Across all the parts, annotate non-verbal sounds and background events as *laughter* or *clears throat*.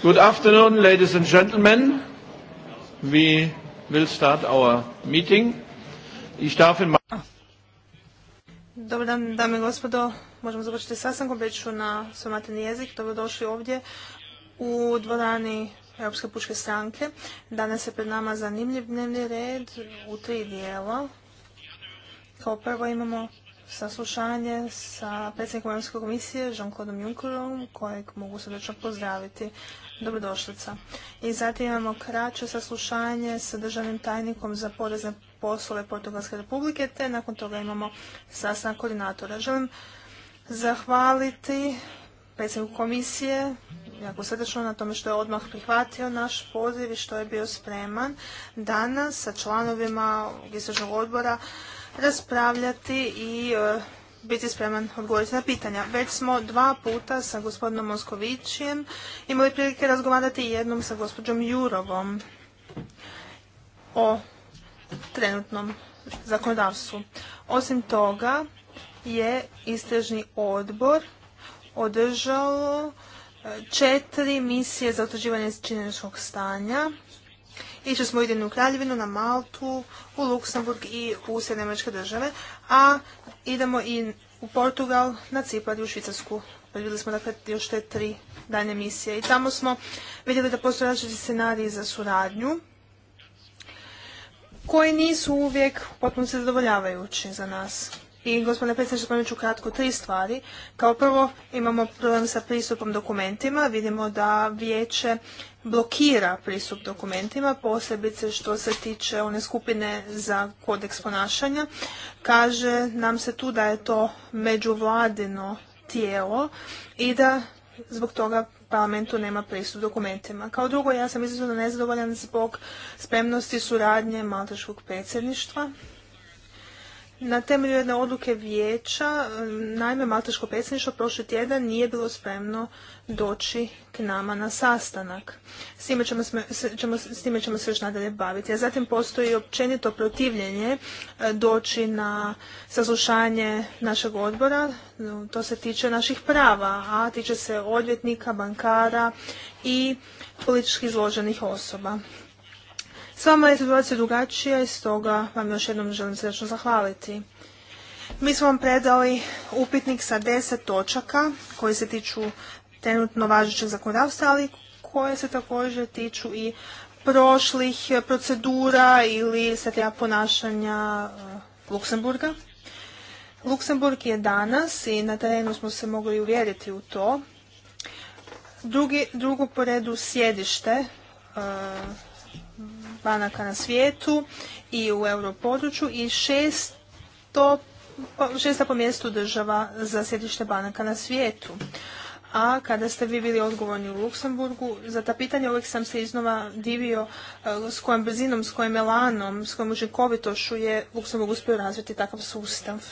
Good afternoon, ladies and gentlemen. We will start our meeting. Ich darf ah. Dobar dan, dame i gospodo. Možemo završiti sastankom, već ću na svoj materni jezik. Dobrodošli ovdje u dvorani Europske pučke stranke. Danas je pred nama zanimljiv dnevni red u tri dijela. Kao prvo imamo saslušanje sa predsjednikom Europske komisije Jean-Claude Junckerom kojeg mogu srdečno pozdraviti. Dobrodošlica. I zatim imamo kraće saslušanje sa državnim tajnikom za porezne poslove Portugalske republike te nakon toga imamo sastanak koordinatora. Želim zahvaliti predsjedniku komisije jako srdečno na tome što je odmah prihvatio naš poziv i što je bio spreman danas sa članovima istražnog odbora raspravljati i e, biti spreman odgovoriti na pitanja. Već smo dva puta sa gospodinom Moskovićem imali prilike razgovarati jednom sa gospođom Jurovom o trenutnom zakonodavstvu. Osim toga je istražni odbor održao e, četiri misije za utvrđivanje činjeničnog stanja Išli smo u kraljevinu, na Maltu, u Luksemburg i u Sjedinjene države, a idemo i u Portugal, na Cipar i u Švicarsku. Vidjeli smo dakle još te tri danje misije i tamo smo vidjeli da postoje različiti scenariji za suradnju koji nisu uvijek potpuno zadovoljavajući za nas. I gospodine predsjedniče, spomenut ću kratko tri stvari. Kao prvo imamo problem sa pristupom dokumentima. Vidimo da vijeće blokira pristup dokumentima, posebice što se tiče one skupine za kodeks ponašanja. Kaže nam se tu da je to međuvladino tijelo i da zbog toga parlamentu nema pristup dokumentima. Kao drugo, ja sam izuzetno nezadovoljan zbog spremnosti suradnje Maltaškog predsjedništva na temelju jedne odluke vijeća, naime, Maltaško predsjedništvo prošli tjedan nije bilo spremno doći k nama na sastanak. S time ćemo, s ćemo se još nadalje baviti. A zatim postoji općenito protivljenje e, doći na saslušanje našeg odbora. To se tiče naših prava, a tiče se odvjetnika, bankara i politički izloženih osoba. S vama je situacija drugačija i stoga vam još jednom želim srećno zahvaliti. Mi smo vam predali upitnik sa deset točaka koji se tiču trenutno važećeg zakonodavstva, ali koje se također tiču i prošlih procedura ili strategija ponašanja eh, Luksemburga. Luksemburg je danas i na terenu smo se mogli uvjeriti u to. drugo po redu sjedište eh, banaka na svijetu i u europodručju i šesto, šesta po mjestu država za sjedište banaka na svijetu. A kada ste vi bili odgovorni u Luksemburgu, za ta pitanja uvijek sam se iznova divio e, s kojom brzinom, s kojim elanom, s kojom učinkovitošću je Luksemburg uspio razviti takav sustav.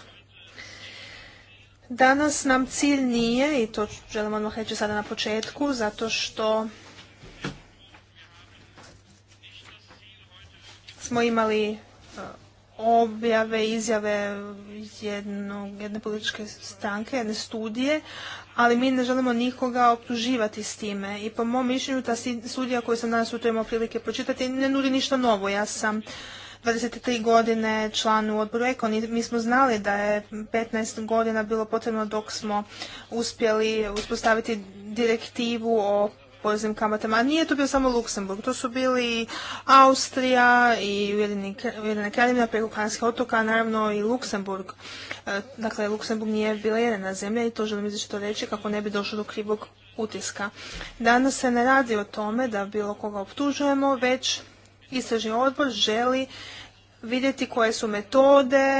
Danas nam cilj nije, i to želim odmah reći sada na početku, zato što smo imali e, objave, izjave jednog, jedne političke stranke, jedne studije, ali mi ne želimo nikoga optuživati s time. I po mom mišljenju ta studija koju sam danas toj imao prilike pročitati ne nudi ništa novo. Ja sam 23 godine član u odboru Ekon i mi smo znali da je 15 godina bilo potrebno dok smo uspjeli uspostaviti direktivu o poreznim kamatama. nije to bio samo Luksemburg, to su bili Austrija i Ujedinjena Kraljevina preko Kanskih otoka, naravno i Luksemburg. E, dakle, Luksemburg nije bila jedina zemlja i to želim to reći kako ne bi došlo do krivog utiska. Danas se ne radi o tome da bilo koga optužujemo, već istražni odbor želi vidjeti koje su metode,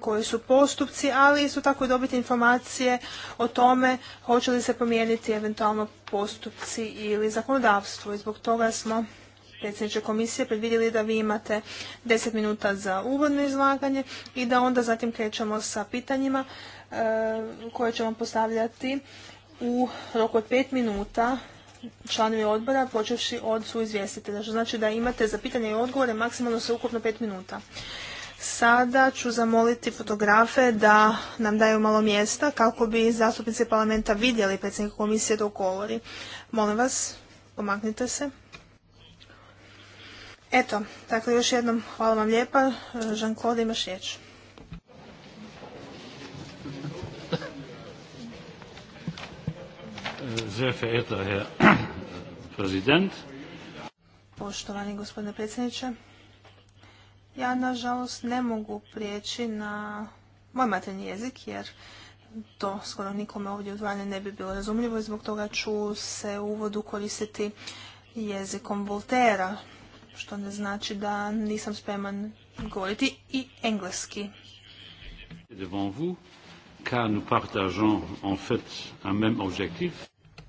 koji su postupci, ali isto tako i dobiti informacije o tome hoće li se promijeniti eventualno postupci ili zakonodavstvo. I zbog toga smo predsjedniče komisije predvidjeli da vi imate 10 minuta za uvodno izlaganje i da onda zatim krećemo sa pitanjima e, koje ćemo postavljati u roku od 5 minuta članovi odbora, počevši od su Što znači da imate za pitanje i odgovore maksimalno se ukupno pet minuta. Sada ću zamoliti fotografe da nam daju malo mjesta kako bi zastupnici parlamenta vidjeli predsjednika komisije dok govori. Molim vas, pomaknite se. Eto, dakle još jednom hvala vam lijepa. Jean-Claude imaš riječ. Sehr verehrter *clears throat* Poštovani gospodine predsjedniče, ja nažalost ne mogu prijeći na moj materni jezik jer to skoro nikome ovdje u dvorani ne bi bilo razumljivo i zbog toga ću se u uvodu koristiti jezikom Voltera, što ne znači da nisam spreman govoriti i engleski. Devant vous, car nous partageons en fait un même objectif.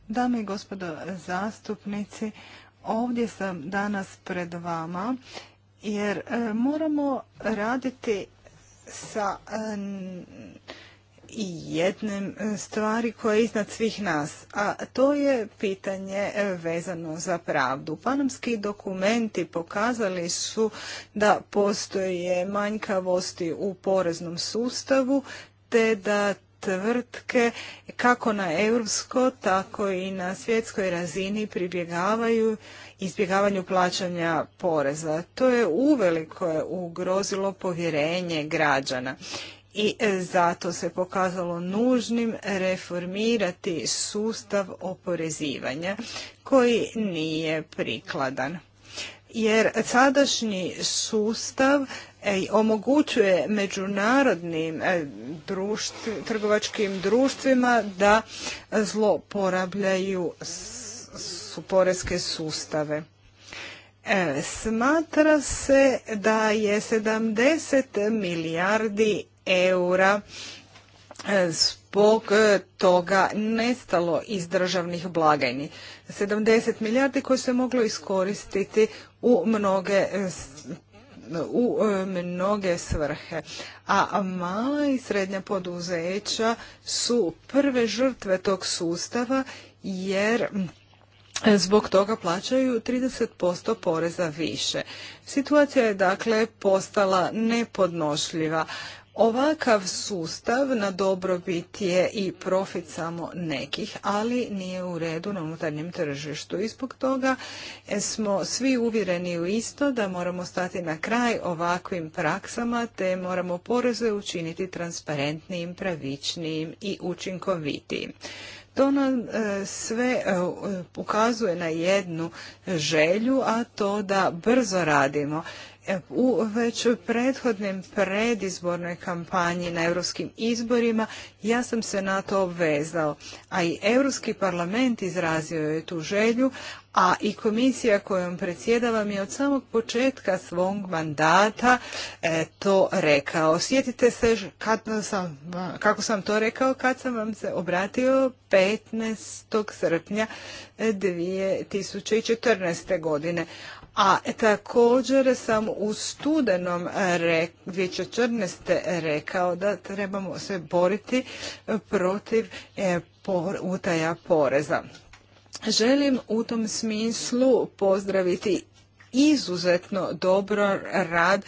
Dame i gospodo zastupnici, ovdje sam danas pred vama jer e, moramo raditi sa e, jednim e, stvari koja je iznad svih nas, a to je pitanje vezano za pravdu. Panamski dokumenti pokazali su da postoje manjkavosti u poreznom sustavu, te da tvrtke kako na europsko tako i na svjetskoj razini pribjegavaju izbjegavanju plaćanja poreza. To je uveliko ugrozilo povjerenje građana i e, zato se pokazalo nužnim reformirati sustav oporezivanja koji nije prikladan jer sadašnji sustav E, omogućuje međunarodnim e, trgovačkim društvima da zloporabljaju su sustave. E, smatra se da je 70 milijardi eura zbog toga nestalo iz državnih blagajni. 70 milijardi koje se moglo iskoristiti u mnoge u e, mnoge svrhe. A mala i srednja poduzeća su prve žrtve tog sustava jer zbog toga plaćaju 30% poreza više. Situacija je dakle postala nepodnošljiva. Ovakav sustav na dobrobit je i profit samo nekih, ali nije u redu na unutarnjem tržištu. I zbog toga e, smo svi uvjereni u isto da moramo stati na kraj ovakvim praksama te moramo poreze učiniti transparentnijim, pravičnijim i učinkovitijim. To nam e, sve e, ukazuje na jednu želju, a to da brzo radimo u već prethodnim predizbornoj kampanji na europskim izborima ja sam se na to obvezao, a i Europski parlament izrazio je tu želju, a i komisija kojom predsjedavam je od samog početka svog mandata e, to rekao. Sjetite se kad sam, kako sam to rekao kad sam vam se obratio 15. srpnja 2014. E, godine. A također sam u studenom 2014. rekao da trebamo se boriti protiv e, utaja poreza. Želim u tom smislu pozdraviti izuzetno dobro rad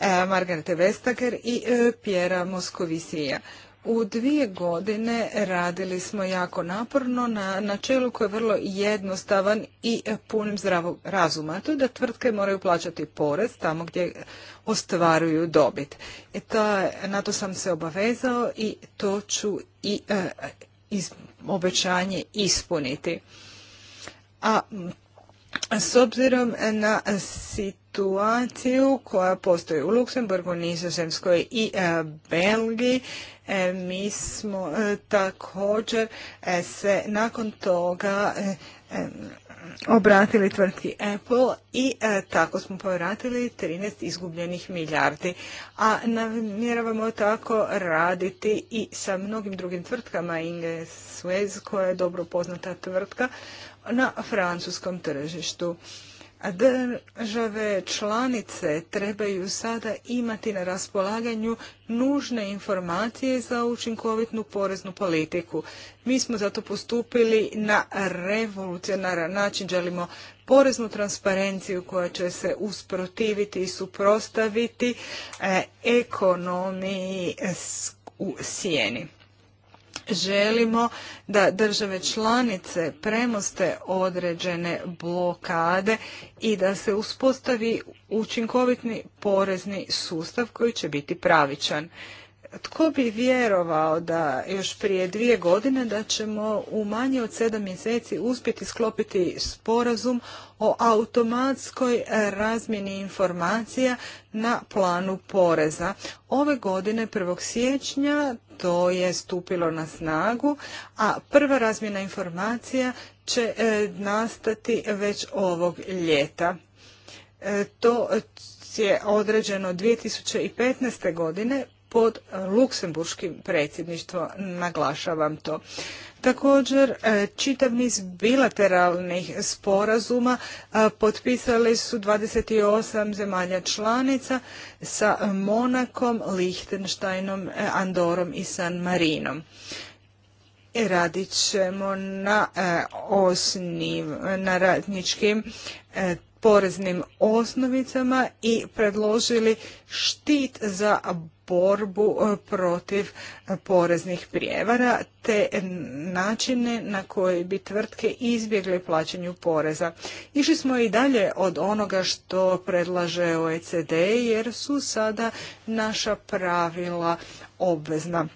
e, Margarete Vestager i e, Pjera Moskovisija u dvije godine radili smo jako naporno na načelu koji je vrlo jednostavan i punim zdravog razuma. to je da tvrtke moraju plaćati porez tamo gdje ostvaruju dobit. E, na to sam se obavezao i to ću i e, obećanje ispuniti. A s obzirom na sit situaciju koja postoji u Luksemburgu, Nizozemskoj i e, Belgiji. E, mi smo e, također se nakon toga obratili tvrtki Apple i tako smo povratili 13 izgubljenih milijardi. A namjeravamo tako raditi i sa mnogim drugim tvrtkama. Inge Suez koja je dobro poznata tvrtka na francuskom tržištu. Države članice trebaju sada imati na raspolaganju nužne informacije za učinkovitnu poreznu politiku. Mi smo zato postupili na revolucionaran način. Želimo poreznu transparenciju koja će se usprotiviti i suprostaviti e, ekonomiji u sjeni želimo da države članice premoste određene blokade i da se uspostavi učinkovitni porezni sustav koji će biti pravičan. Tko bi vjerovao da još prije dvije godine da ćemo u manje od sedam mjeseci uspjeti sklopiti sporazum o automatskoj razmjeni informacija na planu poreza. Ove godine 1. siječnja to je stupilo na snagu, a prva razmjena informacija će e, nastati već ovog ljeta. E, to je određeno 2015. godine pod e, luksemburškim predsjedništvom, naglašavam to. Također, e, čitav niz bilateralnih sporazuma e, potpisali su 28 zemalja članica sa Monakom, Lichtensteinom, Andorom i San Marinom. Radit ćemo na osnim, na radničkim poreznim osnovicama i predložili štit za borbu e, protiv e, poreznih prijevara te načine na koje bi tvrtke izbjegle plaćanju poreza. Išli smo i dalje od onoga što predlaže OECD jer su sada naša pravila obvezna.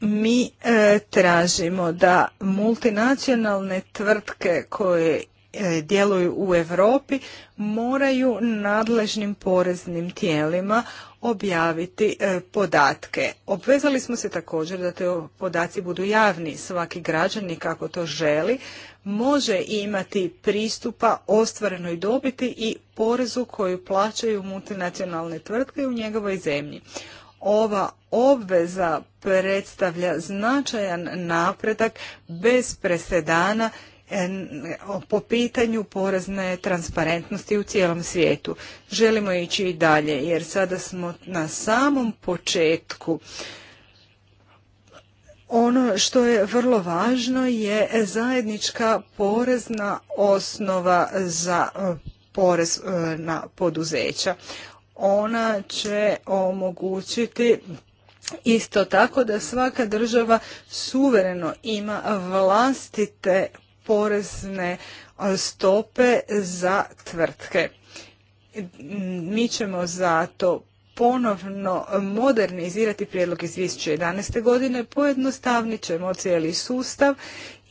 Mi e, tražimo da multinacionalne tvrtke koje E, djeluju u Europi moraju nadležnim poreznim tijelima objaviti e, podatke. Obvezali smo se također da te podaci budu javni. Svaki građanin kako to želi može imati pristupa ostvarenoj dobiti i porezu koju plaćaju multinacionalne tvrtke u njegovoj zemlji. Ova obveza predstavlja značajan napredak bez presedana po pitanju porezne transparentnosti u cijelom svijetu. Želimo ići i dalje jer sada smo na samom početku. Ono što je vrlo važno je zajednička porezna osnova za e, porez e, na poduzeća. Ona će omogućiti isto tako da svaka država suvereno ima vlastite porezne e, stope za tvrtke. Mi ćemo to ponovno modernizirati prijedlog iz 2011. godine, pojednostavnit ćemo cijeli sustav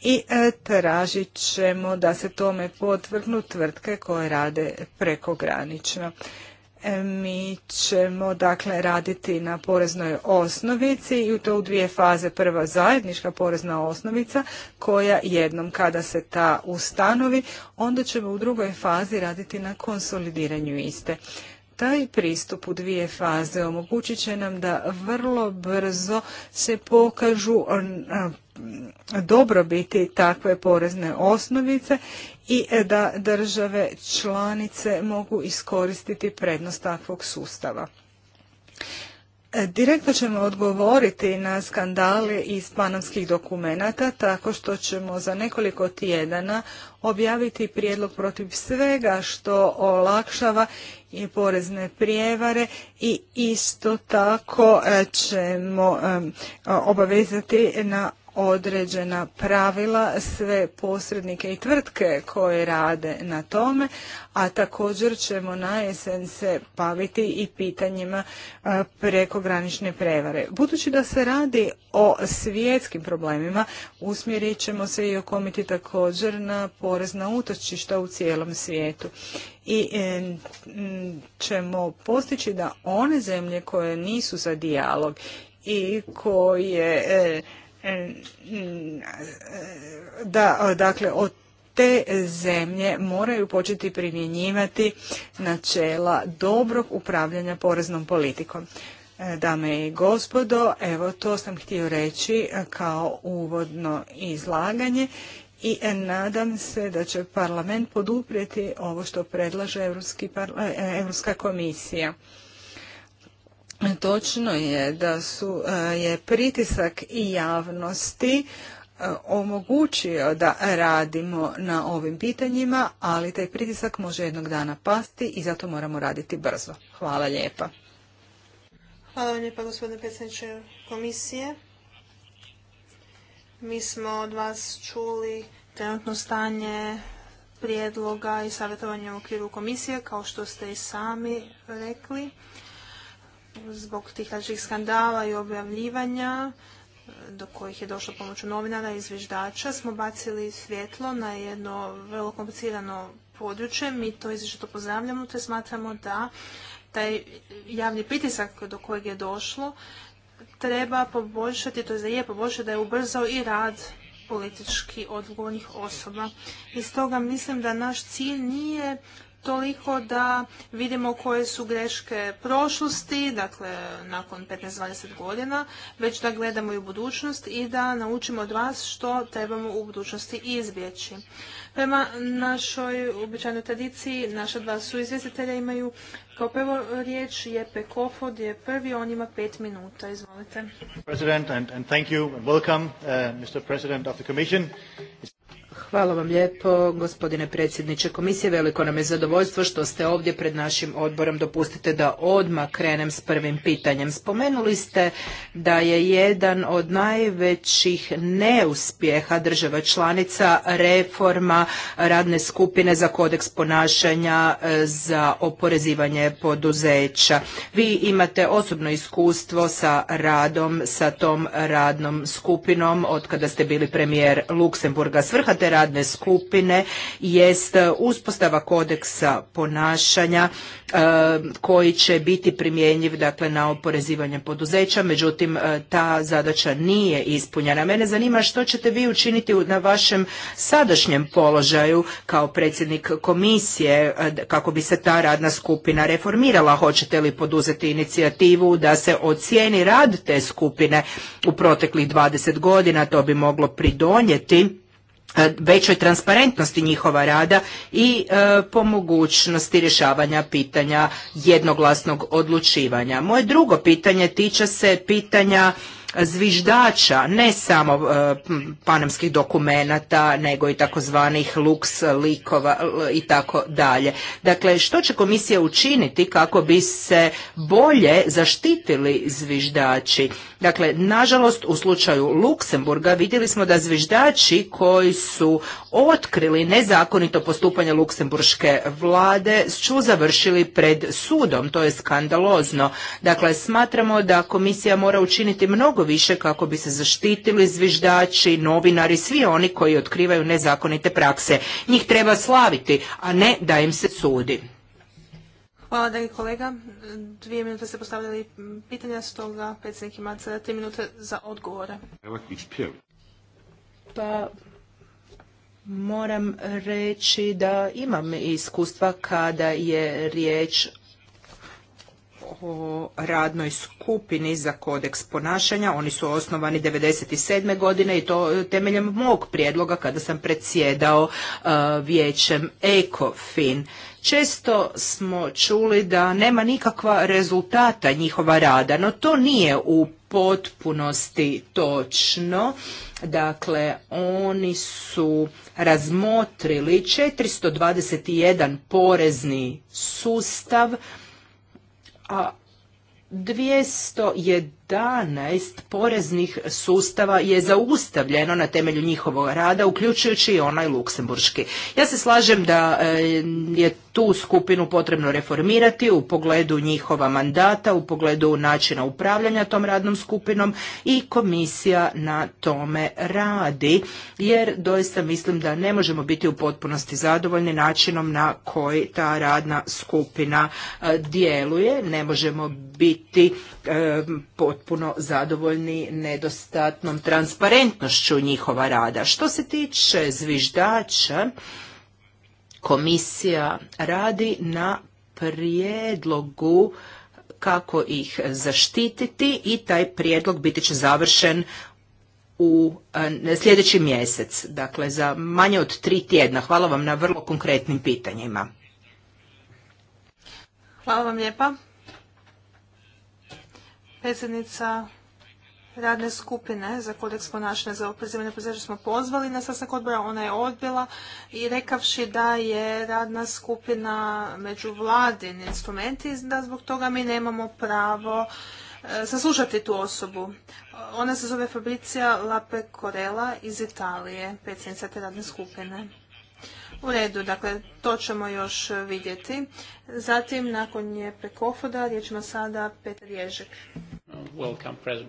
i e, tražit ćemo da se tome potvrgnu tvrtke koje rade prekogranično. E, mi ćemo dakle raditi na poreznoj osnovici i to u dvije faze. Prva zajednička porezna osnovica koja jednom kada se ta ustanovi, onda ćemo u drugoj fazi raditi na konsolidiranju iste. Taj pristup u dvije faze omogućit će nam da vrlo brzo se pokažu dobrobiti takve porezne osnovice i e, da države članice mogu iskoristiti prednost takvog sustava. E, direktno ćemo odgovoriti na skandale iz panamskih dokumenata tako što ćemo za nekoliko tjedana objaviti prijedlog protiv svega što olakšava i porezne prijevare i isto tako e, ćemo obavezati na određena pravila sve posrednike i tvrtke koje rade na tome, a također ćemo na jesen se baviti i pitanjima e, prekogranične prevare. Budući da se radi o svjetskim problemima, usmjerit ćemo se i okomiti također na porezna utočišta u cijelom svijetu i e, ćemo postići da one zemlje koje nisu za dijalog i koje e, da dakle od te zemlje moraju početi primjenjivati načela dobrog upravljanja poreznom politikom. Dame i gospodo, evo to sam htio reći kao uvodno izlaganje i nadam se da će parlament poduprijeti ovo što predlaže Europska e, komisija. Točno je da su, e, je pritisak i javnosti e, omogućio da radimo na ovim pitanjima, ali taj pritisak može jednog dana pasti i zato moramo raditi brzo. Hvala lijepa. Hvala vam lijepa gospodine predsjedniče komisije. Mi smo od vas čuli trenutno stanje prijedloga i savjetovanja u okviru komisije, kao što ste i sami rekli zbog tih različitih skandala i objavljivanja e, do kojih je došlo pomoću novinara i zviždača, smo bacili svjetlo na jedno vrlo komplicirano područje. Mi to izvješće pozdravljamo, te smatramo da taj javni pritisak do kojeg je došlo treba poboljšati, to je da je poboljšati, da je ubrzao i rad politički odgovornih osoba. I stoga mislim da naš cilj nije toliko da vidimo koje su greške prošlosti, dakle nakon 15-20 godina, već da gledamo i u budućnost i da naučimo od vas što trebamo u budućnosti izbjeći. Prema našoj običajnoj tradiciji, naša dva su izvjestitelja imaju kao prvo riječ je Kofod je prvi, on ima pet minuta. Izvolite. President and, thank you welcome uh, Mr. President of the Commission. Hvala vam lijepo, gospodine predsjedniče komisije. Veliko nam je zadovoljstvo što ste ovdje pred našim odborom. Dopustite da odmah krenem s prvim pitanjem. Spomenuli ste da je jedan od najvećih neuspjeha država članica reforma radne skupine za kodeks ponašanja e, za oporezivanje poduzeća. Vi imate osobno iskustvo sa radom, sa tom radnom skupinom od kada ste bili premijer Luksemburga. Svrha te radne skupine jest uspostava kodeksa ponašanja e, koji će biti primjenjiv dakle na oporezivanje poduzeća, međutim e, ta zadaća nije ispunjena. Mene zanima što ćete vi učiniti na vašem sadašnjem položaju kao predsjednik komisije e, kako bi se ta radna skupina reformirala, hoćete li poduzeti inicijativu da se ocijeni rad te skupine u proteklih 20 godina, to bi moglo pridonijeti E, većoj transparentnosti njihova rada i e, po mogućnosti rješavanja pitanja jednoglasnog odlučivanja. Moje drugo pitanje tiče se pitanja zviždača, ne samo e, panamskih dokumenata, nego i takozvanih luks likova i tako dalje. Dakle, što će komisija učiniti kako bi se bolje zaštitili zviždači? Dakle, nažalost, u slučaju Luksemburga vidjeli smo da zviždači koji su otkrili nezakonito postupanje luksemburške vlade su završili pred sudom. To je skandalozno. Dakle, smatramo da komisija mora učiniti mnogo više kako bi se zaštitili zviždači, novinari, svi oni koji otkrivaju nezakonite prakse. Njih treba slaviti, a ne da im se sudi. Hvala, dragi kolega. Dvije minute ste postavljali pitanja, stoga predsjednik ima sada tri minute za odgovore. Pa, moram reći da imam iskustva kada je riječ o radnoj skupini za kodeks ponašanja. Oni su osnovani 1997. godine i to temeljem mog prijedloga kada sam predsjedao e, vijećem ECOFIN. Često smo čuli da nema nikakva rezultata njihova rada, no to nije u potpunosti točno. Dakle, oni su razmotrili 421 porezni sustav, a je. 11 poreznih sustava je zaustavljeno na temelju njihovog rada, uključujući i onaj luksemburški. Ja se slažem da e, je tu skupinu potrebno reformirati u pogledu njihova mandata, u pogledu načina upravljanja tom radnom skupinom i komisija na tome radi, jer doista mislim da ne možemo biti u potpunosti zadovoljni načinom na koji ta radna skupina e, djeluje, ne možemo biti e, po puno zadovoljni nedostatnom transparentnošću njihova rada. Što se tiče zviždača, komisija radi na prijedlogu kako ih zaštititi i taj prijedlog biti će završen u e, sljedeći mjesec, dakle za manje od tri tjedna. Hvala vam na vrlo konkretnim pitanjima. Hvala vam lijepa predsjednica radne skupine za kodeks ponašanja za oprezivanje proizvođača smo pozvali na sastanak odbora, ona je odbila i rekavši da je radna skupina među vladin instrumenti, da zbog toga mi nemamo pravo e, saslušati tu osobu. Ona se zove Fabricija Lape Corella iz Italije, predsjednica te radne skupine. U redu, dakle, to ćemo još vidjeti. Zatim, nakon je prekofoda, riječ ima sada Petar Ježek. Welcome,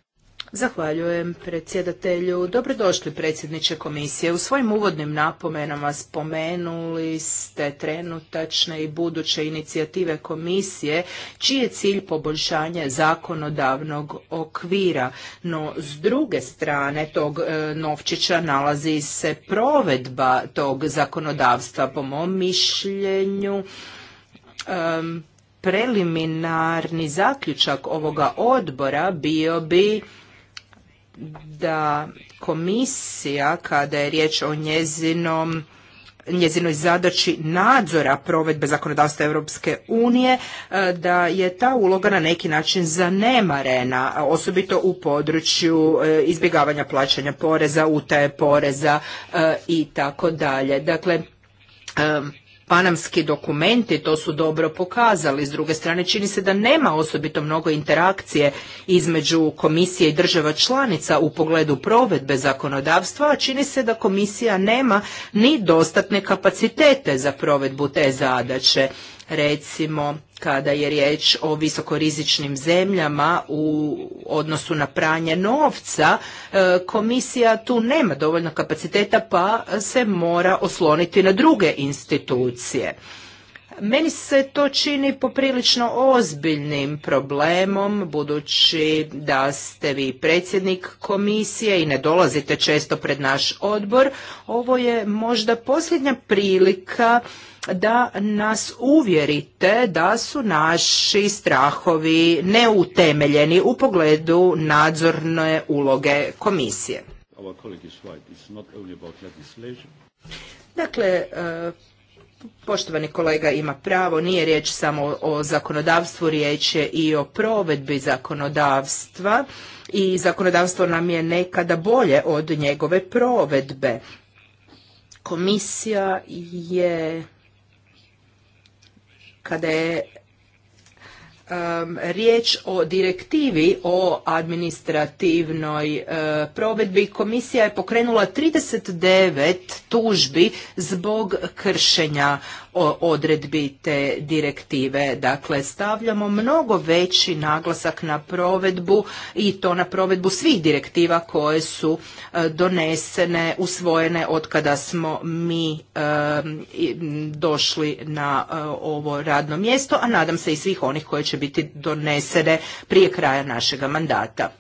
Zahvaljujem predsjedatelju. Dobrodošli predsjedniče komisije. U svojim uvodnim napomenama spomenuli ste trenutačne i buduće inicijative komisije čiji je cilj poboljšanje zakonodavnog okvira. No s druge strane tog e, novčića nalazi se provedba tog zakonodavstva. Po mom mišljenju preliminarni zaključak ovoga odbora bio bi da komisija kada je riječ o njezinom njezinoj zadaći nadzora provedbe zakonodavstva Europske unije e, da je ta uloga na neki način zanemarena, osobito u području e, izbjegavanja plaćanja poreza, utaje poreza e, i tako dalje. Dakle, panamski dokumenti to su dobro pokazali. S druge strane čini se da nema osobito mnogo interakcije između komisije i država članica u pogledu provedbe zakonodavstva, a čini se da komisija nema ni dostatne kapacitete za provedbu te zadaće recimo kada je riječ o visokorizičnim zemljama u odnosu na pranje novca, e, komisija tu nema dovoljno kapaciteta pa se mora osloniti na druge institucije. Meni se to čini poprilično ozbiljnim problemom, budući da ste vi predsjednik komisije i ne dolazite često pred naš odbor. Ovo je možda posljednja prilika da nas uvjerite da su naši strahovi neutemeljeni u pogledu nadzorne uloge komisije. Dakle, e, Poštovani kolega ima pravo, nije riječ samo o zakonodavstvu, riječ je i o provedbi zakonodavstva i zakonodavstvo nam je nekada bolje od njegove provedbe. Komisija je kada je um, riječ o direktivi o administrativnoj uh, provedbi komisija je pokrenula 39 tužbi zbog kršenja odredbi te direktive. Dakle, stavljamo mnogo veći naglasak na provedbu i to na provedbu svih direktiva koje su e, donesene, usvojene od kada smo mi e, došli na e, ovo radno mjesto, a nadam se i svih onih koje će biti donesene prije kraja našega mandata.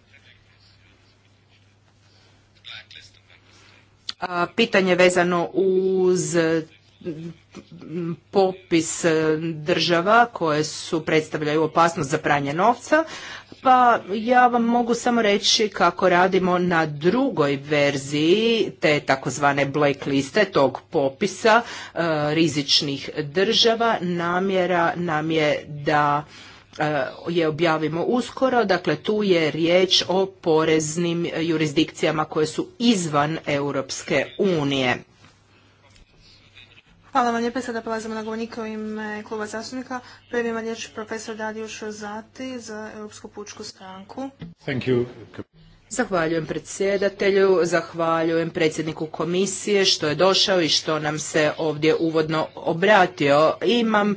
Pitanje vezano uz popis država koje su predstavljaju opasnost za pranje novca, pa ja vam mogu samo reći kako radimo na drugoj verziji te takozvane black liste tog popisa e, rizičnih država. Namjera nam je da e, je objavimo uskoro. Dakle, tu je riječ o poreznim jurisdikcijama koje su izvan Europske unije. Hvala vam lijepa. Sada prelazimo na govornika u ime kluba zastupnika. Prvi ima riječ profesor Dario Šozati za Europsku pučku stranku. Zahvaljujem predsjedatelju, zahvaljujem predsjedniku komisije što je došao i što nam se ovdje uvodno obratio. Imam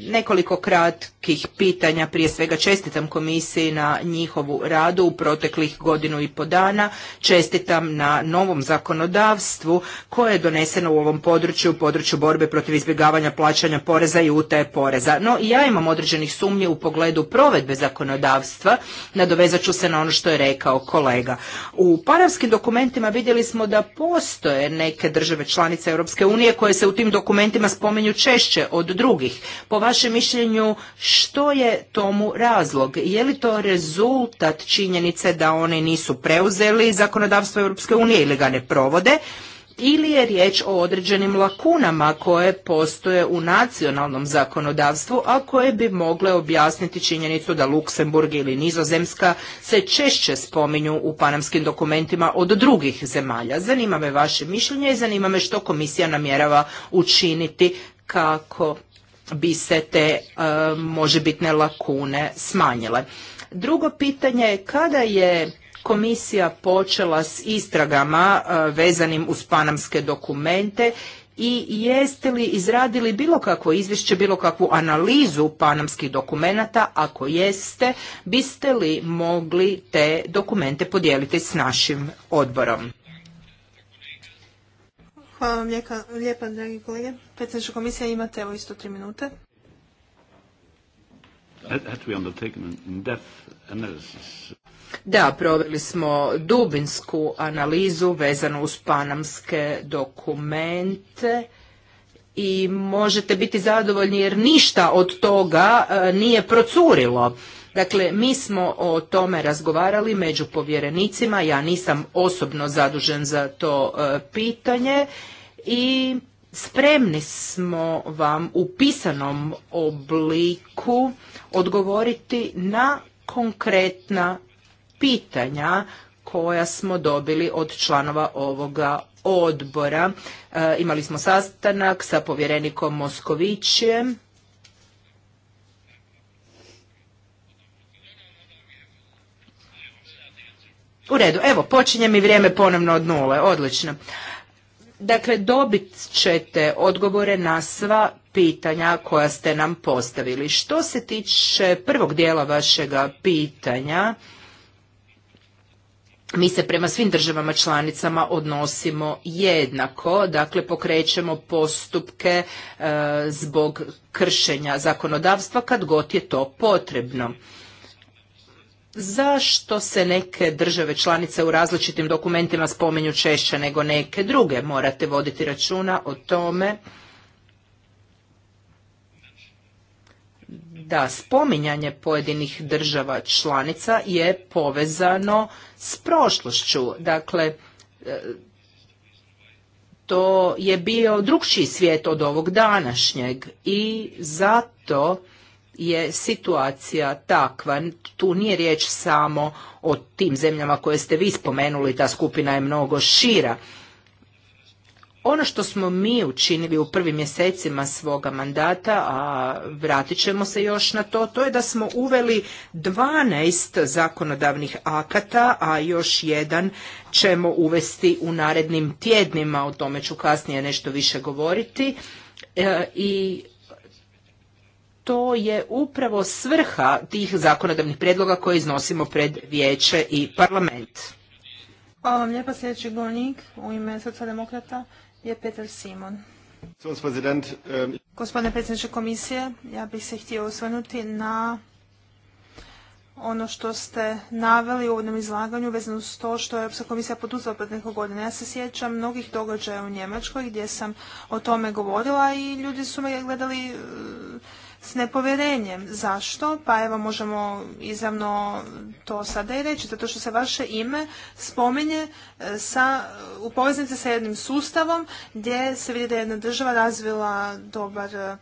Nekoliko kratkih pitanja, prije svega čestitam komisiji na njihovu radu u proteklih godinu i po dana, čestitam na novom zakonodavstvu koje je doneseno u ovom području, u području borbe protiv izbjegavanja plaćanja poreza i utaje poreza. No i ja imam određenih sumnje u pogledu provedbe zakonodavstva, nadovezat ću se na ono što je rekao kolega. U paravskim dokumentima vidjeli smo da postoje neke države članice Europske unije koje se u tim dokumentima spominju češće od drugih drugih. Po vašem mišljenju, što je tomu razlog? Je li to rezultat činjenice da oni nisu preuzeli zakonodavstvo Europske unije ili ga ne provode? ili je riječ o određenim lakunama koje postoje u nacionalnom zakonodavstvu, a koje bi mogle objasniti činjenicu da Luksemburg ili Nizozemska se češće spominju u panamskim dokumentima od drugih zemalja. Zanima me vaše mišljenje i zanima me što komisija namjerava učiniti kako bi se te e, možebitne lakune smanjile. Drugo pitanje je kada je komisija počela s istragama e, vezanim uz panamske dokumente i jeste li izradili bilo kakvo izvješće, bilo kakvu analizu panamskih dokumenata? Ako jeste, biste li mogli te dokumente podijeliti s našim odborom? Hvala vam lijepa, dragi kolege. Predsjedniče komisije, imate evo isto tri minute. Da, proveli smo dubinsku analizu vezanu uz panamske dokumente i možete biti zadovoljni jer ništa od toga e, nije procurilo. Dakle, mi smo o tome razgovarali među povjerenicima, ja nisam osobno zadužen za to e, pitanje i spremni smo vam u pisanom obliku odgovoriti na konkretna pitanja koja smo dobili od članova ovoga odbora. E, imali smo sastanak sa povjerenikom Moskovićem U redu, evo, počinje mi vrijeme ponovno od nule, odlično. Dakle, dobit ćete odgovore na sva pitanja koja ste nam postavili. Što se tiče prvog dijela vašeg pitanja, mi se prema svim državama članicama odnosimo jednako, dakle pokrećemo postupke e, zbog kršenja zakonodavstva kad god je to potrebno zašto se neke države članice u različitim dokumentima spominju češće nego neke druge. Morate voditi računa o tome da spominjanje pojedinih država članica je povezano s prošlošću. Dakle, e, to je bio drugčiji svijet od ovog današnjeg i zato je situacija takva. Tu nije riječ samo o tim zemljama koje ste vi spomenuli, ta skupina je mnogo šira. Ono što smo mi učinili u prvim mjesecima svoga mandata, a vratit ćemo se još na to, to je da smo uveli 12 zakonodavnih akata, a još jedan ćemo uvesti u narednim tjednima, o tome ću kasnije nešto više govoriti. E, I to je upravo svrha tih zakonodavnih predloga koje iznosimo pred vijeće i parlament. Hvala vam lijepa. Sljedeći govornik u ime socijaldemokrata je Peter Simon. Gospodine predsjedniče komisije, ja bih se htio osvrnuti na ono što ste naveli u ovom izlaganju vezano s to što je Europska komisija poduzela pred nekog godina. Ja se sjećam mnogih događaja u Njemačkoj gdje sam o tome govorila i ljudi su me gledali s nepovjerenjem. Zašto? Pa evo možemo izravno to sada i reći, zato što se vaše ime spominje e, sa, u poveznici sa jednim sustavom gdje se vidi da je jedna država razvila dobar e,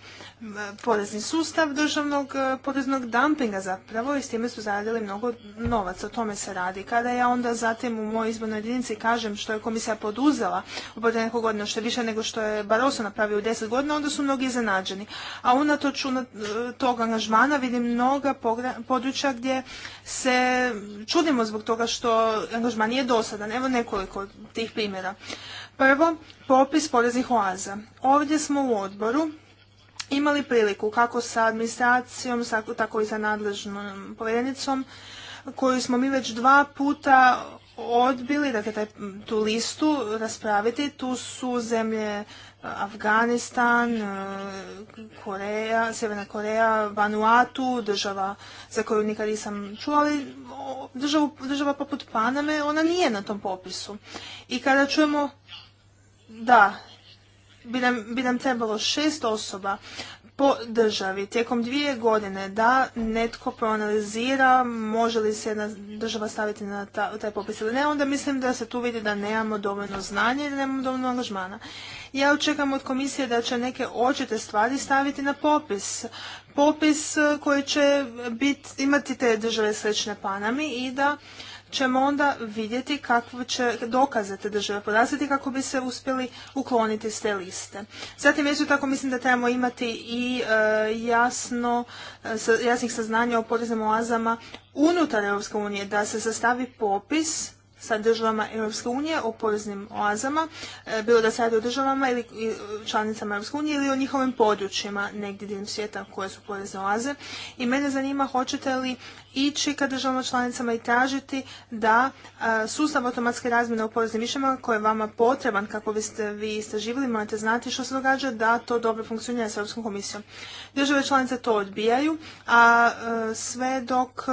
porezni sustav državnog e, poreznog dumpinga zapravo i s time su zaradili mnogo novaca. O tome se radi. Kada ja onda zatim u mojoj izbornoj jedinici kažem što je komisija poduzela u protiv nekog godina, što je više nego što je Baroso napravio u deset godina, onda su mnogi iznenađeni. A unatoč, unatoč E, tog angažmana vidim mnoga područja gdje se čudimo zbog toga što angažman nije dosadan. Evo nekoliko tih primjera. Prvo, popis poreznih oaza. Ovdje smo u odboru imali priliku kako sa administracijom, tako i sa nadležnom povjerenicom, koju smo mi već dva puta odbili, dakle tu listu raspraviti. Tu su zemlje Afganistan, e, Koreja, Sjeverna Koreja, Vanuatu, država za koju nikad nisam čula, ali država poput Paname, ona nije na tom popisu. I kada čujemo da bi nam, bi nam trebalo šest osoba po državi tijekom dvije godine da netko proanalizira može li se jedna država staviti na taj popis ili ne, onda mislim da se tu vidi da nemamo dovoljno znanja i da nemamo dovoljno angažmana. Ja očekam od komisije da će neke očite stvari staviti na popis. Popis eh, koji će bit, imati te države slične Panami i da ćemo onda vidjeti kakve će dokaze te države podastiti kako bi se uspjeli ukloniti s te liste. Zatim, isto tako mislim da trebamo imati i e, jasno, e, jasnih saznanja o poreznim oazama unutar EU unije, da se sastavi popis sa državama Europske unije o poreznim oazama, e, bilo da se radi o državama ili članicama Europske unije ili o njihovim područjima negdje diljem svijeta koje su porezne oaze. I mene zanima hoćete li ići ka državama članicama i tražiti da e, sustav automatske razmjene o poreznim mišljama koji je vama potreban kako biste vi živjeli, morate znati što se događa da to dobro funkcionira s Europskom komisijom. Države članice to odbijaju, a e, sve dok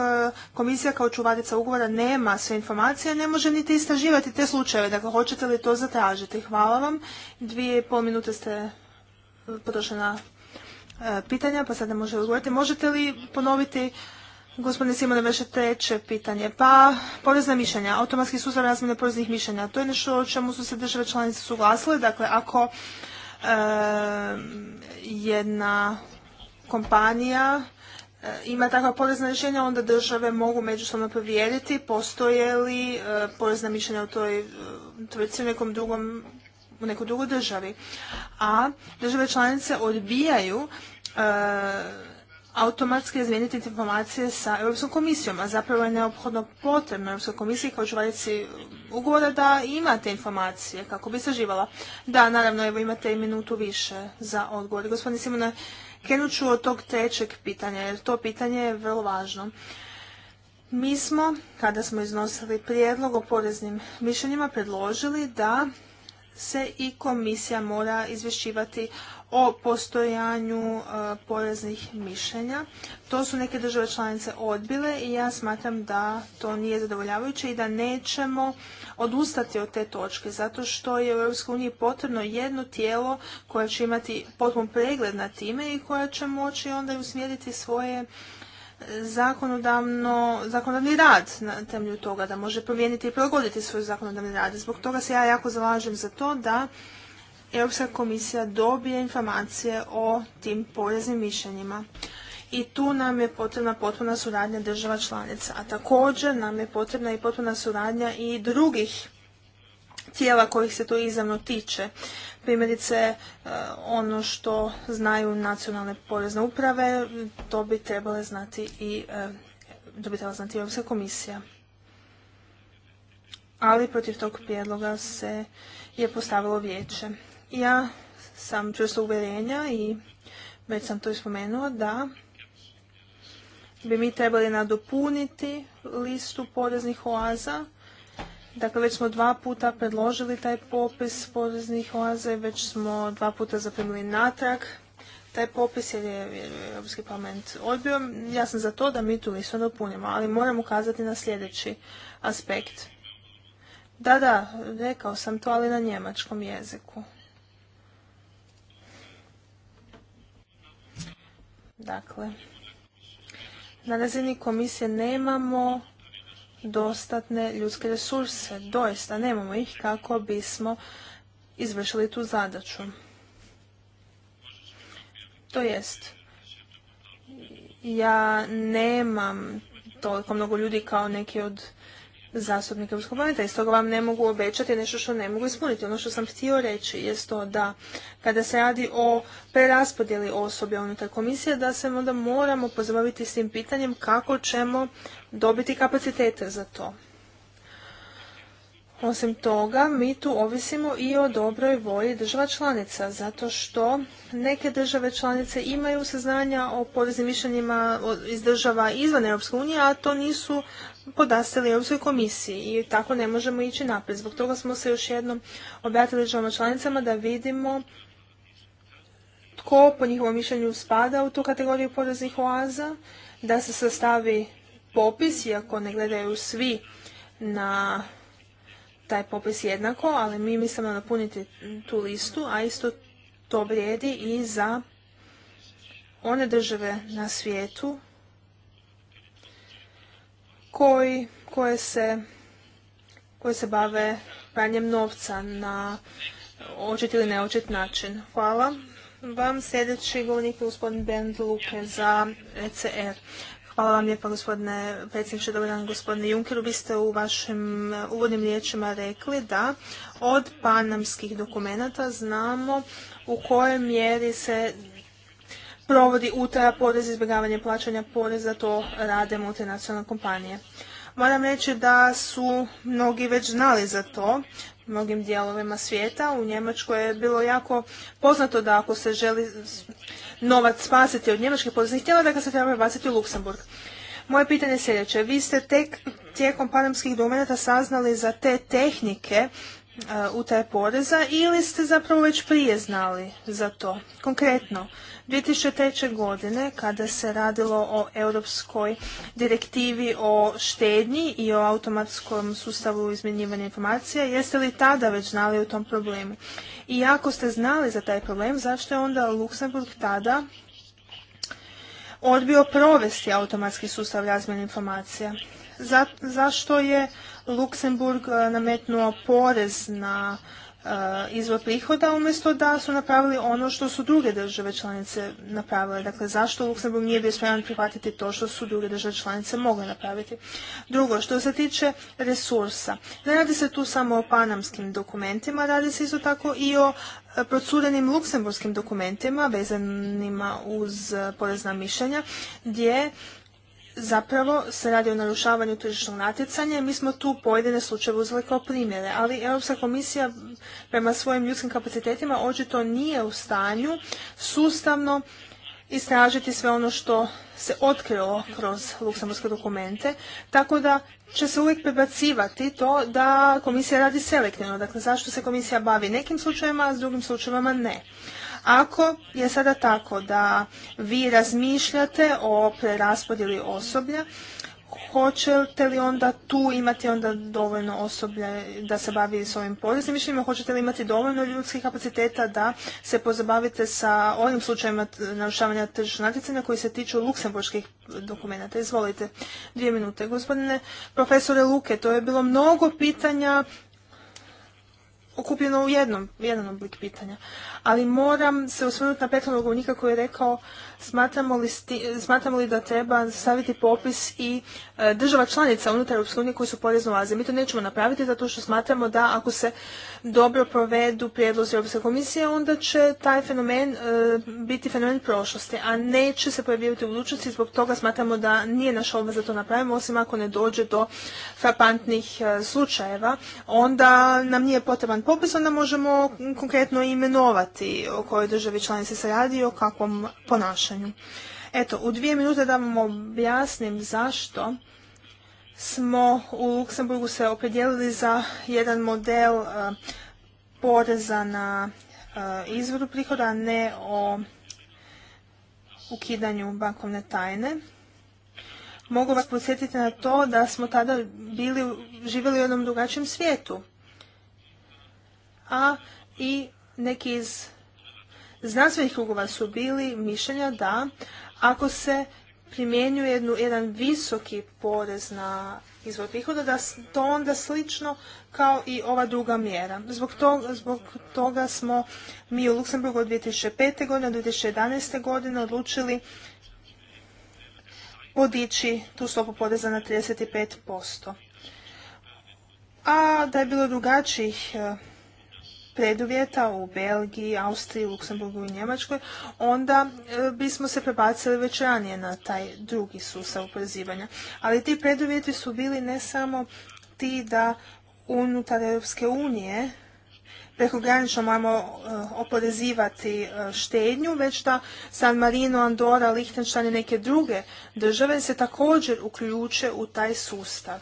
komisija kao čuvarica ugovora nema sve informacije, ne može može niti istraživati te slučajeve, dakle hoćete li to zatražiti. Hvala vam. Dvije i pol minute ste e, potrošili na e, pitanja, pa sada možete odgovoriti. Možete li ponoviti Gospodine Simone, veće treće pitanje. Pa, porezna mišljenja, automatski sustav razmjene poreznih mišljenja. To je nešto o čemu su se države članice suglasile. Dakle, ako e, jedna kompanija E, ima takva porezna rješenja, onda države mogu međusobno provjeriti postoje li e, porezna mišljenja u toj e, tvrci u nekom drugom u nekoj drugoj državi. A države članice odbijaju automatski izmijeniti informacije sa Europskom komisijom, a zapravo je neophodno potrebno Europskoj komisiji kao čuvarici ugovora da imate informacije kako bi živala. Da, naravno, evo imate i minutu više za odgovor. Gospodin Simona, Krenut ću od tog trećeg pitanja, jer to pitanje je vrlo važno. Mi smo, kada smo iznosili prijedlog o poreznim mišljenjima, predložili da se i komisija mora izvješćivati o postojanju e, poreznih mišljenja. To su neke države članice odbile i ja smatram da to nije zadovoljavajuće i da nećemo odustati od te točke, zato što je u EU potrebno jedno tijelo koje će imati potpun pregled na time i koje će moći onda usmjeriti svoje e, zakonodavno, zakonodavni rad na temelju toga, da može promijeniti i progoditi svoj zakonodavni rad. Zbog toga se ja jako zalažem za to da Europska komisija dobije informacije o tim poreznim mišljenjima. I tu nam je potrebna potpuna suradnja država članica. A također nam je potrebna i potpuna suradnja i drugih tijela kojih se to izravno tiče. Primjerice, e, ono što znaju nacionalne porezne uprave, to bi trebale znati i e, to bi trebala znati Europska komisija. Ali protiv tog prijedloga se je postavilo vijeće. Ja sam čvrsto uvjerenja i već sam to ispomenuo da bi mi trebali nadopuniti listu poreznih oaza. Dakle, već smo dva puta predložili taj popis poreznih oaza i već smo dva puta zaprimili natrag taj popis jer je Europski parlament odbio. Ja sam za to da mi tu listu dopunimo, ali moram ukazati na sljedeći aspekt. Da, da, rekao sam to, ali na njemačkom jeziku. Dakle, na razini komisije nemamo dostatne ljudske resurse. Doista nemamo ih kako bismo izvršili tu zadaću. To jest, ja nemam toliko mnogo ljudi kao neki od zastupnika Europskog parlamenta i stoga vam ne mogu obećati nešto što ne mogu ispuniti. Ono što sam htio reći je to da kada se radi o preraspodjeli osobe unutar komisije, da se onda moramo pozabaviti s tim pitanjem kako ćemo dobiti kapacitete za to. Osim toga, mi tu ovisimo i o dobroj volji država članica, zato što neke države članice imaju saznanja o poreznim mišljenjima iz država izvan Europske unije, a to nisu podastili Europskoj komisiji i tako ne možemo ići naprijed. Zbog toga smo se još jednom obratili državama članicama da vidimo tko po njihovom mišljenju spada u tu kategoriju poreznih oaza, da se sastavi popis, iako ne gledaju svi na taj popis jednako, ali mi mislimo napuniti tu listu, a isto to vrijedi i za one države na svijetu koji, koje, se, se bave pranjem novca na očit ili neočit način. Hvala vam. Sljedeći govornik je gospodin Bend Luke za ECR. Hvala vam lijepa gospodine predsjedniče, dobar gospodine Junkeru. Vi ste u vašim uh, uvodnim riječima rekli da od panamskih dokumenata znamo u kojoj mjeri se provodi utaja porez, izbjegavanje plaćanja poreza, to rade multinacionalne kompanije. Moram reći da su mnogi već znali za to, mnogim dijelovima svijeta. U Njemačkoj je bilo jako poznato da ako se želi novac spasiti od njemačkih poreznih tijela, da ga se trebaju baciti u Luksemburg. Moje pitanje je sljedeće. Vi ste tek tijekom panamskih domenata saznali za te tehnike utaje poreza ili ste zapravo već prije znali za to? Konkretno, 2003. godine kada se radilo o europskoj direktivi o štednji i o automatskom sustavu izmjenjivanja informacija, jeste li tada već znali o tom problemu? I ako ste znali za taj problem, zašto je onda Luksemburg tada odbio provesti automatski sustav razmjene informacija? zašto je Luksemburg eh, nametnuo porez na E, izvor prihoda umjesto da su napravili ono što su druge države članice napravile. Dakle, zašto Luksemburg nije bio spreman prihvatiti to što su druge države članice mogle napraviti? Drugo, što se tiče resursa. Ne radi se tu samo o panamskim dokumentima, radi se isto tako i o e, procurenim luksemburskim dokumentima vezanima uz e, porezna mišljenja, gdje zapravo se radi o narušavanju tržišnog natjecanja i mi smo tu pojedine slučajeve uzeli kao primjere, ali Europska komisija prema svojim ljudskim kapacitetima očito nije u stanju sustavno istražiti sve ono što se otkrilo kroz luksemburske dokumente, tako da će se uvijek prebacivati to da komisija radi selektivno. Dakle, zašto se komisija bavi nekim slučajevima, a s drugim slučajevima ne. Ako je sada tako da vi razmišljate o preraspodjeli osoblja, hoćete li onda tu imati onda dovoljno osoblja da se bavi s ovim poreznim mišljenjima, hoćete li imati dovoljno ljudskih kapaciteta da se pozabavite sa ovim slučajima narušavanja tržišnog natjecanja koji se tiču luksemburških dokumenata. Izvolite, dvije minute. Gospodine profesore Luke, to je bilo mnogo pitanja okupljeno u jednom, jedan oblik pitanja. Ali moram se osvrnuti na prethodnog govornika koji je rekao Smatramo li, da treba staviti popis i e, država članica unutar Europske unije koji su porezno oaze? Mi to nećemo napraviti zato što smatramo da ako se dobro provedu prijedlozi Europske komisije, onda će taj fenomen e, biti fenomen prošlosti, a neće se pojavljivati u budućnosti. Zbog toga smatramo da nije naša obveza da to napravimo, osim ako ne dođe do frapantnih e, slučajeva. Onda nam nije potreban popis, onda možemo konkretno imenovati o kojoj državi članici se radi i o kakvom ponašanju. Eto, u dvije minute da vam objasnim zašto smo u Luksemburgu se opredijelili za jedan model e, poreza na e, izvoru prihoda, a ne o ukidanju bankovne tajne. Mogu vas podsjetiti na to da smo tada bili, živjeli u jednom drugačijem svijetu. A i neki iz znanstvenih krugova su bili mišljenja da ako se primjenjuje jednu, jedan visoki porez na izvor prihoda, da to onda slično kao i ova druga mjera. Zbog toga, zbog toga smo mi u Luksemburgu od 2005. godine do 2011. godine odlučili podići tu stopu poreza na 35%. A da je bilo drugačijih eh, preduvjeta u Belgiji, Austriji, Luksemburgu i Njemačkoj, onda e, bismo se prebacili već ranije na taj drugi sustav oporezivanja. Ali ti preduvjeti su bili ne samo ti da unutar Europske unije prekogranično moramo e, oporezivati e, štednju, već da San Marino, Andora, Lichtenstein i neke druge države se također uključe u taj sustav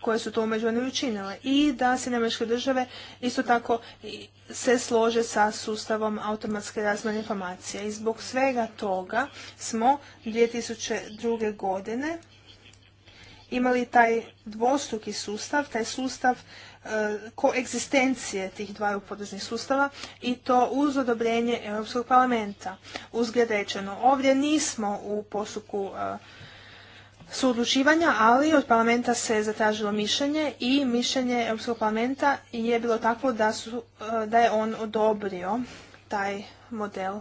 koje su to umeđu učinile i da Sjedinjene države isto tako se slože sa sustavom automatske razmjene informacija. I zbog svega toga smo 2002. godine imali taj dvostruki sustav, taj sustav e, koegzistencije tih dvaju podružnih sustava i to uz odobrenje Europskog parlamenta. Uzgled rečeno, ovdje nismo u postupku e, suodlučivanja, ali od parlamenta se zatražilo mišljenje i mišljenje Europskog parlamenta je bilo takvo da, su, e, da je on odobrio taj model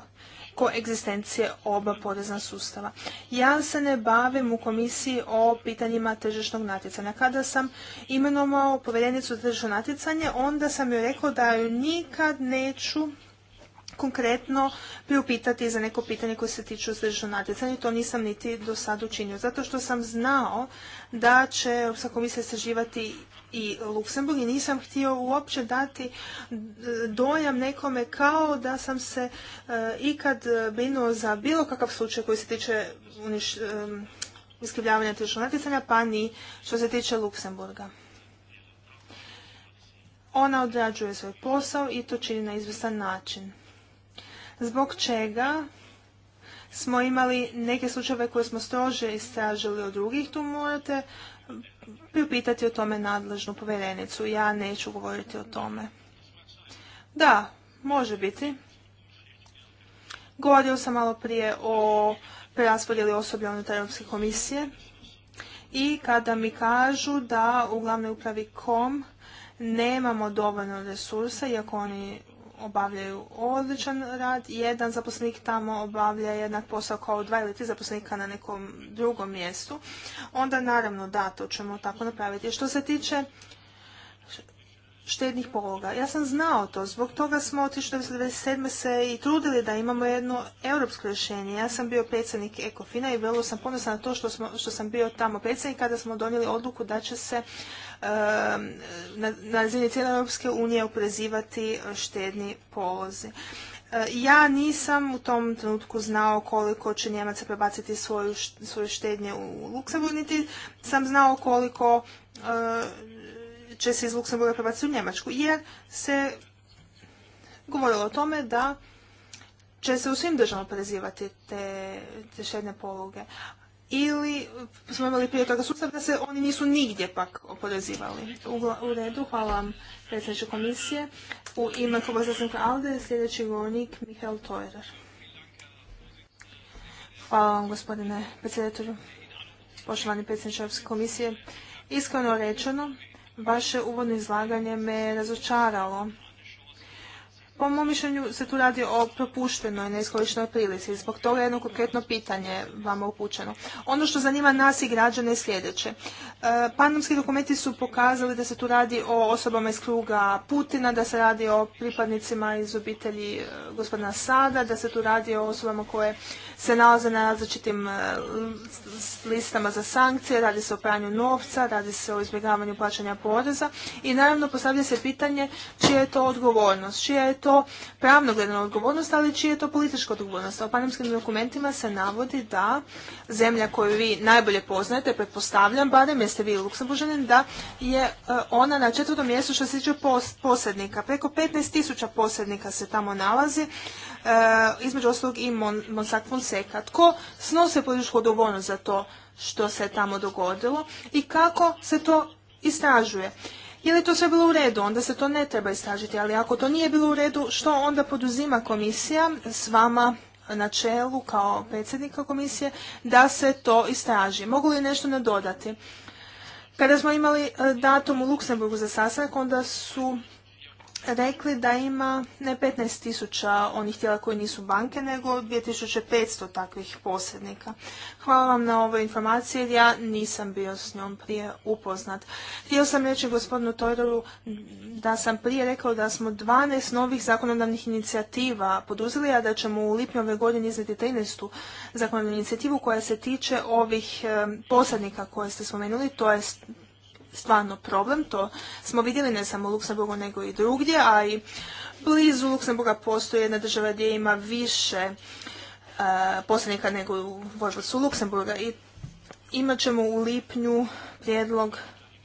koegzistencije oba porezna sustava. Ja se ne bavim u komisiji o pitanjima tržišnog natjecanja. Kada sam imenovao povjerenicu za tržišno natjecanje, onda sam joj rekao da ju nikad neću konkretno priupitati za neko pitanje koje se tiče tržišnog natjecanja i to nisam niti do sad učinio. Zato što sam znao da će Europska komisija istraživati i Luksemburg i nisam htio uopće dati dojam nekome kao da sam se eh, ikad brinuo za bilo kakav slučaj koji se tiče iskrivljavanja tržišnog natjecanja, pa ni što se tiče Luksemburga. Ona odrađuje svoj posao i to čini na izvrstan način zbog čega smo imali neke slučajeve koje smo strože istražili od drugih, tu morate priupitati o tome nadležnu povjerenicu. Ja neću govoriti o tome. Da, može biti. Govorio sam malo prije o preraspodjeli osoblja unutar Europske komisije i kada mi kažu da u glavnoj upravi KOM nemamo dovoljno resursa, iako oni obavljaju odličan rad, jedan zaposlenik tamo obavlja jednak posao kao dva ili tri zaposlenika na nekom drugom mjestu, onda naravno da, to ćemo tako napraviti. Što se tiče štednih pologa. Ja sam znao to, zbog toga smo od 1997. se i trudili da imamo jedno europsko rješenje. Ja sam bio predsjednik Ekofina i vrlo sam ponosna na to što, sam bio tamo predsjednik kada smo donijeli odluku da će se ehm, na, razini cijele Europske unije oporezivati e, štedni polozi. E, ja nisam u tom trenutku znao koliko će Njemaca prebaciti svoje štednje u Luksemburg, niti sam znao koliko e, će se iz Luksemburga prebaciti u Njemačku, jer se govorilo o tome da će se u svim državama oporezivati te, te pologe. Ili smo imali prije toga sustav da se oni nisu nigdje pak oporezivali. U, redu, hvala vam predsjedniče komisije. U ime kluba zastupnika Alde sljedeći govornik Mihael Toerer. Hvala vam gospodine predsjedatelju, poštovani predsjedniče komisije. Iskreno rečeno, Vaše uvodno izlaganje me razočaralo po mom mišljenju se tu radi o propuštenoj neiskorištenoj prilici. Zbog toga je jedno konkretno pitanje vama upućeno. Ono što zanima nas i građane je sljedeće. E, Panamski dokumenti su pokazali da se tu radi o osobama iz kruga Putina, da se radi o pripadnicima iz obitelji e, gospodina Sada, da se tu radi o osobama koje se nalaze na različitim e, listama za sankcije, radi se o pranju novca, radi se o izbjegavanju plaćanja poreza i naravno postavlja se pitanje čija je to odgovornost, čija je to to pravno gledano odgovornost, ali čija je to politička odgovornost. u panamskim dokumentima se navodi da zemlja koju vi najbolje poznajete, pretpostavljam, barem jeste vi Luksemburžanin, da je e, ona na četvrtom mjestu što se tiče posrednika. Preko 15 tisuća posrednika se tamo nalazi. E, između ostalog i Monsak Fonseca. Tko snose političku odgovornost za to što se tamo dogodilo i kako se to istražuje. Je li to sve bilo u redu? Onda se to ne treba istražiti, ali ako to nije bilo u redu, što onda poduzima komisija s vama na čelu kao predsjednika komisije da se to istraži? Mogu li nešto nadodati? Kada smo imali e, datum u Luksemburgu za sastanak, onda su rekli da ima ne 15 tisuća onih tijela koji nisu banke, nego 2500 takvih posrednika. Hvala vam na ovoj informaciji jer ja nisam bio s njom prije upoznat. Htio sam reći gospodinu Toidoru da sam prije rekao da smo 12 novih zakonodavnih inicijativa poduzeli, a da ćemo u lipnju ove godine izneti 13. zakonodavnu inicijativu koja se tiče ovih posrednika koje ste spomenuli, to je stvarno problem. To smo vidjeli ne samo u Luksemburgu nego i drugdje, a i blizu Luksemburga postoji jedna država gdje ima više e, posljednika nego u Luksemburga i imat ćemo u lipnju prijedlog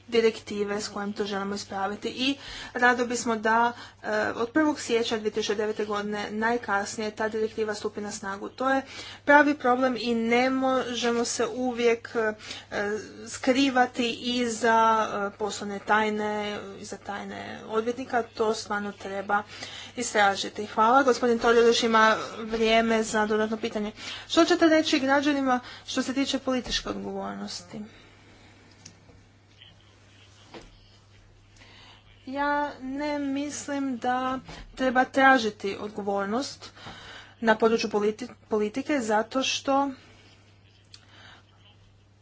direktive s kojim to želimo ispraviti i rado bismo da eh, od 1. siječnja 2009. godine najkasnije ta direktiva stupi na snagu. To je pravi problem i ne možemo se uvijek eh, skrivati iza za eh, poslovne tajne, iza tajne odvjetnika. To stvarno treba istražiti. Hvala. Gospodin Toljer ima vrijeme za dodatno pitanje. Što ćete reći građanima što se tiče političke odgovornosti? ja ne mislim da treba tražiti odgovornost na području politike zato što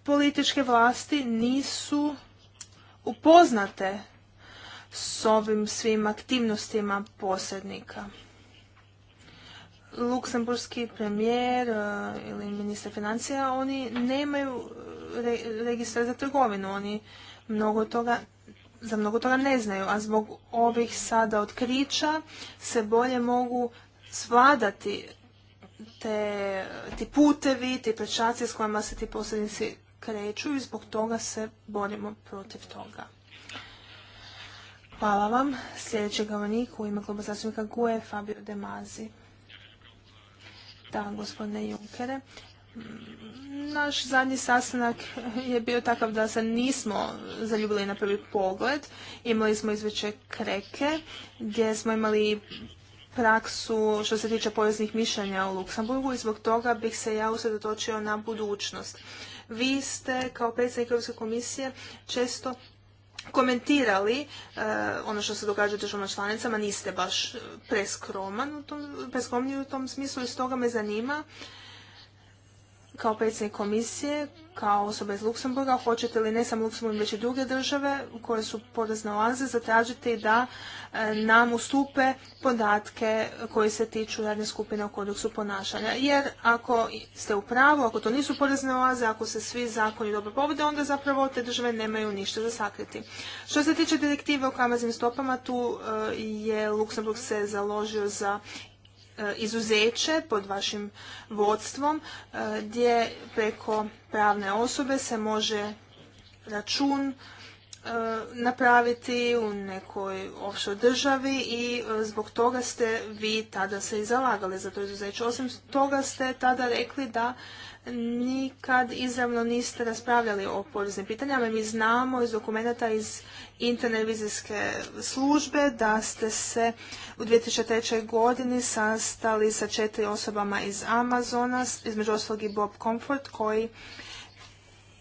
političke vlasti nisu upoznate s ovim svim aktivnostima posrednika. Luksemburski premijer e, ili ministar financija, oni nemaju re registra za trgovinu, oni mnogo toga za mnogo toga ne znaju, a zbog ovih sada otkrića se bolje mogu svladati te, ti putevi, ti prečaci s kojima se ti posljednici kreću i zbog toga se borimo protiv toga. Hvala vam. Sljedeći govornik u ime kluba zastupnika GUE Fabio De Demazi. Da, gospodine Junkere, naš zadnji sastanak je bio takav da se nismo zaljubili na prvi pogled. Imali smo izveće kreke gdje smo imali praksu što se tiče poreznih mišljenja u Luksemburgu i zbog toga bih se ja usredotočio na budućnost. Vi ste kao predsjednik Europske komisije često komentirali e, ono što se događa u državama članicama, niste baš preskroman preskromni u tom smislu i stoga me zanima kao predsjednik komisije, kao osoba iz Luksemburga, hoćete li ne samo Luksemburg, već i druge države koje su porezne oaze, zatražiti da e, nam ustupe podatke koji se tiču radne skupine u kodeksu ponašanja. Jer ako ste u pravu, ako to nisu porezne oaze, ako se svi zakoni dobro povode, onda zapravo te države nemaju ništa za sakriti. Što se tiče direktive o kamaznim stopama, tu e, je Luksemburg se založio za izuzeće pod vašim vodstvom e, gdje preko pravne osobe se može račun e, napraviti u nekoj offshore državi i e, zbog toga ste vi tada se i zalagali za to izuzeće. Osim toga ste tada rekli da nikad izravno niste raspravljali o poreznim pitanjama. Mi znamo iz dokumentata iz interne revizijske službe da ste se u 2003. godini sastali sa četiri osobama iz Amazona, između ostalog i Bob Comfort koji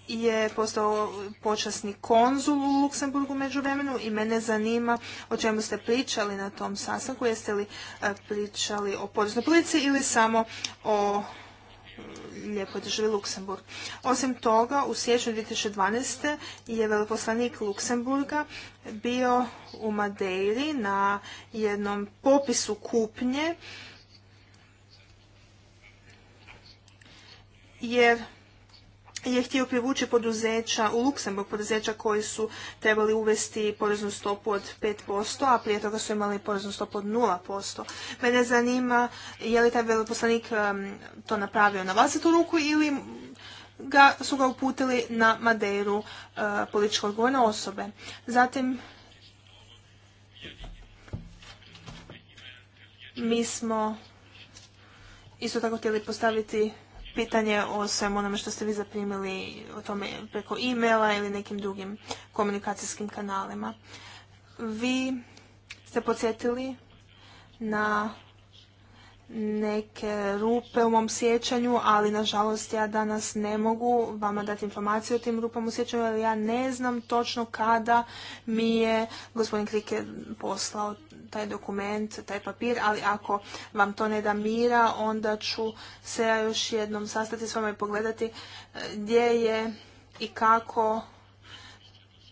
je postao počasni konzul u Luksemburgu među vremenu i mene zanima o čemu ste pričali na tom sastanku. Jeste li e, pričali o poreznoj politici ili samo o da Luksemburg. Osim toga, u siječnju 2012. je veleposlanik Luksemburga bio u Madeiri na jednom popisu kupnje jer je htio privući poduzeća u Luksemburg, poduzeća koji su trebali uvesti poreznu stopu od 5%, a prije toga su imali poreznu stopu od 0%. Mene zanima je li taj veleposlanik to napravio na vlastitu ruku ili su ga uputili na Maderu e, političko odgovorne osobe. Zatim, mi smo isto tako htjeli postaviti pitanje o svemu onome što ste vi zaprimili o tome preko e-maila ili nekim drugim komunikacijskim kanalima. Vi ste podsjetili na neke rupe u mom sjećanju, ali nažalost ja danas ne mogu vama dati informaciju o tim rupama u sjećanju, ali ja ne znam točno kada mi je gospodin Krike poslao taj dokument, taj papir, ali ako vam to ne da mira, onda ću se ja još jednom sastati s vama i pogledati e, gdje je i kako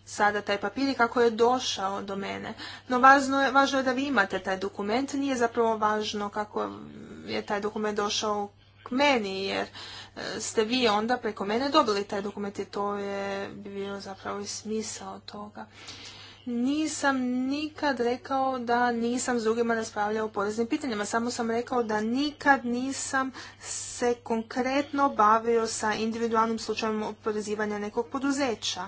sada taj papir i kako je došao do mene. No važno je, važno je da vi imate taj dokument, nije zapravo važno kako je taj dokument došao k meni, jer e, ste vi onda preko mene dobili taj dokument i to je bio zapravo i smisao toga nisam nikad rekao da nisam s drugima raspravljao o poreznim pitanjima. Samo sam rekao da nikad nisam se konkretno bavio sa individualnim slučajem oporezivanja nekog poduzeća.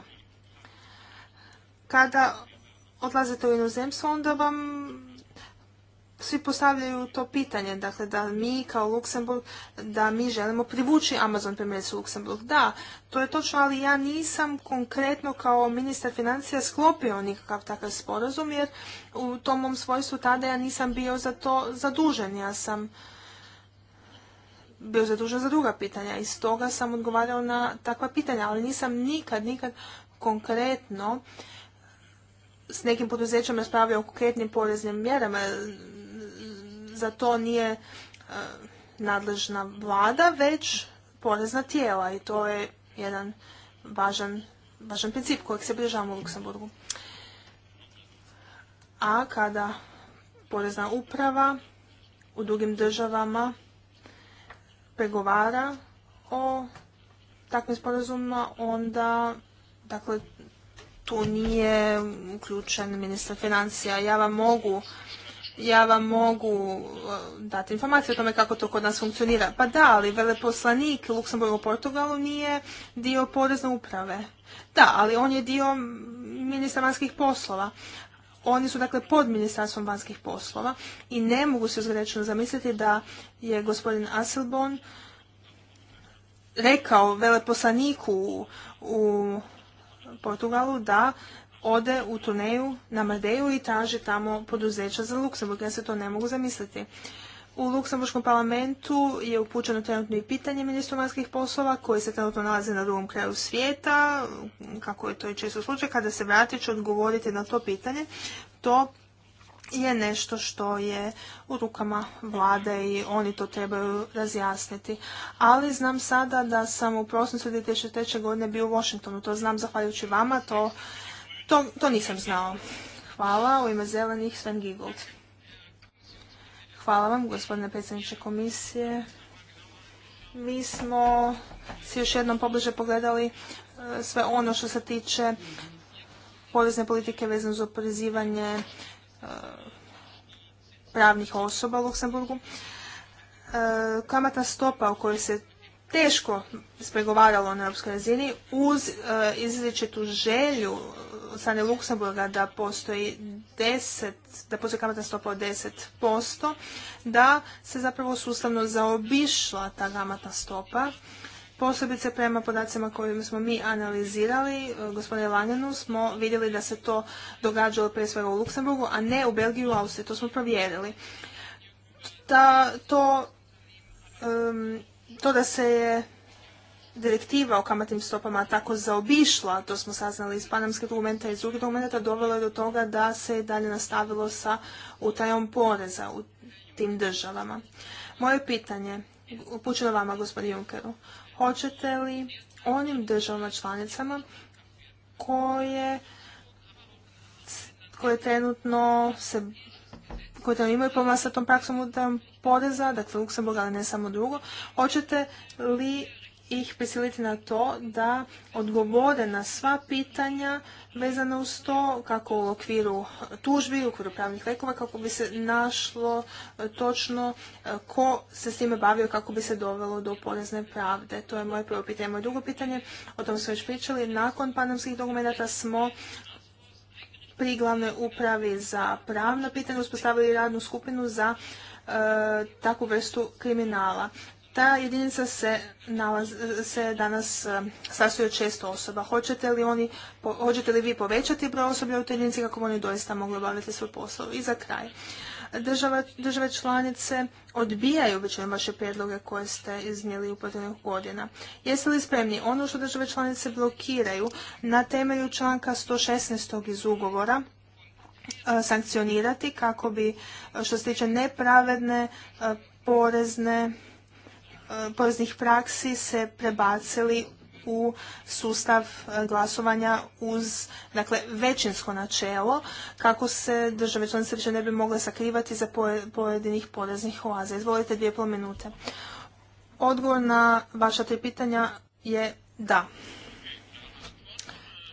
Kada odlazite u inozemstvo, onda vam svi postavljaju to pitanje, dakle da mi kao Luksemburg, da mi želimo privući Amazon primjerice u Luksemburg. Da, to je točno, ali ja nisam konkretno kao ministar financija sklopio nikakav takav sporazum, jer u tom mom svojstvu tada ja nisam bio za to zadužen. Ja sam bio zadužen za druga pitanja i stoga sam odgovarao na takva pitanja, ali nisam nikad, nikad konkretno s nekim poduzećem spravio o konkretnim poreznim mjerama za to nije e, nadležna vlada, već porezna tijela i to je jedan važan, važan princip kojeg se bližamo u Luksemburgu. A kada porezna uprava u drugim državama pregovara o takvim sporazumima, onda dakle, tu nije uključen ministar financija. Ja vam mogu ja vam mogu eh, dati informaciju o tome kako to kod nas funkcionira. Pa da, ali veleposlanik Luksemburga u Portugalu nije dio porezne uprave. Da, ali on je dio ministra vanjskih poslova. Oni su dakle pod ministarstvom vanjskih poslova i ne mogu se uzgrečno zamisliti da je gospodin Asselborn rekao veleposlaniku u Portugalu da ode u Tuneju na Madeju i traži tamo poduzeća za Luksemburg. Ja se to ne mogu zamisliti. U Luksemburškom parlamentu je upućeno trenutno i pitanje ministru vanjskih poslova koji se trenutno nalazi na drugom kraju svijeta, kako je to i često slučaj, kada se vrati će odgovoriti na to pitanje. To je nešto što je u rukama vlade i oni to trebaju razjasniti. Ali znam sada da sam u prosincu 2003. godine bio u Washingtonu. To znam zahvaljujući vama, to to, nisam znao. Hvala. U ime zelenih Sven Giggold. Hvala vam, gospodine predsjedniče komisije. Mi smo si još jednom pobliže pogledali e, sve ono što se tiče porezne politike vezano za oporezivanje e, pravnih osoba u Luksemburgu. E, kamatna stopa o kojoj se teško spregovaralo na europskoj razini uz izričitu želju od strane Luksemburga da postoji 10, da postoji kamatna stopa od 10%, da se zapravo sustavno zaobišla ta kamatna stopa. Posebice prema podacima kojim smo mi analizirali, e, gospodine Langenu, smo vidjeli da se to događalo prije svega u Luksemburgu, a ne u Belgiji i u Austriji. To smo provjerili. to, to da se je direktiva o kamatnim stopama tako zaobišla, to smo saznali iz panamskih dokumenta i iz drugih dokumenta, dovelo je do toga da se i dalje nastavilo sa utajom poreza u tim državama. Moje pitanje, upućeno vama, gospodin Junckeru, hoćete li onim državama članicama koje koje trenutno se koje tamo imaju problema sa tom praksom utajom poreza, dakle Luksemburg, ali ne samo drugo, hoćete li ih prisiliti na to da odgovore na sva pitanja vezana uz to, kako u okviru tužbi, u okviru pravnih lekova, kako bi se našlo e, točno e, ko se s time bavio, kako bi se dovelo do porezne pravde. To je moje prvo pitanje. Moje drugo pitanje, o tom smo već pričali, nakon panamskih dokumenta smo pri glavnoj upravi za pravno pitanje uspostavili radnu skupinu za e, takvu vrstu kriminala. Ta jedinica se, nalazi, se danas um, sastoji od često osoba. Hoćete li, oni, hoćete li vi povećati broj osoblja u toj jedinici kako bi oni doista mogli obavljati svoj posao? I za kraj. Država, države članice odbijaju većinom vaše prijedloge koje ste iznijeli u potrebnih godina. Jeste li spremni ono što države članice blokiraju na temelju članka 116. iz ugovora uh, sankcionirati kako bi uh, što se tiče nepravedne uh, porezne poreznih praksi se prebacili u sustav e, glasovanja uz dakle, većinsko načelo kako se države članice više ne bi mogle sakrivati za pojedinih poreznih oaza. Izvolite dvije pol minute. Odgovor na vaša tri pitanja je da.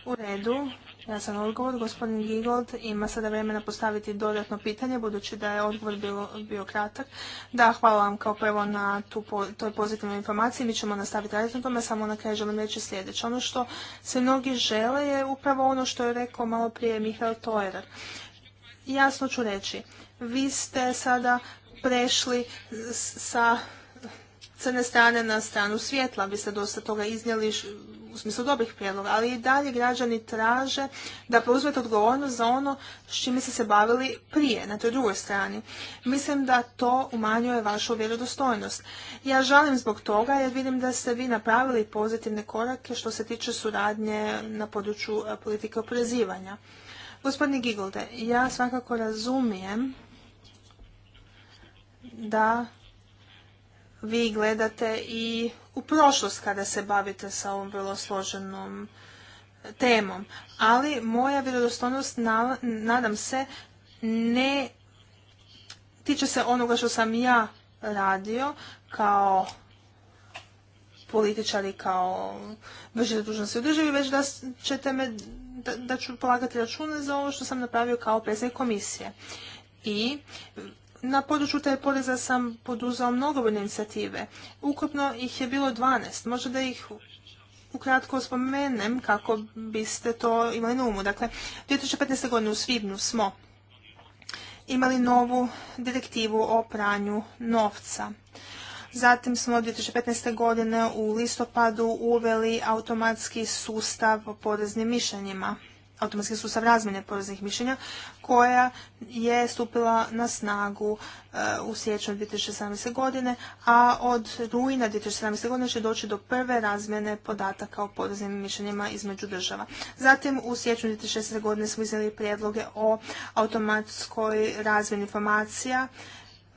U redu. Ja sam odgovor. Gospodin Gigold ima sada vremena postaviti dodatno pitanje, budući da je odgovor bio kratak. Da, hvala vam kao prvo na tu, toj pozitivnoj informaciji. Mi ćemo nastaviti raditi na tome, samo na kraju želim reći sljedeće. Ono što se mnogi žele je upravo ono što je rekao malo prije Mihael Toerer. Jasno ću reći, vi ste sada prešli sa crne strane na stranu svjetla. Vi ste dosta toga iznijeli u smislu dobrih prijedloga, ali i dalje građani traže da preuzmete odgovornost za ono s čime ste se bavili prije, na toj drugoj strani. Mislim da to umanjuje vašu vjerodostojnost. Ja žalim zbog toga jer vidim da ste vi napravili pozitivne korake što se tiče suradnje na području e, politike oprezivanja. Gospodine Gigolde, ja svakako razumijem da vi gledate i u prošlost kada se bavite sa ovom vrlo složenom e, temom. Ali moja vjerodostojnost, nadam se, ne tiče se onoga što sam ja radio kao i kao vršitelj dužnosti u državi, već da ćete me, da, da ću polagati račune za ovo što sam napravio kao predsjednik komisije. I na području taj poreza sam poduzao mnogobrojne inicijative. Ukupno ih je bilo 12. Možda da ih ukratko spomenem kako biste to imali na umu. Dakle, 2015. godine u Svibnju smo imali novu direktivu o pranju novca. Zatim smo od 2015. godine u listopadu uveli automatski sustav o poreznim mišljenjima automatski sustav razmjene poreznih mišljenja koja je stupila na snagu e, u siječnju 2017. godine, a od rujna 2017. godine će doći do prve razmjene podataka o poreznim mišljenjima između država. Zatim u siječnju 2016. godine smo iznijeli prijedloge o automatskoj razmjeni informacija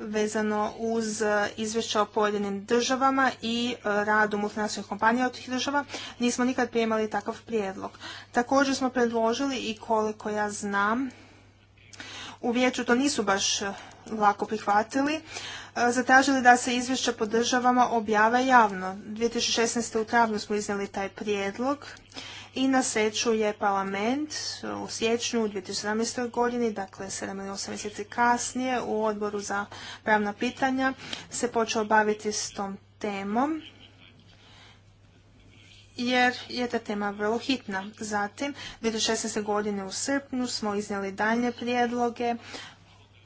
vezano uz e, izvješća o pojedinim državama i e, radu multinacionalnih kompanija od tih država, nismo nikad prijemali takav prijedlog. Također smo predložili i koliko ja znam, u vijeću to nisu baš e, lako prihvatili, zatražili da se izvješća po državama objave javno. 2016. u travnju smo iznijeli taj prijedlog i na sreću je parlament u siječnju 2017. godini, dakle 7 ili 8 mjeseci kasnije u odboru za pravna pitanja se počeo baviti s tom temom jer je ta tema vrlo hitna. Zatim, 2016. godine u srpnju smo iznijeli daljnje prijedloge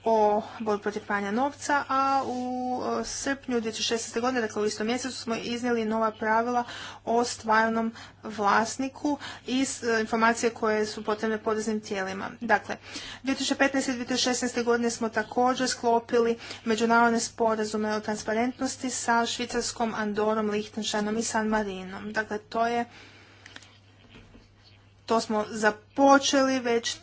o borbi protiv pranja novca, a u e, srpnju 2016. godine, dakle u istom mjesecu, smo iznijeli nova pravila o stvarnom vlasniku i e, informacije koje su potrebne poreznim tijelima. Dakle, 2015. i 2016. godine smo također sklopili međunarodne sporazume o transparentnosti sa Švicarskom, Andorom, Lichtensteinom i San Marinom. Dakle, to je to smo započeli već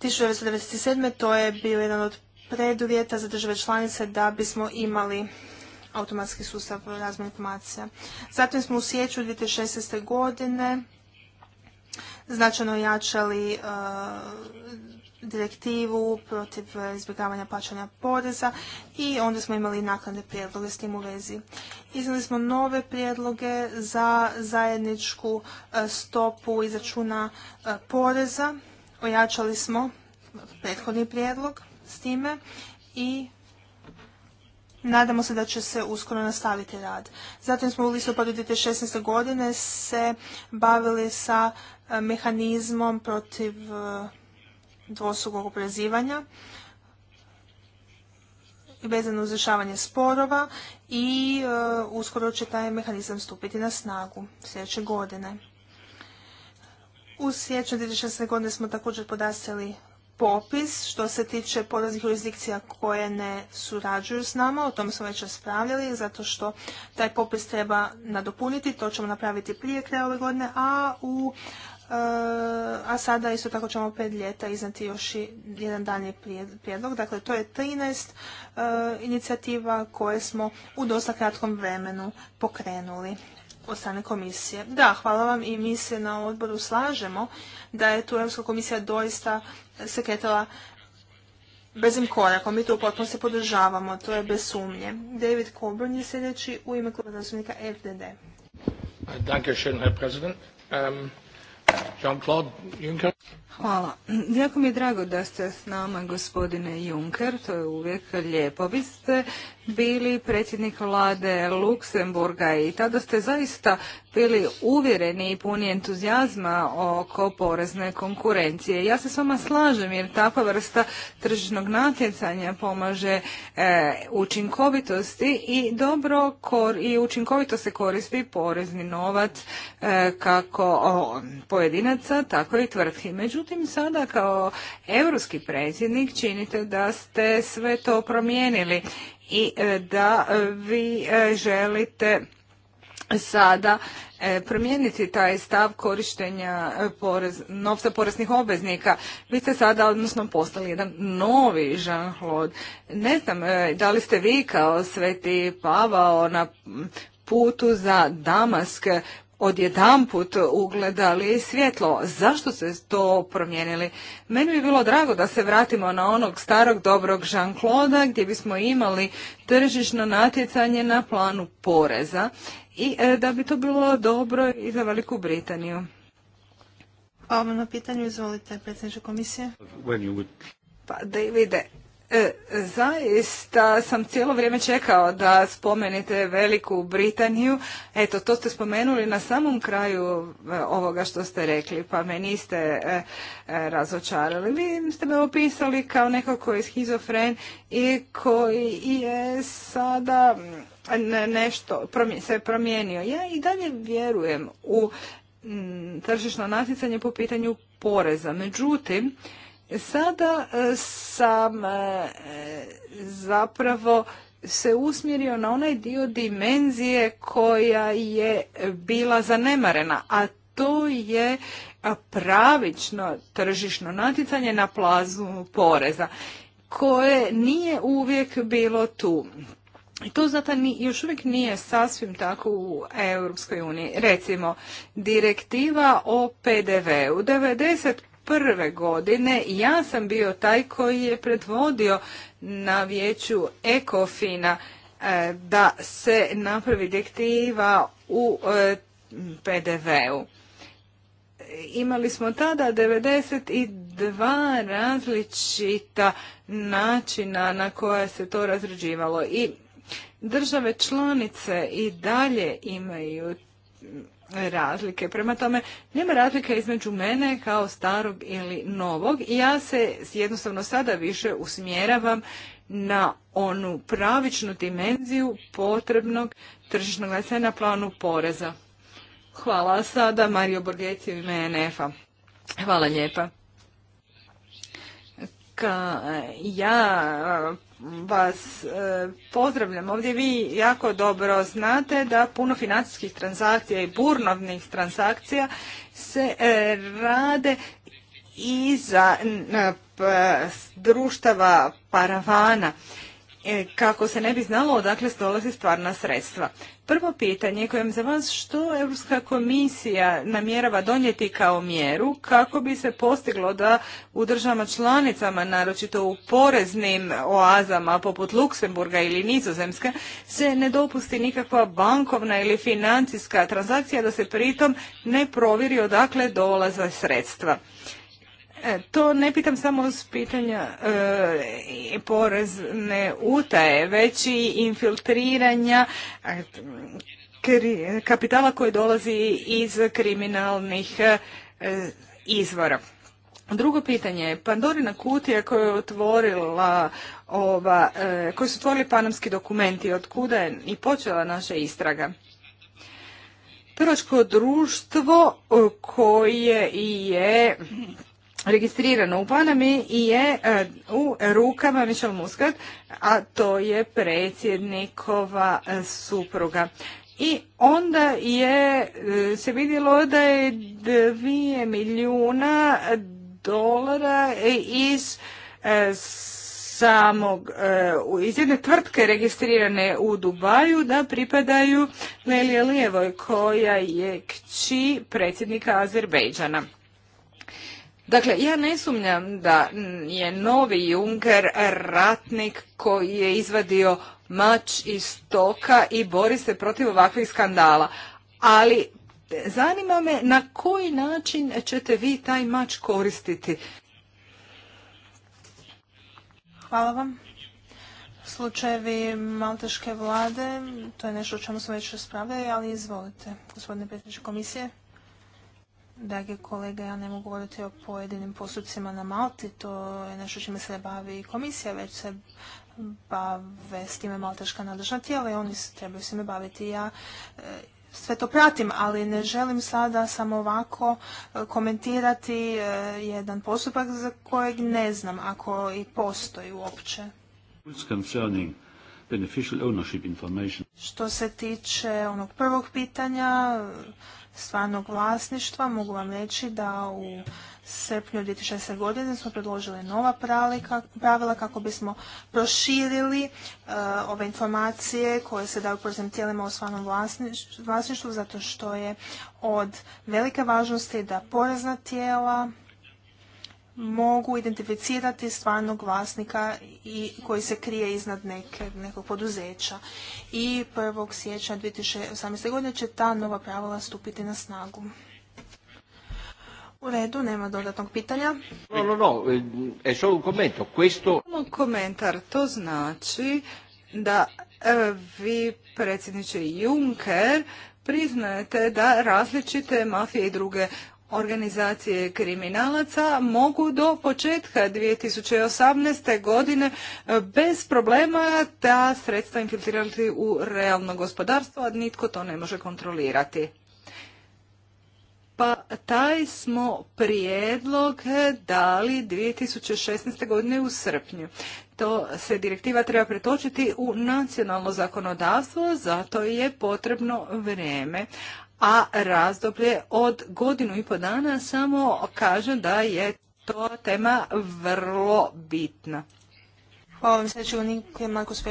1997. to je bio jedan od preduvjeta za države članice da bismo imali automatski sustav razmjene informacija. Zatim smo u sjeću 2016. godine značajno jačali e, direktivu protiv izbjegavanja plaćanja poreza i onda smo imali naknadne prijedloge s tim u vezi. Iznali smo nove prijedloge za zajedničku e, stopu izračuna e, poreza Ojačali smo prethodni prijedlog s time i Nadamo se da će se uskoro nastaviti rad. Zatim smo u listopadu 2016. godine se bavili sa e, mehanizmom protiv e, dvosugog oprezivanja vezano uz rješavanje sporova i e, uskoro će taj mehanizam stupiti na snagu sljedeće godine. U sjeću 2016. godine smo također podastili popis što se tiče poreznih jurisdikcija koje ne surađuju s nama, o tome smo već raspravljali, zato što taj popis treba nadopuniti, to ćemo napraviti prije kraja ove godine, a u eh, a sada isto tako ćemo pet ljeta iznati još i jedan daljnji prijedlog. Dakle, to je 13 eh, inicijativa koje smo u dosta kratkom vremenu pokrenuli od strane komisije. Da, hvala vam i mi se na odboru slažemo da je tu Europska komisija doista se kretala bezim korakom. Mi to potpuno se podržavamo, to je bez sumnje. David Coburn je sljedeći u ime kluba zastupnika FDD. Danke schön, Herr Präsident. Ähm, Jean-Claude Juncker. Hvala. Jako mi je drago da ste s nama, gospodine Juncker, to je uvijek lijepo. Vi ste bili predsjednik vlade Luksemburga i tada ste zaista bili uvjereni i puni entuzijazma oko porezne konkurencije. Ja se s vama slažem jer takva vrsta tržišnog natjecanja pomaže e, učinkovitosti i dobro i učinkovito se koristi porezni novac e, kako pojedinaca, tako i tvrtki. Među Međutim, sada kao europski predsjednik činite da ste sve to promijenili i e, da vi e, želite sada e, promijeniti taj stav korištenja porez, novca poreznih obveznika. Vi ste sada, odnosno, postali jedan novi Jean-Claude. Ne znam, da li ste vi kao sveti Pavao na putu za Damask odjedanput ugledali svjetlo. Zašto se to promijenili? Meni bi bilo drago da se vratimo na onog starog dobrog Jean-Claude gdje bismo imali tržišno natjecanje na planu poreza i e, da bi to bilo dobro i za Veliku Britaniju. Hvala na ono pitanju. Izvolite, predsjedniče komisije. Pa da vide, E, zaista sam cijelo vrijeme čekao da spomenete Veliku Britaniju. Eto, to ste spomenuli na samom kraju e, ovoga što ste rekli, pa me niste e, razočarali. Vi ste me opisali kao neko koji je schizofren i koji je sada nešto se promijenio. Ja i dalje vjerujem u tržišno natjecanje po pitanju poreza. Međutim, Sada e, sam e, zapravo se usmjerio na onaj dio dimenzije koja je bila zanemarena, a to je pravično tržišno natjecanje na plazmu poreza koje nije uvijek bilo tu. to zato još uvijek nije sasvim tako u Europskoj uniji. Recimo, direktiva o PDV-u. Prve godine ja sam bio taj koji je predvodio na vijeću Ekofina e, da se napravi direktiva u e, PDV-u. Imali smo tada 92 različita načina na koja se to razređivalo i države članice i dalje imaju razlike. Prema tome, nema razlike između mene kao starog ili novog i ja se jednostavno sada više usmjeravam na onu pravičnu dimenziju potrebnog tržišnog lesa na planu poreza. Hvala sada Mario Borgeci u ime NF-a. Hvala lijepa. E, ja e, vas e, pozdravljam. Ovdje vi jako dobro znate da puno financijskih transakcija i burnovnih transakcija se rade iza društava paravana E, kako se ne bi znalo odakle stolazi stvarna sredstva. Prvo pitanje kojem za vas što Europska komisija namjerava donijeti kao mjeru kako bi se postiglo da u državama članicama, naročito u poreznim oazama poput Luksemburga ili Nizozemske, se ne dopusti nikakva bankovna ili financijska transakcija da se pritom ne provjeri odakle dolaze sredstva. E, to ne pitam samo s pitanja e, porezne utaje, već i infiltriranja e, kapitala koji dolazi iz kriminalnih izvora. Drugo pitanje je Pandorina kutija koju je otvorila ova, su otvorili panamski dokumenti, od kuda je i počela naša istraga. Trgovačko društvo koje je registrirano u Panami je e, u rukama Michel Muscat, a to je predsjednikova e, supruga. I onda je e, se vidjelo da je dvije milijuna dolara iz samog, iz jedne tvrtke registrirane u Dubaju da pripadaju Lelije Lijevoj koja je kći predsjednika Azerbejdžana. Dakle, ja ne sumnjam da je novi Juncker ratnik koji je izvadio mač iz stoka i bori se protiv ovakvih skandala. Ali zanima me na koji način ćete vi taj mač koristiti. Hvala vam. Slučajevi malteške vlade, to je nešto o čemu smo već raspravljali, ali izvolite, gospodine predsjedniče komisije. Drage kolega, ja ne mogu govoriti o pojedinim postupcima na Malti, to je nešto čime se bavi i komisija, već se bave s time malteška nadležna tijela i oni se trebaju s time baviti. Ja e, sve to pratim, ali ne želim sada samo ovako e, komentirati e, jedan postupak za kojeg ne znam ako i postoji uopće. Što se tiče onog prvog pitanja, stvarnog vlasništva, mogu vam reći da u srpnju 2016. godine smo predložili nova pravila kako bismo proširili e, ove informacije koje se daju poreznim tijelima o stvarnom vlasništvu, zato što je od velike važnosti da porezna tijela mogu identificirati stvarnog vlasnika i koji se krije iznad neke, nekog poduzeća. I 1. siječnja 2018. godine će ta nova pravila stupiti na snagu. U redu, nema dodatnog pitanja. No, no, no, eh, è solo un Komentar, to znači da eh, vi, predsjedniče Juncker, priznajete da različite mafije i druge organizacije kriminalaca mogu do početka 2018. godine e, bez problema ta sredstva infiltrirati u realno gospodarstvo, a nitko to ne može kontrolirati. Pa taj smo prijedlog dali 2016. godine u srpnju. To se direktiva treba pretočiti u nacionalno zakonodavstvo, zato je potrebno vrijeme a razdoblje od godinu i po dana samo kažem da je to tema vrlo bitna. Hvala vam sljedeći unik Marko u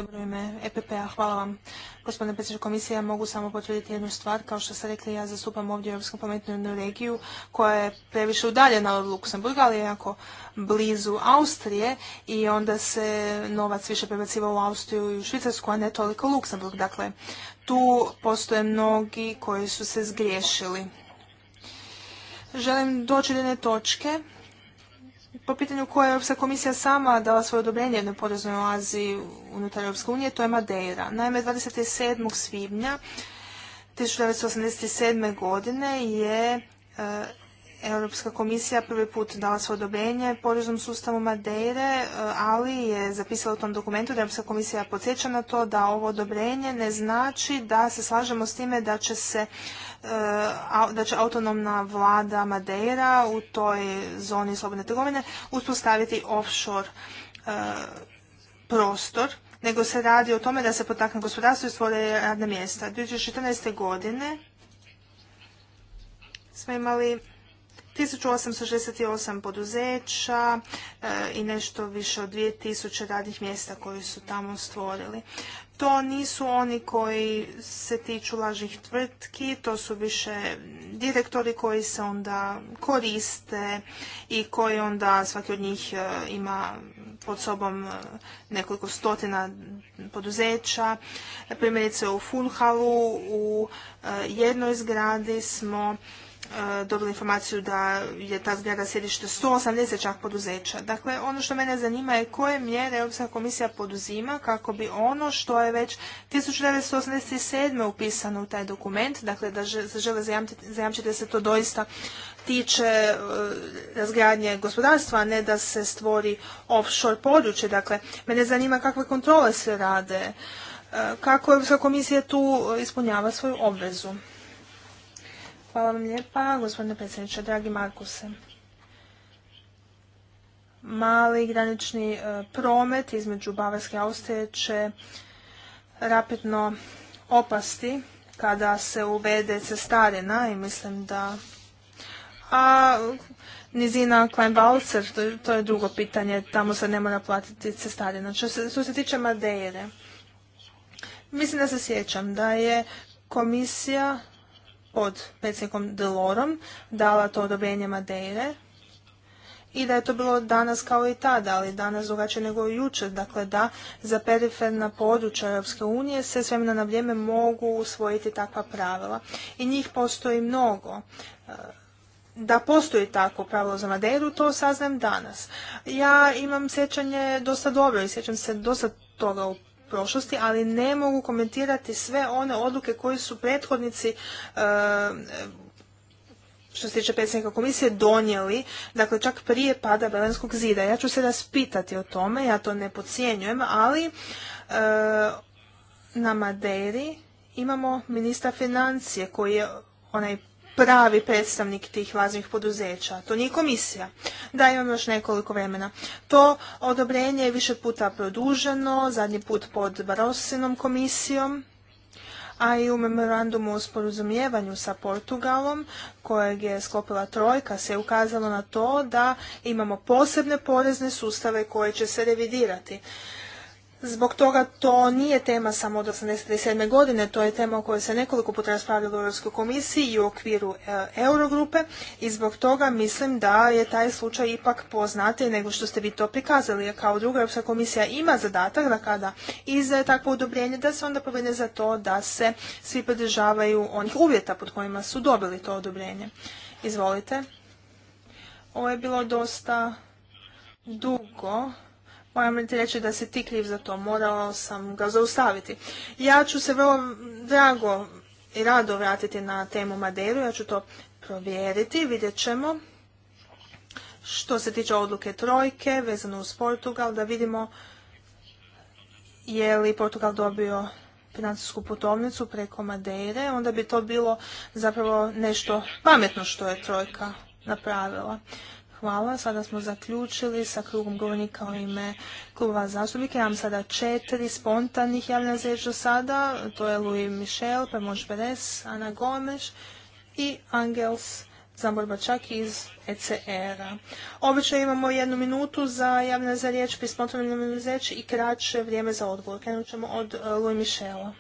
EPP-a. E Hvala vam. Gospodine predsjedniče komisije, ja mogu samo potvrditi jednu stvar. Kao što ste rekli, ja zastupam ovdje Europskom pametnu regiju koja je previše udaljena od Luksemburga, ali je jako blizu Austrije i onda se novac više prebaciva u Austriju i u Švicarsku, a ne toliko u Luksemburg. Dakle, tu postoje mnogi koji su se zgriješili. Želim doći do jedne točke po pitanju koje je Europska komisija sama dala svoje odobrenje jednoj poreznoj oazi unutar Europske unije, to je Madeira. Naime, 27. svibnja 1987. godine je e, Europska komisija prvi put dala svoje odobrenje poreznom sustavu Madeire, e, ali je zapisala u tom dokumentu da Europska komisija podsjeća na to da ovo odobrenje ne znači da se slažemo s time da će se e, da će autonomna vlada Madeira u toj zoni slobodne trgovine uspostaviti offshore e, prostor nego se radi o tome da se potakne gospodarstvo i stvore radna mjesta. 2014. godine smo imali 1868 poduzeća eh, i nešto više od 2000 radnih mjesta koji su tamo stvorili. To nisu oni koji se tiču lažnih tvrtki, to su više direktori koji se onda koriste i koji onda svaki od njih eh, ima pod sobom eh, nekoliko stotina poduzeća. Primjerice u Funhalu u jednoj zgradi smo E, dobili informaciju da je ta zgrada sjedište 180 čak poduzeća. Dakle, ono što mene zanima je koje mjere Europska komisija poduzima kako bi ono što je već 1987. upisano u taj dokument, dakle da se žele zajamčiti, da se to doista tiče e, razgradnje gospodarstva, a ne da se stvori offshore područje. Dakle, mene zanima kakve kontrole se rade, e, kako Europska komisija tu ispunjava svoju obvezu. Hvala vam lijepa, gospodine predsjedniče, dragi Markuse. Mali granični e, promet između Bavarske i Austrije će rapidno opasti kada se uvede cestarina i mislim da... A nizina Kleinwalzer, to, to je drugo pitanje, tamo se ne mora platiti cestarina. Što se, tiče Madeire, mislim da se sjećam da je komisija pod predsjednikom Delorom dala to odobrenje Madeire i da je to bilo danas kao i tada, ali danas drugačije nego jučer. Dakle, da za periferna područja Europske unije se svemena na vrijeme mogu usvojiti takva pravila. I njih postoji mnogo. E, da postoji tako pravilo za Madeiru, to saznajem danas. Ja imam sjećanje dosta dobro i sjećam se dosta toga u prošlosti, ali ne mogu komentirati sve one odluke koje su prethodnici eh, što se tiče predsjednika komisije, donijeli, dakle čak prije pada Belenskog zida. Ja ću se raspitati o tome, ja to ne pocijenjujem, ali eh, na Maderi imamo ministra financije koji je onaj pravi predstavnik tih važnih poduzeća. To nije komisija. Da, imam još nekoliko vremena. To odobrenje je više puta produženo, zadnji put pod Barosinom komisijom, a i u memorandumu o sporazumijevanju sa Portugalom, kojeg je sklopila trojka, se ukazalo na to da imamo posebne porezne sustave koje će se revidirati. Zbog toga to nije tema samo od 1987. godine, to je tema o kojoj se nekoliko puta raspravljalo u Europskoj komisiji i u okviru e, Eurogrupe i zbog toga mislim da je taj slučaj ipak poznatiji nego što ste vi to prikazali. Jer kao druga Europska komisija ima zadatak da kada izdaje takvo odobrenje da se onda povede za to da se svi podržavaju onih uvjeta pod kojima su dobili to odobrenje. Izvolite. Ovo je bilo dosta dugo moram reći da si ti kriv za to, morao sam ga zaustaviti. Ja ću se vrlo drago i rado vratiti na temu Maderu, ja ću to provjeriti, vidjet ćemo što se tiče odluke trojke vezano uz Portugal, da vidimo je li Portugal dobio financijsku putovnicu preko Madere, onda bi to bilo zapravo nešto pametno što je trojka napravila. Hvala. Sada smo zaključili sa krugom govornika u ime klubova zastupnika. Imam sada četiri spontanih javljena za do sada. To je Louis Michel, Primož Beres, Ana Gomes i Angels Zamborba čak iz ECR-a. Obično imamo jednu minutu za javne za riječ, pri mi i kraće vrijeme za odgovor. Krenut ćemo od e, Louis Michela.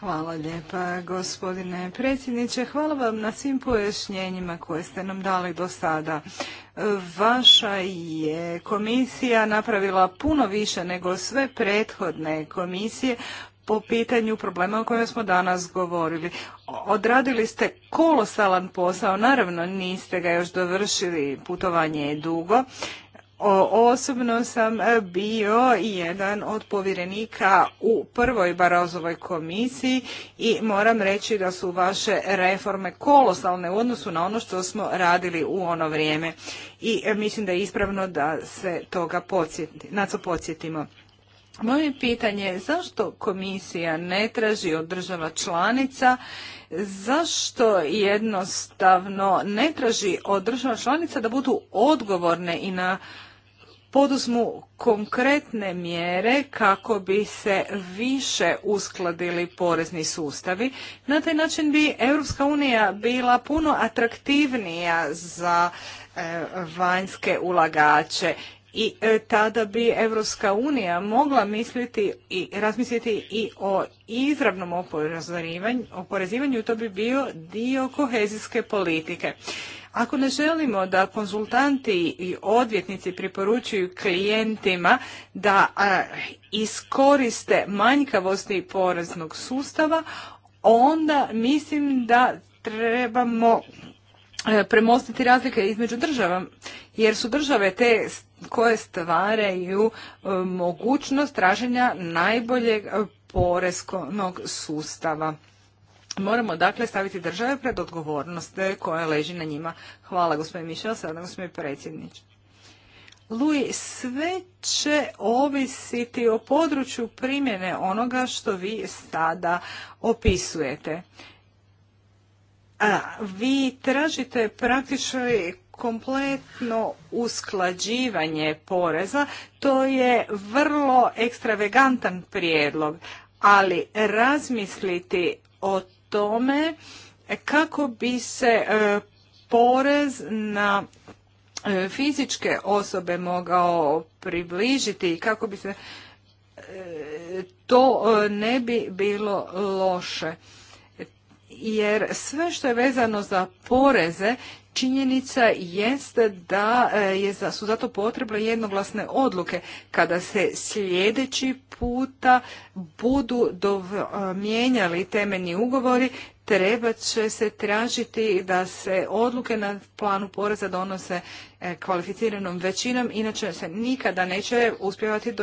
Hvala lijepa gospodine predsjedniče. Hvala vam na svim pojašnjenjima koje ste nam dali do sada. Vaša je komisija napravila puno više nego sve prethodne komisije po pitanju problema o kojem smo danas govorili. Odradili ste kolosalan posao, naravno niste ga još dovršili, putovanje je dugo. osobno sam e, bio jedan od povjerenika u prvoj Barozovoj komisiji i moram reći da su vaše reforme kolosalne u odnosu na ono što smo radili u ono vrijeme. I e, mislim da je ispravno da se toga podsjeti, na to podsjetimo. Moje pitanje je zašto komisija ne traži od država članica, zašto jednostavno ne traži od država članica da budu odgovorne i na poduzmu konkretne mjere kako bi se više uskladili porezni sustavi. Na taj način bi Europska unija bila puno atraktivnija za e, vanjske ulagače i e, tada bi Europska unija mogla misliti i razmisliti i o izravnom oporezivanju, to bi bio dio kohezijske politike. Ako ne želimo da konzultanti i odvjetnici preporučuju klijentima da iskoriste manjkavosti poreznog sustava, onda mislim da trebamo E, premostiti razlike između država, jer su države te koje stvaraju e, mogućnost traženja najboljeg e, poreskog sustava. Moramo dakle staviti države pred odgovornost koja leži na njima. Hvala gospodin Mišel, sada gospodin predsjednič. Luj, sve će ovisiti o području primjene onoga što vi sada opisujete. A vi tražite praktično kompletno usklađivanje poreza, to je vrlo ekstravegantan prijedlog, ali razmisliti o tome kako bi se e, porez na e, fizičke osobe mogao približiti i kako bi se e, to ne bi bilo loše jer sve što je vezano za poreze činjenica jest da e, je, su zato potrebne jednoglasne odluke kada se sljedeći puta budu dov, e, mijenjali temeljni ugovori treba će se tražiti da se odluke na planu poreza donose e, kvalificiranom većinom, inače se nikada neće uspjevati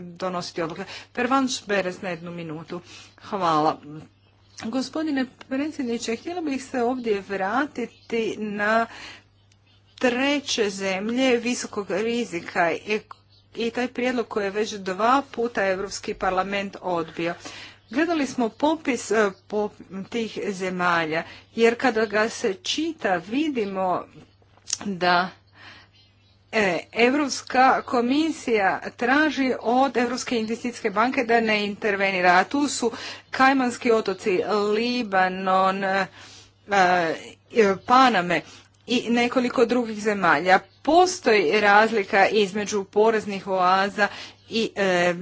donositi odluke. Pervanš Beres na jednu minutu. Hvala. Gospodine predsjedniče, htjela bih se ovdje vratiti na treće zemlje visokog rizika i taj prijedlog koji je već dva puta Europski parlament odbio. Gledali smo popis e, tih zemalja, jer kada ga se čita vidimo da Europska komisija traži od Europske investicijske banke da ne intervenira, a tu su Kajmanski otoci, Libanon, e, e, Paname i nekoliko drugih zemalja. Postoji razlika između poreznih oaza i e,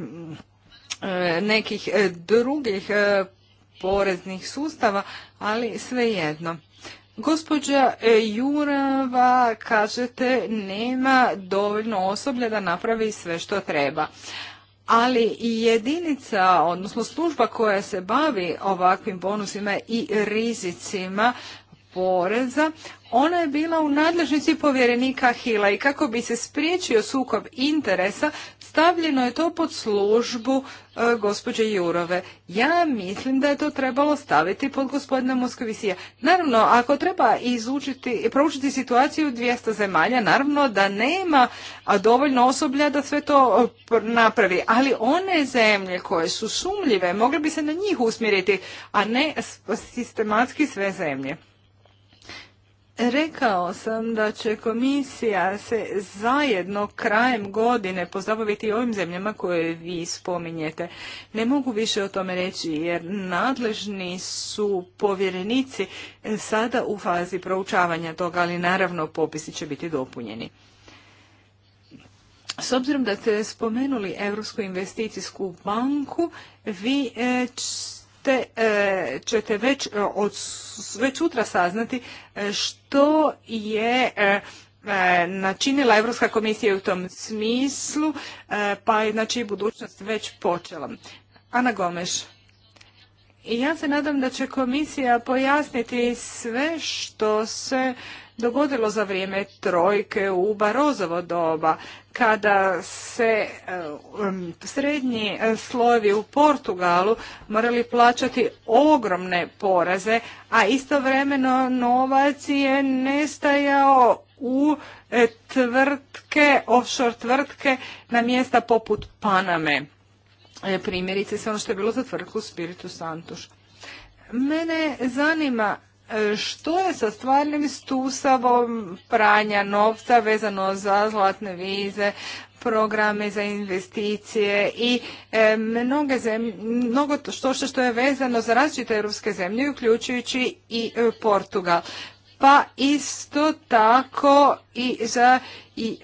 nekih drugih poreznih sustava, ali svejedno. Gospođa e, Jurava, kažete, nema dovoljno osoblja da napravi sve što treba. Ali i jedinica, odnosno služba koja se bavi ovakvim bonusima i rizicima poreza, ona je bila u nadležnici povjerenika Hila i kako bi se spriječio sukob interesa, Stavljeno je to pod službu e, gospođe Jurove. Ja mislim da je to trebalo staviti pod gospodina Moskovisija. Naravno, ako treba izučiti, proučiti situaciju 200 zemalja, naravno da nema dovoljno osoblja da sve to e, napravi. Ali one zemlje koje su sumljive, mogli bi se na njih usmjeriti, a ne sistematski sve zemlje. Rekao sam da će komisija se zajedno krajem godine pozabaviti ovim zemljama koje vi spominjete. Ne mogu više o tome reći jer nadležni su povjerenici sada u fazi proučavanja toga, ali naravno popisi će biti dopunjeni. S obzirom da ste spomenuli Europsku investicijsku banku, vi eh, E, ćete već, e, od, već sutra saznati e, što je načinila Europska komisija u tom smislu, pa je znači budućnost već počela. Ana Gomeš. I ja se nadam da će komisija pojasniti sve što se dogodilo za vrijeme trojke u Barozovo doba, kada se e, um, srednji e, slojevi u Portugalu morali plaćati ogromne poreze, a istovremeno novac je nestajao u e, tvrtke, offshore tvrtke na mjesta poput Paname. Primjerice, se ono što je bilo za tvrtku Spiritu Santuš. Mene zanima što je sa stvarnim stusavom pranja novca vezano za zlatne vize, programe za investicije i e, mnoge mnogo što, što je vezano za različite europske zemlje, uključujući i e, Portugal. Pa isto tako i za i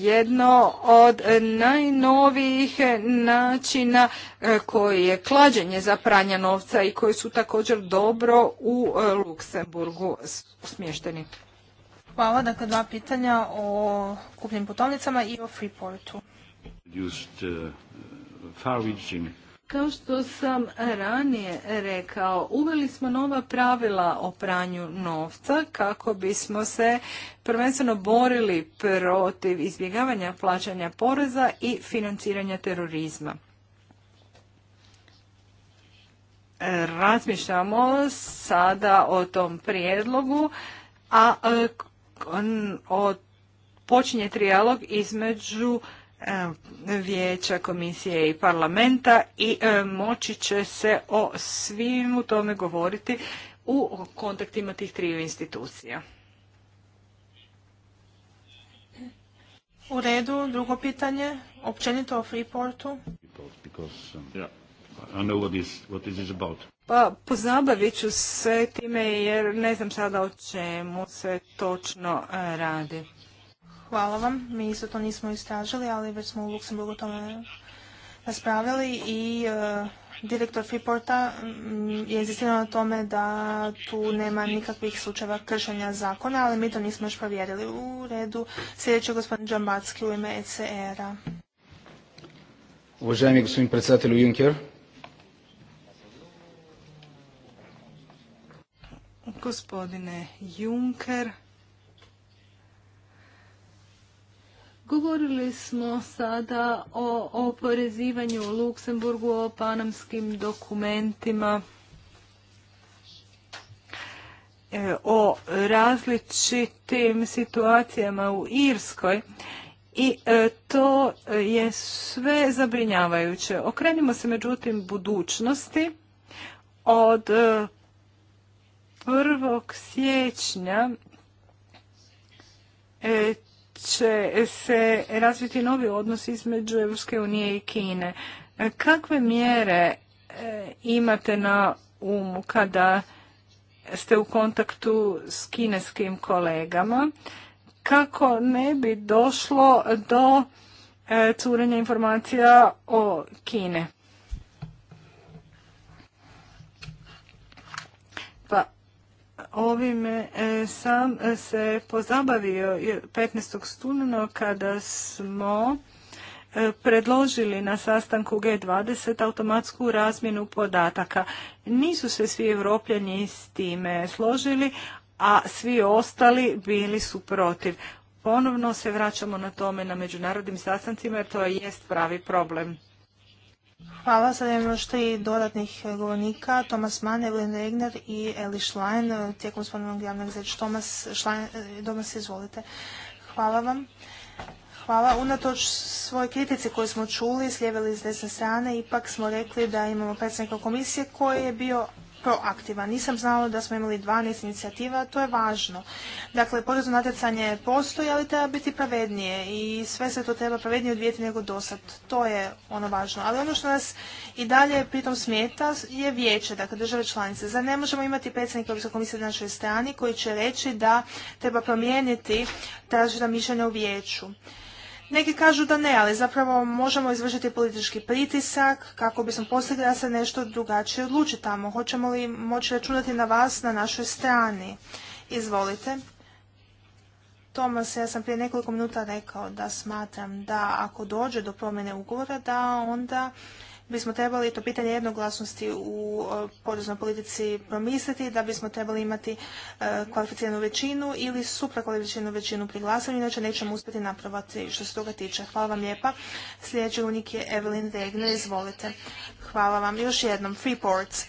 jedno od najnovijih načina e, koji je klađenje za pranje novca i koji su također dobro u e, Luksemburgu smješteni. Hvala, dakle dva pitanja o kupnim putovnicama i o Freeportu. Uh, kao što sam ranije rekao, uveli smo nova pravila o pranju novca kako bismo se prvenstveno borili protiv izbjegavanja plaćanja poreza i financiranja terorizma. Razmišljamo sada o tom prijedlogu, a e, počinje trijalog između vijeća, komisije i parlamenta i moći će se o svim tome govoriti u kontaktima tih triju institucija. U redu, drugo pitanje, općenito o Freeportu. Um, pa pozabavit ću se time jer ne znam sada o čemu se točno eh, radi. Hvala vam. Mi isto to nismo istražili, ali već smo u Luksemburgu tome raspravili i e, direktor Fiporta mm, je insistirao na tome da tu nema nikakvih slučajeva kršenja zakona, ali mi to nismo još provjerili. U redu sljedeći je gospodin Džambacki u ime ECR-a. Uvaženi gospodin predsjedatelju Juncker. Gospodine Juncker, Govorili smo sada o oporezivanju u Luksemburgu, o panamskim dokumentima, e, o različitim situacijama u Irskoj i e, to je sve zabrinjavajuće. Okrenimo se međutim budućnosti od 1. E, siječnja će se razviti novi odnos između Europske unije i Kine. Kakve mjere e, imate na umu kada ste u kontaktu s kineskim kolegama kako ne bi došlo do e, curenja informacija o Kine? ovime sam e, se pozabavio 15. studenog kada smo e, predložili na sastanku G20 automatsku razmjenu podataka. Nisu se svi europljani s time složili, a svi ostali bili su protiv. Ponovno se vraćamo na tome na međunarodnim sastancima jer to jest pravi problem. Hvala. Sada imamo još tri dodatnih e, govornika. Tomas Mann, Evelyn Regner i Eli Schlein. E, tijekom spomenog javnog zreća. Tomas, Schlein, se izvolite. Hvala vam. Hvala. Unatoč svoje kritici koje smo čuli s iz s desne strane, ipak smo rekli da imamo predsjednika komisije koji je bio proaktivan. Nisam znala da smo imali 12 inicijativa, to je važno. Dakle, porezno natjecanje postoji, ali treba biti pravednije i sve se to treba pravednije odvijeti nego dosad. To je ono važno. Ali ono što nas i dalje pritom smeta je vijeće, dakle države članice. Zar ne možemo imati predsjednika Europske komisije na našoj strani koji će reći da treba promijeniti tražita mišljenja u vijeću. Neki kažu da ne, ali zapravo možemo izvršiti politički pritisak kako bismo postigli da se nešto drugačije odluči tamo. Hoćemo li moći računati na vas na našoj strani? Izvolite. Tomas, ja sam prije nekoliko minuta rekao da smatram da ako dođe do promjene ugovora, da onda bismo trebali to pitanje jednoglasnosti u poreznoj politici promisliti, da bismo trebali imati e, kvalificiranu većinu ili suprakvalificiranu većinu pri glasanju, inače nećemo uspjeti napravati što se toga tiče. Hvala vam lijepa. Sljedeći unik je Evelyn Regner, izvolite. Hvala vam još jednom. Freeports.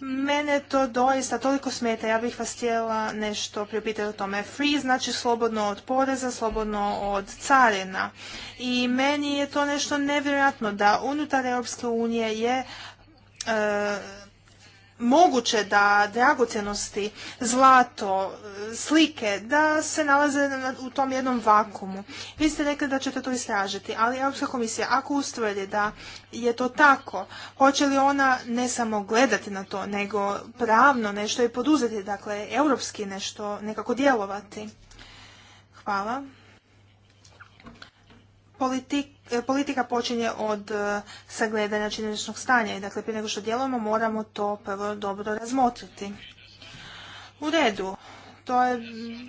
Mene to doista toliko smeta, ja bih vas htjela nešto priopitati o tome. Free znači slobodno od poreza, slobodno od carina. I meni je to nešto nevjerojatno da unutar Europske unije je e, moguće da dragocjenosti, zlato, e, slike, da se nalaze u tom jednom vakumu. Vi ste rekli da ćete to istražiti, ali Europska komisija ako ustvrdi da je to tako, hoće li ona ne samo gledati na to, nego pravno nešto i poduzeti, dakle, europski nešto nekako djelovati? Hvala. E, politika počinje od e, sagledanja činjeničnog stanja i dakle prije nego što djelujemo moramo to prvo dobro razmotriti. U redu, to je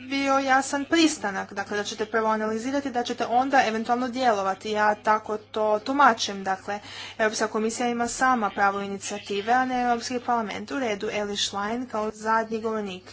bio jasan pristanak, dakle da ćete prvo analizirati, da ćete onda eventualno djelovati. Ja tako to tumačim, dakle Europska komisija ima sama pravo inicijative, a ne Europski parlament. U redu, Eli Schlein kao zadnji govornik.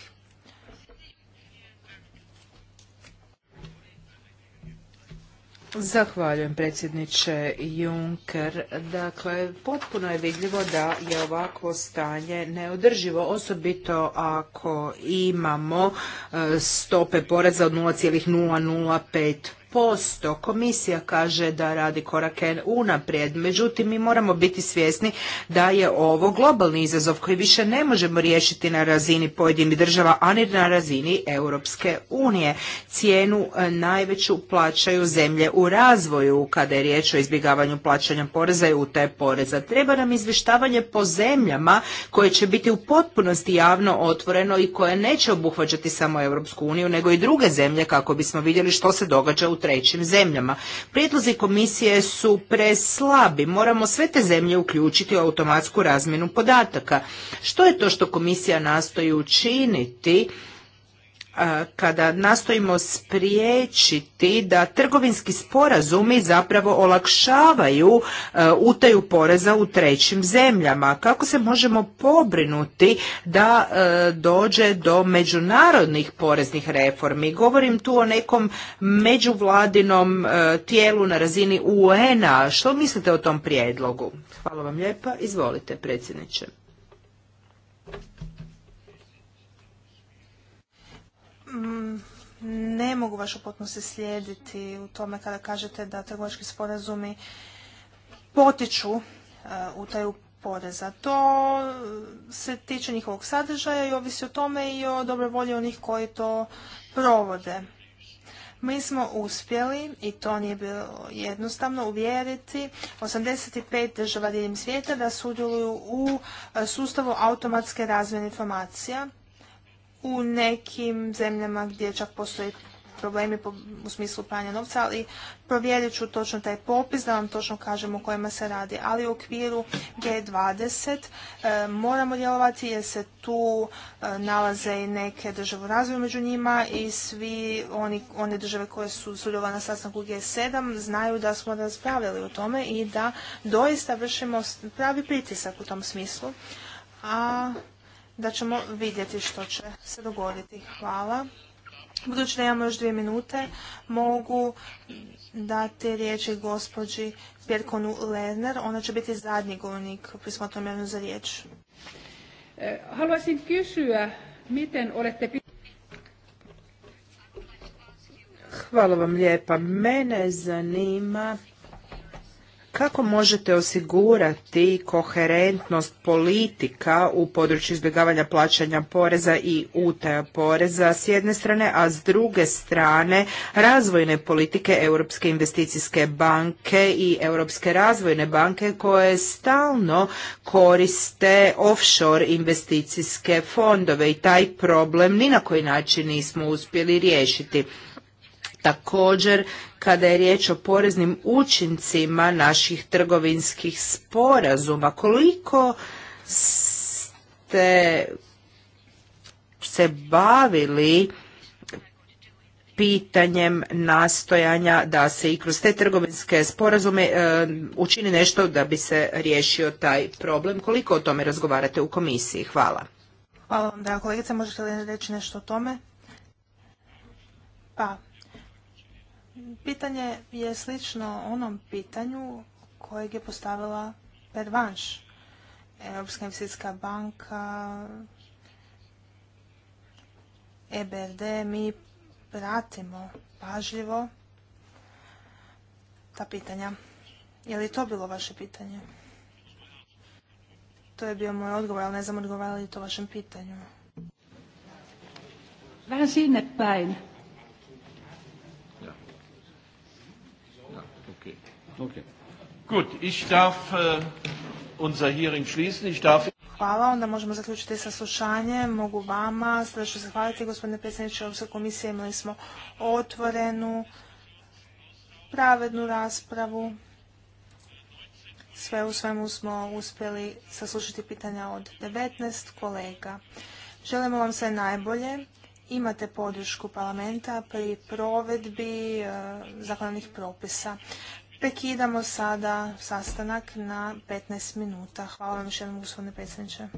Zahvaljujem predsjedniče Juncker. Dakle, potpuno je vidljivo da je ovakvo stanje neodrživo, osobito ako imamo e, stope poreza od 0,005 posto komisija kaže da radi korake unaprijed međutim mi moramo biti svjesni da je ovo globalni izazov koji više ne možemo riješiti na razini pojedinih država a na razini Europske unije cijenu e, najveću plaćaju zemlje u razvoju kada je riječ o izbjegavanju plaćanja poreza i te poreza treba nam izvještavanje po zemljama koje će biti u potpunosti javno otvoreno i koje neće obuhvaćati samo Europsku uniju nego i druge zemlje kako bismo vidjeli što se događa u trećim zemljama. Prijedlozi komisije su preslabi, moramo sve te zemlje uključiti u automatsku razmjenu podataka. Što je to što komisija nastoji učiniti? kada nastojimo spriječiti da trgovinski sporazumi zapravo olakšavaju utaju poreza u trećim zemljama. Kako se možemo pobrinuti da dođe do međunarodnih poreznih reformi? Govorim tu o nekom međuvladinom tijelu na razini UN-a. Što mislite o tom prijedlogu? Hvala vam lijepa. Izvolite, predsjedniče. Mm, ne mogu vaše u se slijediti u tome kada kažete da trgovački sporazumi potiču e, u utaju poreza. To e, se tiče njihovog sadržaja i ovisi o tome i o dobroj volji onih koji to provode. Mi smo uspjeli, i to nije bilo jednostavno, uvjeriti 85 država diljem svijeta da sudjeluju u e, sustavu automatske razmjene informacija u nekim zemljama gdje čak postoji problemi u smislu pranja novca, ali provjerit ću točno taj popis da vam točno kažem o kojima se radi. Ali u okviru G20 e, moramo djelovati jer se tu e, nalaze i neke države u razvoju među njima i svi oni, one države koje su sudjelovale na sastanku G7 znaju da smo raspravljali o tome i da doista vršimo pravi pritisak u tom smislu. A da ćemo vidjeti što će se dogoditi. Hvala. Budući da imamo još dvije minute, mogu dati riječi gospođi Pjerkonu Lerner. Ona će biti zadnji govornik pri smatrom za riječ. Eh, miten olette... Hvala vam lijepa. Mene zanima kako možete osigurati koherentnost politika u području izbjegavanja plaćanja poreza i utaja poreza s jedne strane, a s druge strane razvojne politike Europske investicijske banke i Europske razvojne banke koje stalno koriste offshore investicijske fondove i taj problem ni na koji način nismo uspjeli riješiti. Također, kada je riječ o poreznim učincima naših trgovinskih sporazuma, koliko ste se bavili pitanjem nastojanja da se i kroz te trgovinske sporazume e, učini nešto da bi se riješio taj problem. Koliko o tome razgovarate u komisiji? Hvala. Hvala vam, draga kolegica. Možete li reći nešto o tome? Pa, Pitanje je slično onom pitanju kojeg je postavila Pervanš. Europska investicijska banka, EBRD, mi pratimo pažljivo ta pitanja. Je li to bilo vaše pitanje? To je bio moj odgovor, ali ne znam odgovarali li to vašem pitanju. razine Äh, Hvala, onda možemo zaključiti saslušanje. Mogu vama srdečno zahvaliti, gospodine predsjedniče Europske komisije. Imali smo otvorenu, pravednu raspravu. Sve u svemu smo uspjeli saslušati pitanja od 19 kolega. Želimo vam sve najbolje. Imate podršku parlamenta pri provedbi e, propisa. Prekidamo sada sastanak na 15 minuta. Hvala vam još jednom gospodine predsjedniče.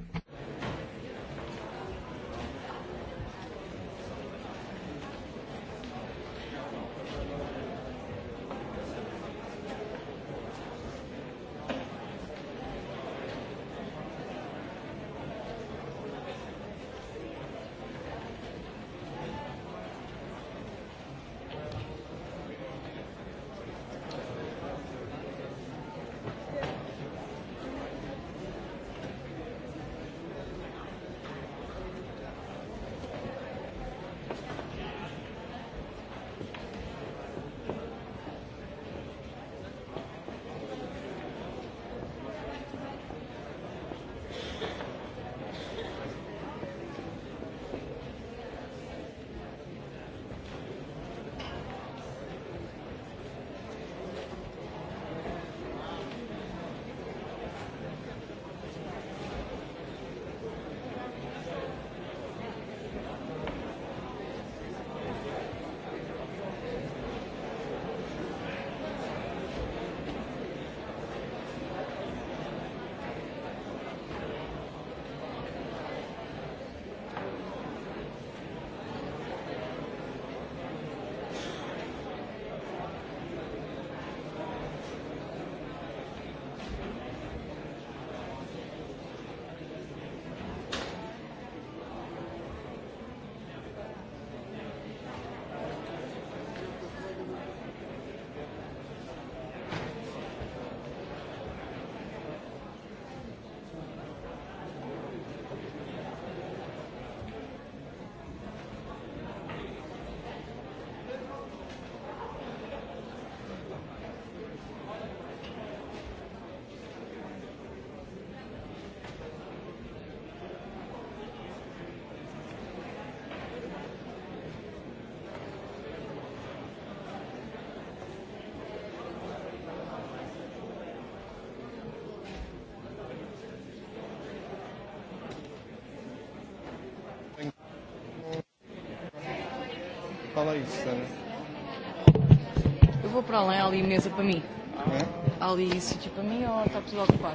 fala isso, sabe? Eu vou para além, há ali e mesa para mim. É? ali sítio para mim ou está tudo ocupado?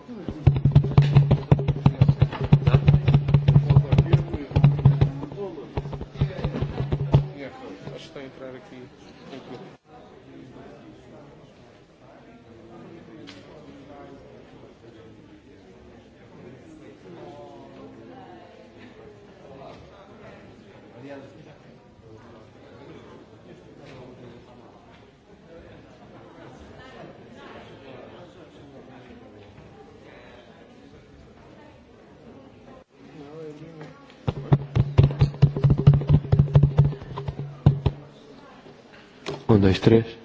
23.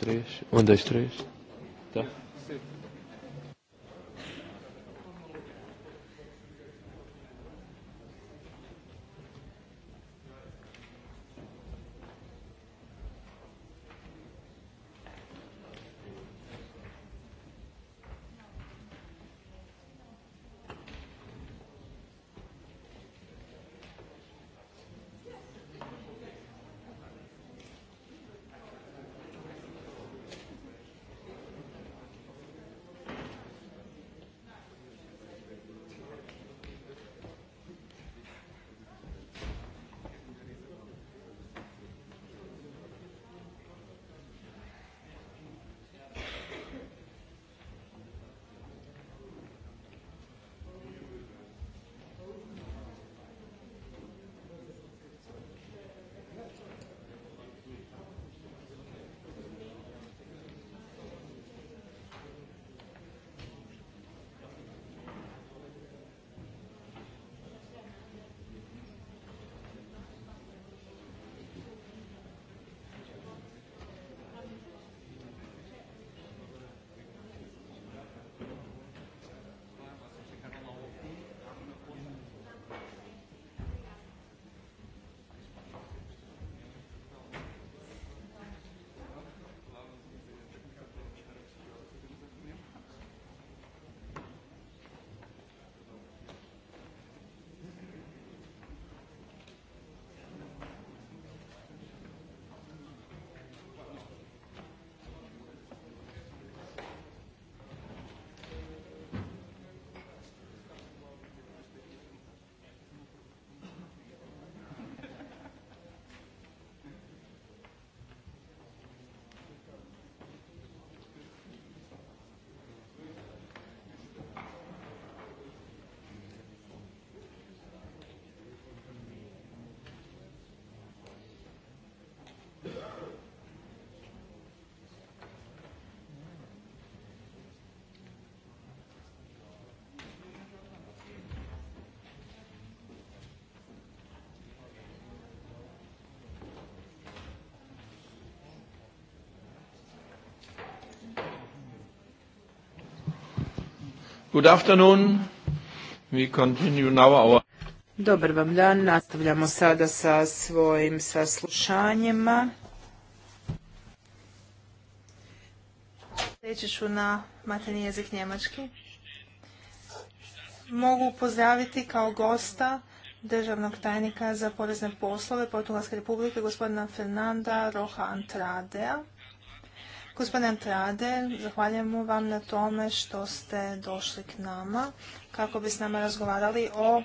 3 1 2 3 Good afternoon. We continue now our... Dobar vam dan, nastavljamo sada sa svojim saslušanjima. Reći ću na materni jezik njemački. Mogu pozdraviti kao gosta državnog tajnika za porezne poslove Portugalske republike, gospodina Fernanda Roha Antradea. Gospodine Trade, zahvaljujemo vam na tome što ste došli k nama kako bi s nama razgovarali o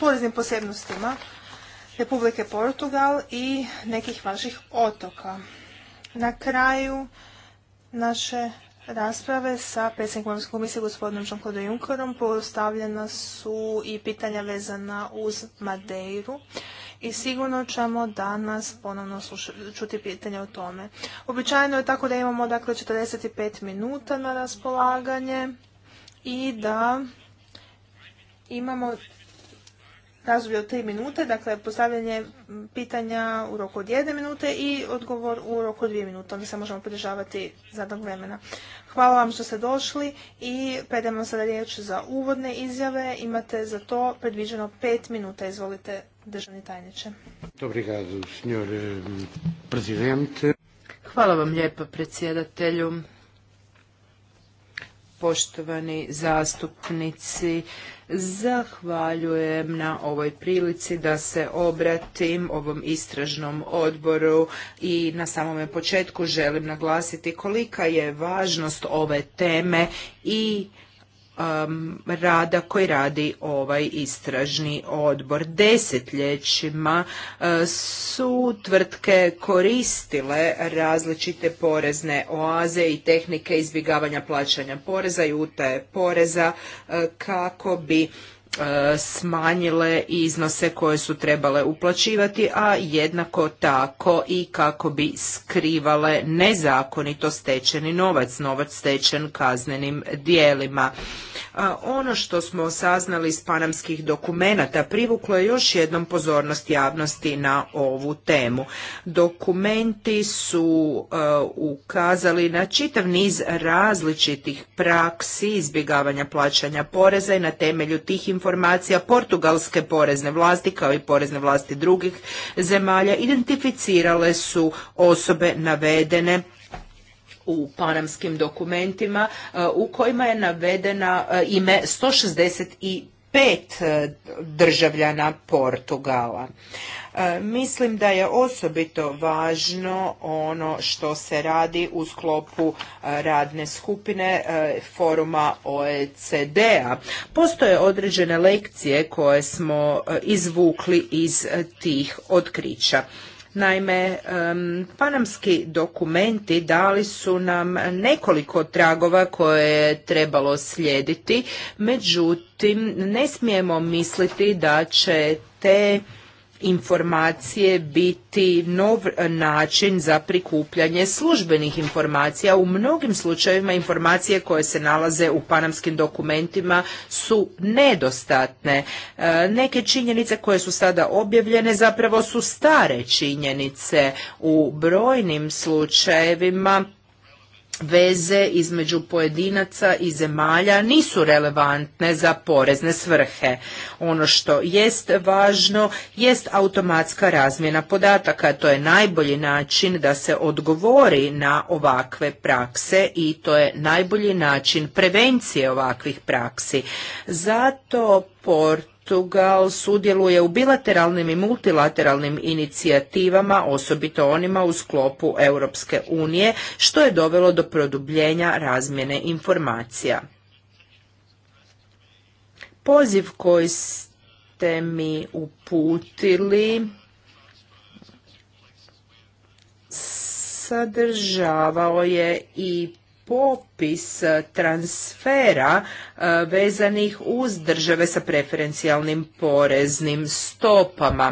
poreznim posebnostima Republike Portugal i nekih vaših otoka. Na kraju naše rasprave sa predsjednikom Europske komisije gospodinom Jean-Claude Junckerom postavljena su i pitanja vezana uz Madeiru i sigurno ćemo danas ponovno čuti pitanje o tome. Običajno je tako da imamo dakle 45 minuta na raspolaganje i da imamo razdoblje od 3 minute, dakle postavljanje pitanja u roku od 1 minute i odgovor u roku od 2 minute. Mi se možemo pridržavati zadnog vremena. Hvala vam što ste došli i predajemo sada riječ za uvodne izjave. Imate za to predviđeno 5 minuta. Izvolite državni tajniče. Eh, Hvala vam lijepa predsjedatelju. Poštovani zastupnici, Zahvaljujem na ovoj prilici da se obratim ovom istražnom odboru i na samome početku želim naglasiti kolika je važnost ove teme i Um, rada koji radi ovaj istražni odbor. Desetljećima uh, su tvrtke koristile različite porezne oaze i tehnike izbjegavanja plaćanja poreza i utaje poreza uh, kako bi E, smanjile iznose koje su trebale uplaćivati, a jednako tako i kako bi skrivale nezakonito stečeni novac, novac stečen kaznenim dijelima. Ono što smo saznali iz panamskih dokumenata privuklo je još jednom pozornost javnosti na ovu temu. Dokumenti su e, ukazali na čitav niz različitih praksi izbjegavanja plaćanja poreza i na temelju tih informacija portugalske porezne vlasti kao i porezne vlasti drugih zemalja identificirale su osobe navedene u panamskim dokumentima e, u kojima je navedena e, ime i pet e, državljana Portugala. E, mislim da je osobito važno ono što se radi u sklopu e, radne skupine foruma OECD-a. Postoje određene lekcije koje smo izvukli iz tih otkrića. Naime, panamski dokumenti dali su nam nekoliko tragova koje je trebalo slijediti, međutim ne smijemo misliti da će te informacije biti nov način za prikupljanje službenih informacija. U mnogim slučajevima informacije koje se nalaze u panamskim dokumentima su nedostatne. E, neke činjenice koje su sada objavljene zapravo su stare činjenice. U brojnim slučajevima veze između pojedinaca i zemalja nisu relevantne za porezne svrhe. Ono što jest važno jest automatska razmjena podataka. To je najbolji način da se odgovori na ovakve prakse i to je najbolji način prevencije ovakvih praksi. Zato port Portugal sudjeluje u bilateralnim i multilateralnim inicijativama, osobito onima u sklopu Europske unije, što je dovelo do produbljenja razmjene informacija. Poziv koji ste mi uputili sadržavao je i popis e, transfera e, vezanih uz države sa preferencijalnim poreznim stopama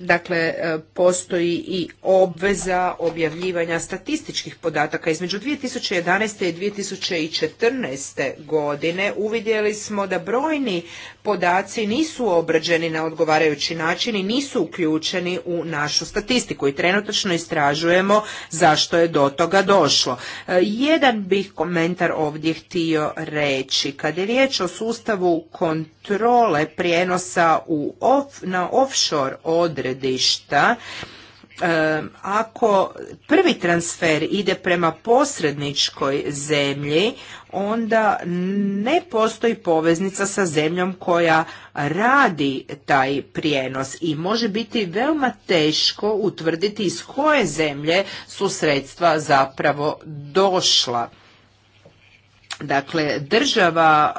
Dakle, e, postoji i obveza objavljivanja statističkih podataka. Između 2011. i 2014. godine uvidjeli smo da brojni podaci nisu obrađeni na odgovarajući način i nisu uključeni u našu statistiku i trenutačno istražujemo zašto je do toga došlo. E, jedan bih komentar ovdje htio reći. Kad je riječ o sustavu kontrola, kontrole prijenosa u off, na offshore odredišta ako prvi transfer ide prema posredničkoj zemlji onda ne postoji poveznica sa zemljom koja radi taj prijenos i može biti veoma teško utvrditi iz koje zemlje su sredstva zapravo došla Dakle, država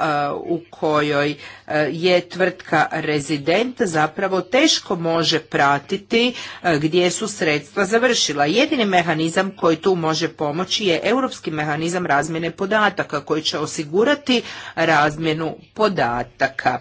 uh, u kojoj uh, je tvrtka rezident zapravo teško može pratiti uh, gdje su sredstva završila. Jedini mehanizam koji tu može pomoći je europski mehanizam razmjene podataka koji će osigurati razmjenu podataka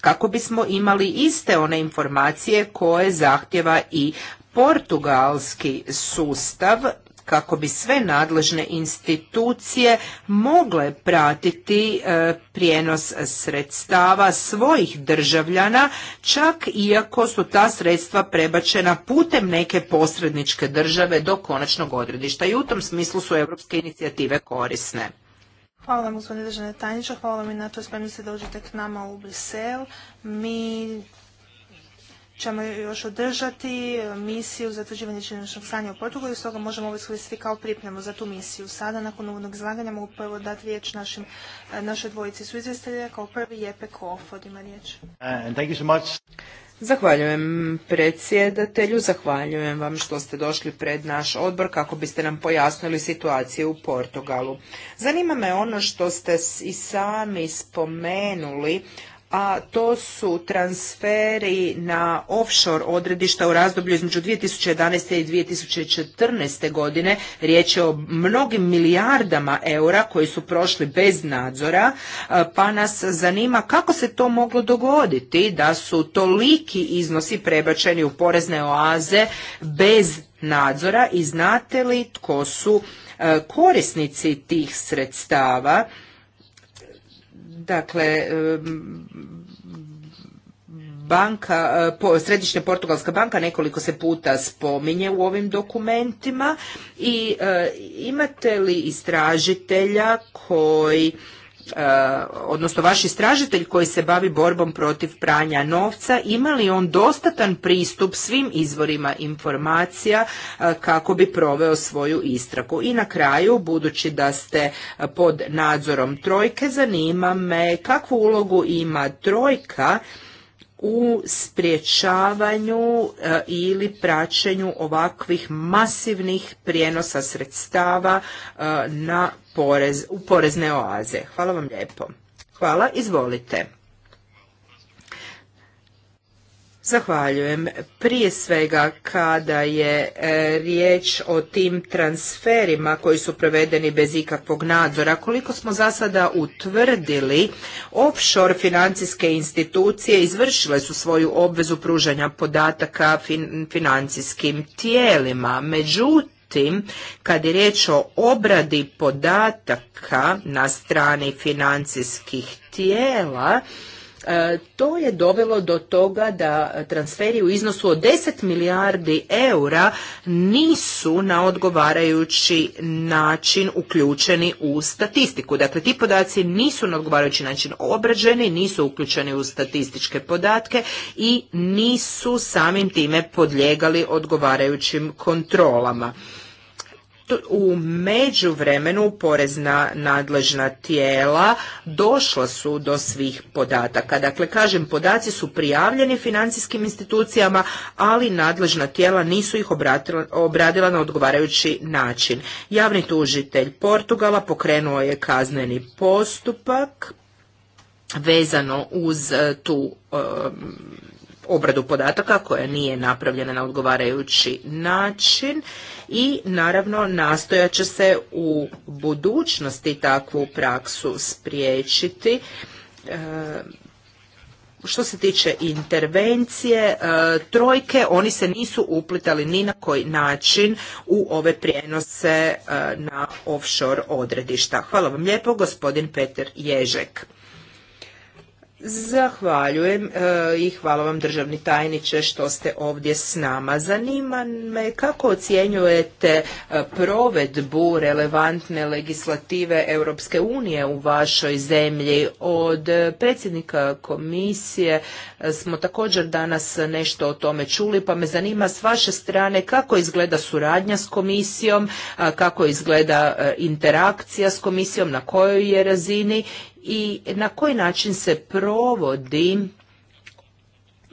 kako bismo imali iste one informacije koje zahtjeva i portugalski sustav kako bi sve nadležne institucije mogle pratiti e, prijenos sredstava svojih državljana čak iako su ta sredstva prebačena putem neke posredničke države do konačnog odredišta i u tom smislu su europske inicijative korisne. Hvala vam, gospodine državne tajniče. Hvala vam i na to spremni se dođete k nama u Brisel. Mi ćemo još održati e, misiju za utvrđivanje činjeničnog stanja u Portugalu i stoga možemo ovo iskoristiti kao pripremu za tu misiju. Sada, nakon uvodnog izlaganja, mogu prvo dati riječ e, našoj dvojici su izvjestelja, kao prvi Jepe Kofod ima riječ. Uh, zahvaljujem predsjedatelju, zahvaljujem vam što ste došli pred naš odbor kako biste nam pojasnili situaciju u Portugalu. Zanima me ono što ste i sami spomenuli, a to su transferi na offshore odredišta u razdoblju između 2011. i 2014. godine. Riječ je o mnogim milijardama eura koji su prošli bez nadzora, pa nas zanima kako se to moglo dogoditi da su toliki iznosi prebačeni u porezne oaze bez nadzora i znate li tko su korisnici tih sredstava Dakle, banka, e, središnja portugalska banka nekoliko se puta spominje u ovim dokumentima i e, imate li istražitelja koji E, odnosno vaš istražitelj koji se bavi borbom protiv pranja novca, ima li on dostatan pristup svim izvorima informacija e, kako bi proveo svoju istragu. I na kraju, budući da ste pod nadzorom trojke, zanima me kakvu ulogu ima trojka u spriječavanju e, ili praćenju ovakvih masivnih prijenosa sredstava e, na u porezne oaze. Hvala vam lijepo. Hvala, izvolite. Zahvaljujem. Prije svega kada je e, riječ o tim transferima koji su provedeni bez ikakvog nadzora, koliko smo za sada utvrdili, offshore financijske institucije izvršile su svoju obvezu pružanja podataka financijskim tijelima. Međutim, Međutim, kad je riječ o obradi podataka na strani financijskih tijela, E, to je dovelo do toga da transferi u iznosu od 10 milijardi eura nisu na odgovarajući način uključeni u statistiku. Dakle, ti podaci nisu na odgovarajući način obrađeni, nisu uključeni u statističke podatke i nisu samim time podlijegali odgovarajućim kontrolama. U međuvremenu porezna nadležna tijela došla su do svih podataka. Dakle, kažem, podaci su prijavljeni financijskim institucijama, ali nadležna tijela nisu ih obradila na odgovarajući način. Javni tužitelj Portugala pokrenuo je kazneni postupak vezano uz e, tu e, obradu podataka koja nije napravljena na odgovarajući način i naravno nastojat će se u budućnosti takvu praksu spriječiti. E, što se tiče intervencije e, trojke, oni se nisu uplitali ni na koji način u ove prijenose e, na offshore odredišta. Hvala vam lijepo, gospodin Peter Ježek. Zahvaljujem e, i hvala vam državni tajniče što ste ovdje s nama. Zanima me kako ocjenjujete e, provedbu relevantne legislative Europske unije u vašoj zemlji. Od e, predsjednika komisije smo također danas nešto o tome čuli, pa me zanima s vaše strane kako izgleda suradnja s komisijom, kako izgleda interakcija s komisijom, na kojoj je razini i na koji način se provodi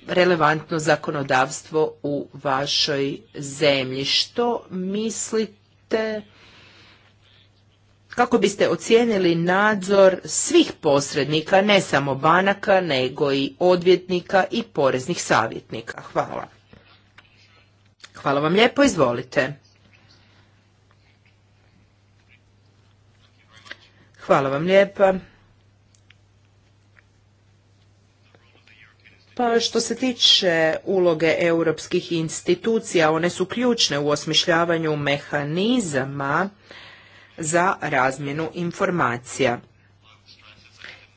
relevantno zakonodavstvo u vašoj zemlji. Što mislite kako biste ocijenili nadzor svih posrednika, ne samo banaka, nego i odvjetnika i poreznih savjetnika? Hvala. Hvala vam lijepo, izvolite. Hvala vam lijepa. Pa što se tiče uloge europskih institucija, one su ključne u osmišljavanju mehanizama za razmjenu informacija.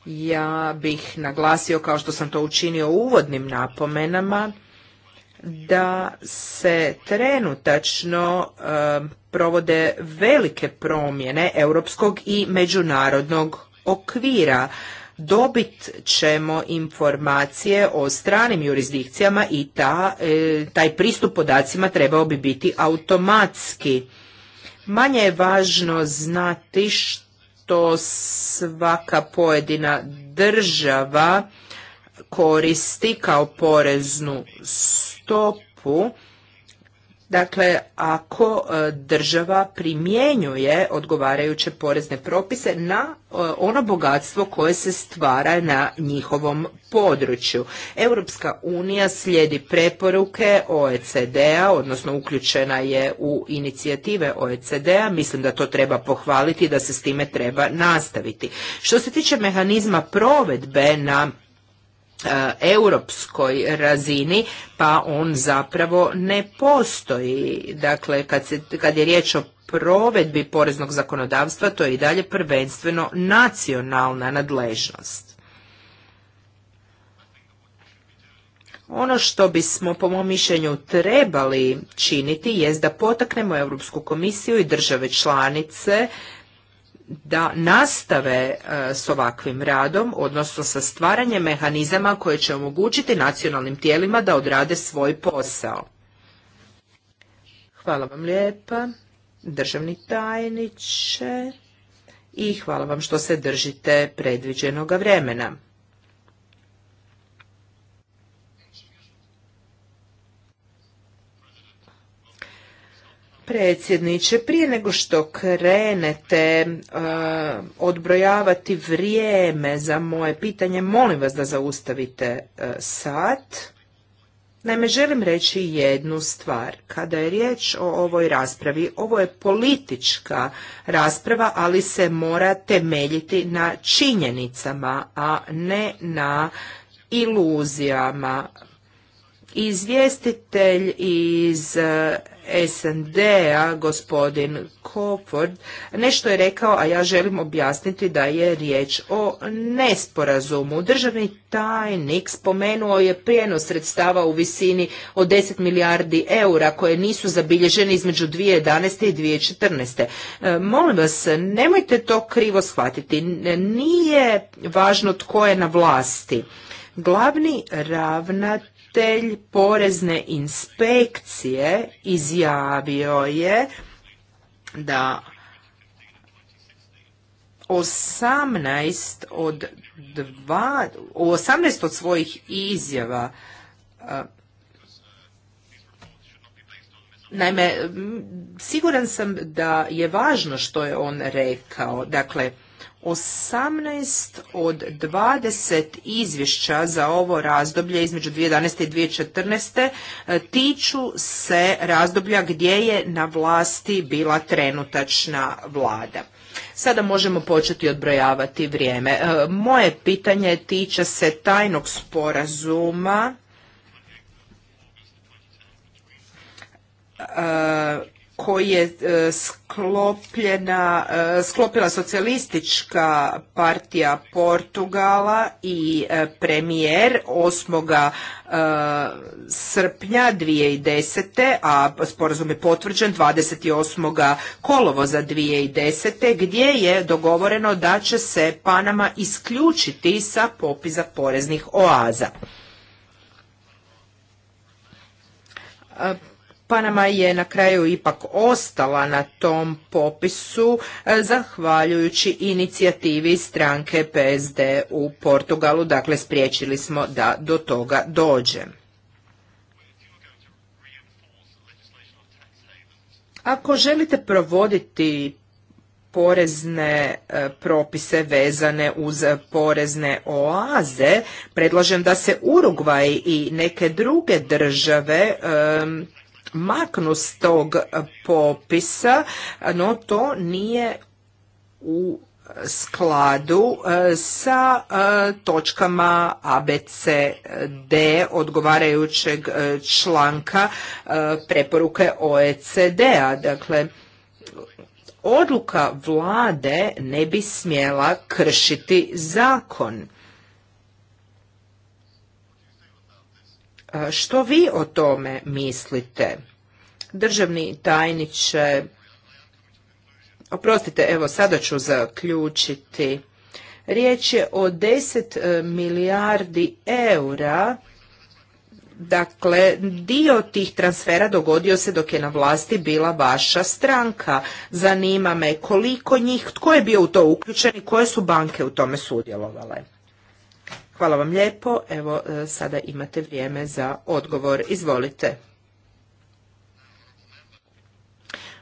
Ja bih naglasio, kao što sam to učinio u uvodnim napomenama, da se trenutačno eh, provode velike promjene europskog i međunarodnog okvira dobit ćemo informacije o stranim jurisdikcijama i ta, e, taj pristup podacima trebao bi biti automatski. Manje je važno znati što svaka pojedina država koristi kao poreznu stopu Dakle, ako e, država primjenjuje odgovarajuće porezne propise na e, ono bogatstvo koje se stvara na njihovom području. Europska unija slijedi preporuke OECD-a, odnosno uključena je u inicijative OECD-a. Mislim da to treba pohvaliti i da se s time treba nastaviti. Što se tiče mehanizma provedbe na E, europskoj razini pa on zapravo ne postoji. Dakle, kad, se, kad je riječ o provedbi poreznog zakonodavstva, to je i dalje prvenstveno nacionalna nadležnost. Ono što bismo po mom mišljenju trebali činiti jest da potaknemo Europsku komisiju i države članice da nastave e, s ovakvim radom, odnosno sa stvaranjem mehanizama koje će omogućiti nacionalnim tijelima da odrade svoj posao. Hvala vam lijepa, državni tajniče, i hvala vam što se držite predviđenog vremena. predsjedniče, prije nego što krenete e, odbrojavati vrijeme za moje pitanje, molim vas da zaustavite e, sat. Naime, želim reći jednu stvar. Kada je riječ o ovoj raspravi, ovo je politička rasprava, ali se mora temeljiti na činjenicama, a ne na iluzijama. Izvjestitelj iz SND-a, gospodin Koford, nešto je rekao, a ja želim objasniti da je riječ o nesporazumu. Državni tajnik spomenuo je prijenos sredstava u visini od 10 milijardi eura koje nisu zabilježene između 2011. i 2014. E, molim vas, nemojte to krivo shvatiti. Nije važno tko je na vlasti. Glavni ravnat ravnatelj porezne inspekcije izjavio je da 18 od dva, 18 od svojih izjava Naime, siguran sam da je važno što je on rekao. Dakle, 18 od 20 izvješća za ovo razdoblje između 2011. i 2014. E, tiču se razdoblja gdje je na vlasti bila trenutačna vlada. Sada možemo početi odbrojavati vrijeme. E, moje pitanje tiče se tajnog sporazuma e, koji je e, sklopljena, e, sklopila socijalistička partija Portugala i e, premijer 8. srpnja 2010. a sporazum je potvrđen 28. kolovoza 2010. gdje je dogovoreno da će se Panama isključiti sa popisa poreznih oaza Panama je na kraju ipak ostala na tom popisu e, zahvaljujući inicijativi stranke PSD u Portugalu, dakle spriječili smo da do toga dođe. Ako želite provoditi porezne e, propise vezane uz porezne oaze, predlažem da se Urugvaj i neke druge države e, maknu s tog popisa, no to nije u skladu e, sa e, točkama ABCD odgovarajućeg e, članka preporuke OECD-a. Dakle, odluka vlade ne bi smjela kršiti zakon. Što vi o tome mislite? Državni tajniče, oprostite, evo sada ću zaključiti. Riječ je o 10 e, milijardi eura Dakle, dio tih transfera dogodio se dok je na vlasti bila vaša stranka. Zanima me koliko njih, tko je bio u to uključen i koje su banke u tome sudjelovale? Hvala vam lijepo. Evo, e, sada imate vrijeme za odgovor. Izvolite.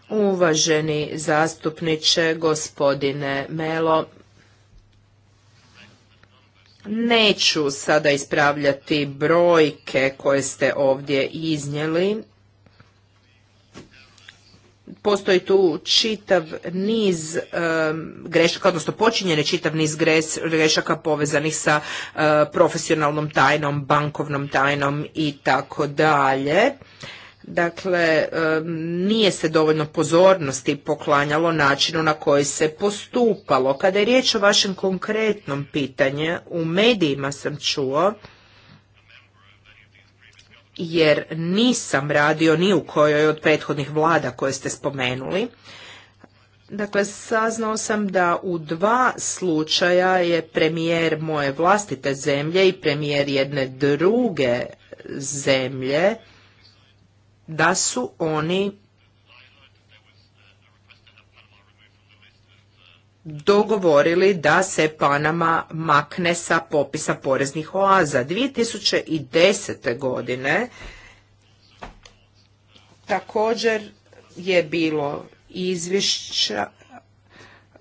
Uvaženi zastupniče, gospodine Melo, neću sada ispravljati brojke koje ste ovdje iznijeli postoji tu čitav niz grešaka, odnosno počinjen je čitav niz grešaka povezanih sa eh, profesionalnom tajnom, bankovnom tajnom i tako dalje. Dakle, nije se dovoljno pozornosti poklanjalo načinu na koji se postupalo. Kada je riječ o vašem konkretnom pitanju, u medijima sam čuo jer nisam radio ni u kojoj od prethodnih vlada koje ste spomenuli. Dakle, saznao sam da u dva slučaja je premijer moje vlastite zemlje i premijer jedne druge zemlje, da su oni dogovorili da se Panama makne sa popisa poreznih oaza. 2010. godine također je bilo izvješća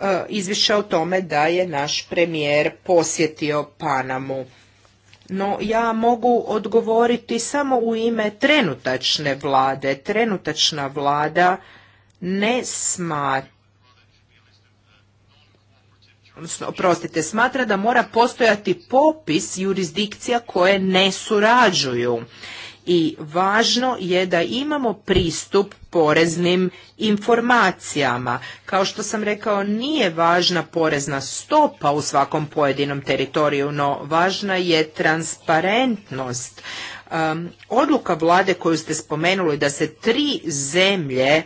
e, izvješća o tome da je naš premijer posjetio Panamu. No ja mogu odgovoriti samo u ime trenutačne vlade. Trenutačna vlada ne smatra odnosno, oprostite, smatra da mora postojati popis jurisdikcija koje ne surađuju i važno je da imamo pristup poreznim informacijama. Kao što sam rekao, nije važna porezna stopa u svakom pojedinom teritoriju, no važna je transparentnost. Um, odluka vlade koju ste spomenuli da se tri zemlje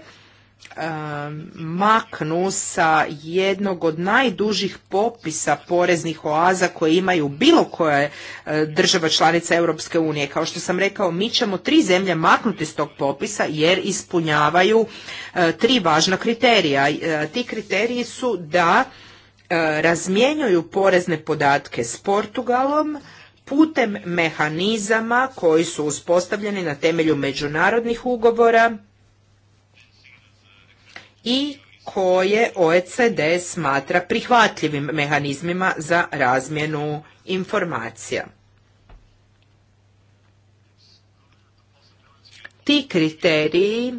maknu sa jednog od najdužih popisa poreznih oaza koje imaju bilo koje e, država članica Europske unije. Kao što sam rekao, mi ćemo tri zemlje maknuti s tog popisa jer ispunjavaju e, tri važna kriterija. E, ti kriteriji su da razmjenjuju porezne podatke s Portugalom, putem mehanizama koji su uspostavljeni na temelju međunarodnih ugovora i koje OECD smatra prihvatljivim mehanizmima za razmjenu informacija. Ti kriteriji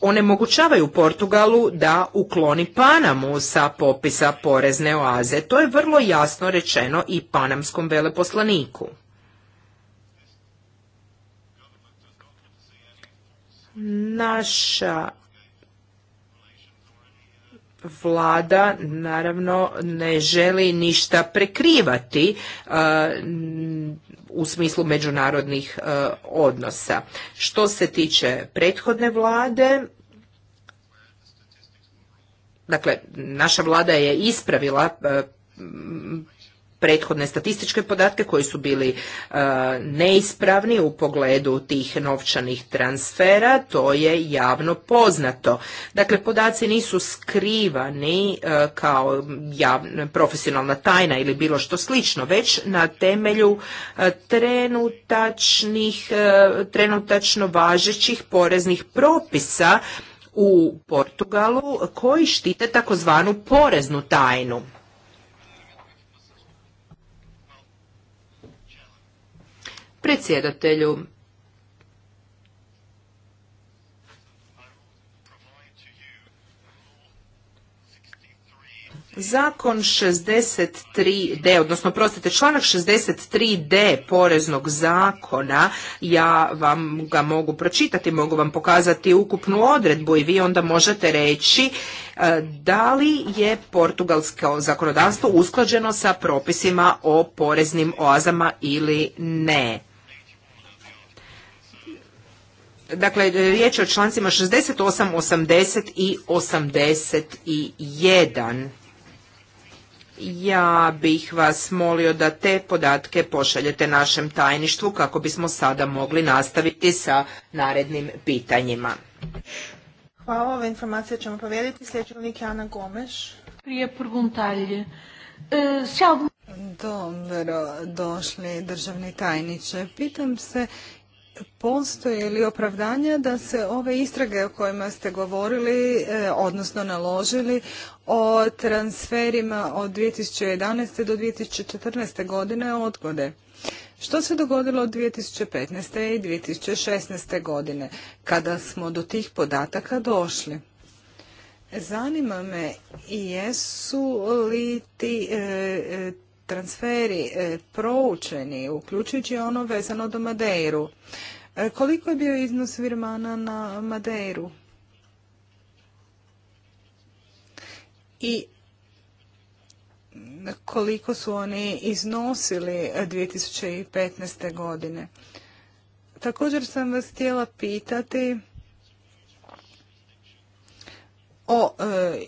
onemogućavaju Portugalu da ukloni Panamu sa popisa porezne oaze. To je vrlo jasno rečeno i panamskom veleposlaniku. Naša vlada naravno ne želi ništa prekrivati e, u smislu međunarodnih e, odnosa. Što se tiče prethodne vlade, dakle naša vlada je ispravila e, prethodne statističke podatke koji su bili e, neispravni u pogledu tih novčanih transfera, to je javno poznato. Dakle, podaci nisu skrivani e, kao profesionalna tajna ili bilo što slično, već na temelju e, trenutačnih, trenutačno važećih poreznih propisa u Portugalu koji štite takozvanu poreznu tajnu. predsjedatelju. Zakon 63D, odnosno prostite, članak 63D poreznog zakona, ja vam ga mogu pročitati, mogu vam pokazati ukupnu odredbu i vi onda možete reći e, da li je portugalsko zakonodavstvo usklađeno sa propisima o poreznim oazama ili ne. Dakle, e, riječ je o člancima 68, 80 i 81. Ja bih vas molio da te podatke pošaljete našem tajništvu kako bismo sada mogli nastaviti sa narednim pitanjima. Hvala, ove informacije ćemo povjeriti. Sljedeći je Ana Gomeš. Prije e, Dobro, došli državni tajniče. Pitam se postoje li opravdanja da se ove istrage o kojima ste govorili, e, odnosno naložili, o transferima od 2011. do 2014. godine odgode? Što se dogodilo od 2015. i 2016. godine, kada smo do tih podataka došli? Zanima me jesu li ti e, e, transferi e, proučeni, uključujući ono vezano do Madeiru. E, koliko je bio iznos Virmana na Madeiru? I koliko su oni iznosili 2015. godine? Također sam vas htjela pitati o e,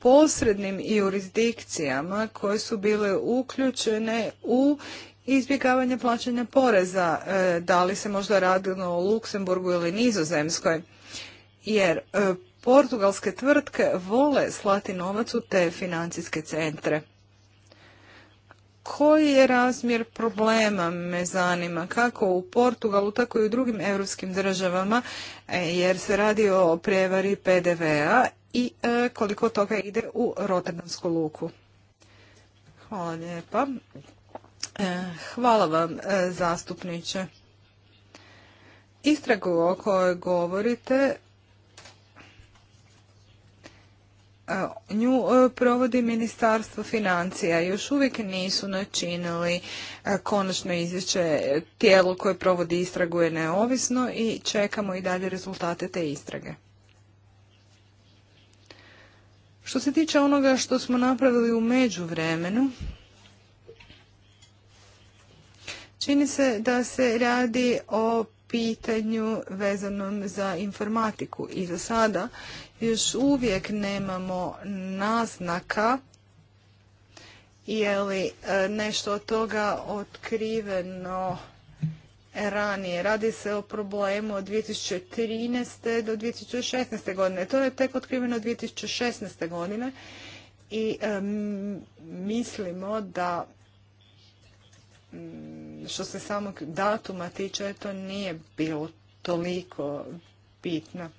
posrednim jurisdikcijama koje su bile uključene u izbjegavanje plaćanja poreza, e, da li se možda radilo o Luksemburgu ili Nizozemskoj, jer e, portugalske tvrtke vole slati novac u te financijske centre. Koji je razmjer problema me zanima, kako u Portugalu, tako i u drugim europskim državama, e, jer se radi o prijevari PDV-a i e, koliko toga ide u Rotterdamsku luku. Hvala lijepa. E, hvala vam e, zastupniče. Istragu o kojoj govorite Nju provodi Ministarstvo financija. Još uvijek nisu načinili konačno izvješće tijelo koje provodi istragu je neovisno i čekamo i dalje rezultate te istrage. Što se tiče onoga što smo napravili u međuvremenu, čini se da se radi o pitanju vezanom za informatiku i za sada još uvijek nemamo naznaka je li e, nešto od toga otkriveno ranije. Radi se o problemu od 2013. do 2016. godine. To je tek otkriveno 2016. godine i mislimo da mm, što se samog datuma tiče, to nije bilo toliko bitno.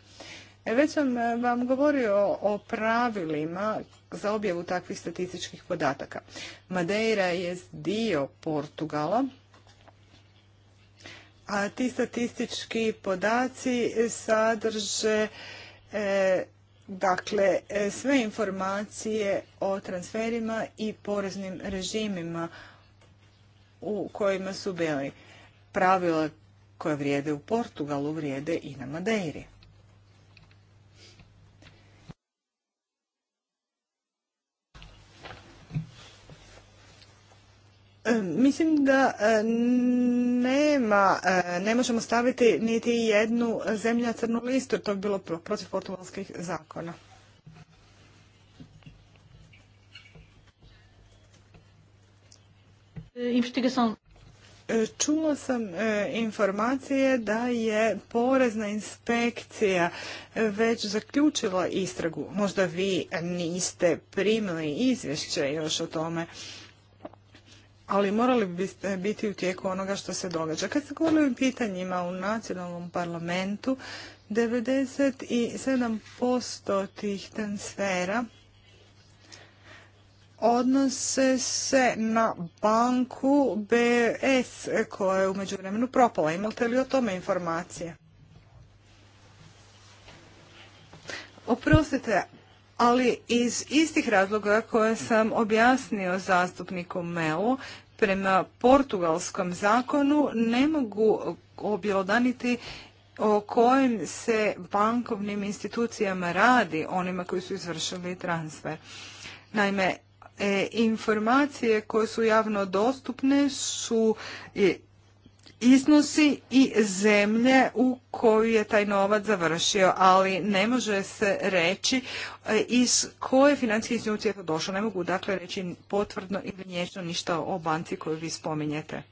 E, već sam vam govorio o pravilima za objavu takvih statističkih podataka. Madeira je dio Portugala a ti statistički podaci sadrže e, dakle sve informacije o transferima i poreznim režimima u kojima su bili pravila koja vrijede u Portugalu vrijede i na Madeiri. E, mislim da e, nema, e, ne možemo staviti niti jednu zemlju crnu listu, to bi bilo protiv portugalskih zakona. Čula sam informacije da je porezna inspekcija već zaključila istragu. Možda vi niste primili izvješće još o tome ali morali biste biti u tijeku onoga što se događa. Kad se govorili o pitanjima u nacionalnom parlamentu, 97% tih transfera odnose se na banku BS koja je u međuvremenu propala. Imate li o tome informacije? Oprostite, ali iz istih razloga koje sam objasnio zastupniku Melu, prema portugalskom zakonu ne mogu objelodaniti o kojim se bankovnim institucijama radi, onima koji su izvršili transfer. Naime, e, informacije koje su javno dostupne su iznosi i zemlje u koju je taj novac završio, ali ne može se reći e, iz koje financijske institucije je to došlo. Ne mogu dakle reći potvrdno ili nječno ništa o banci koju vi spominjete.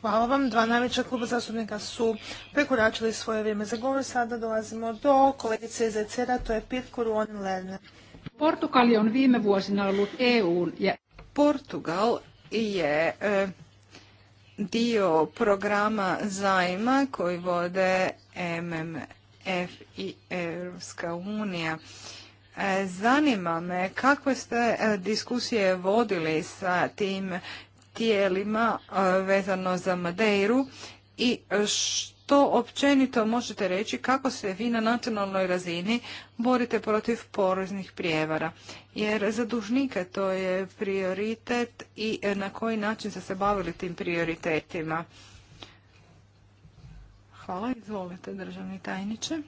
Hvala vam. Dva najveća kluba zastupnika su prekoračili svoje vrijeme za govor. Sada dolazimo do kolegice iz ECR-a, to je Pirko Ruonin Lerner. Portugal je on viime vuosina ollut i e Portugal je e, dio programa zajma koji vode MMF i Europska unija. E, zanima me kakve ste e, diskusije vodili sa tim tijelima e, vezano za Madeiru i što što općenito možete reći kako se vi na nacionalnoj razini borite protiv poreznih prijevara? Jer za dužnike to je prioritet i na koji način ste se bavili tim prioritetima? Hvala, izvolite državni tajniče.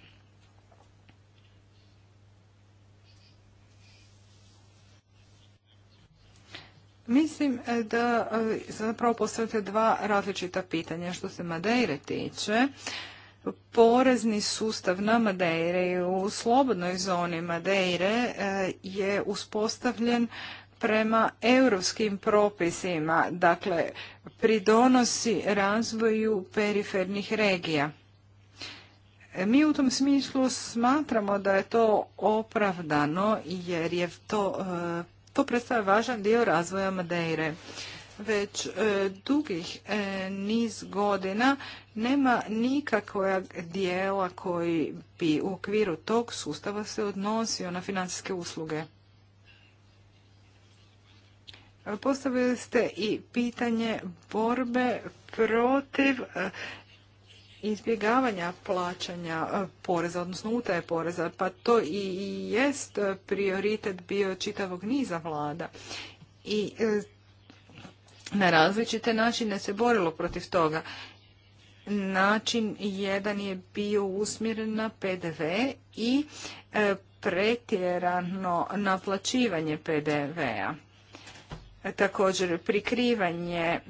Mislim e, da zapravo e, postavite dva različita pitanja. Što se Madeire tiče, porezni sustav na Madeire i u slobodnoj zoni Madeire e, je uspostavljen prema europskim propisima, dakle pridonosi razvoju perifernih regija. Mi u tom smislu smatramo da je to opravdano jer je to to predstavlja važan dio razvoja Madeire. Već e, dugih e, niz godina nema nikakvog dijela koji bi u okviru tog sustava se odnosio na financijske usluge. Postavili ste i pitanje borbe protiv e, izbjegavanja plaćanja e, poreza, odnosno utaje poreza, pa to i jest e, prioritet bio čitavog niza vlada. I e, na različite načine se borilo protiv toga. Način jedan je bio usmjeren na PDV i pretjerano naplaćivanje PDV-a. Također prikrivanje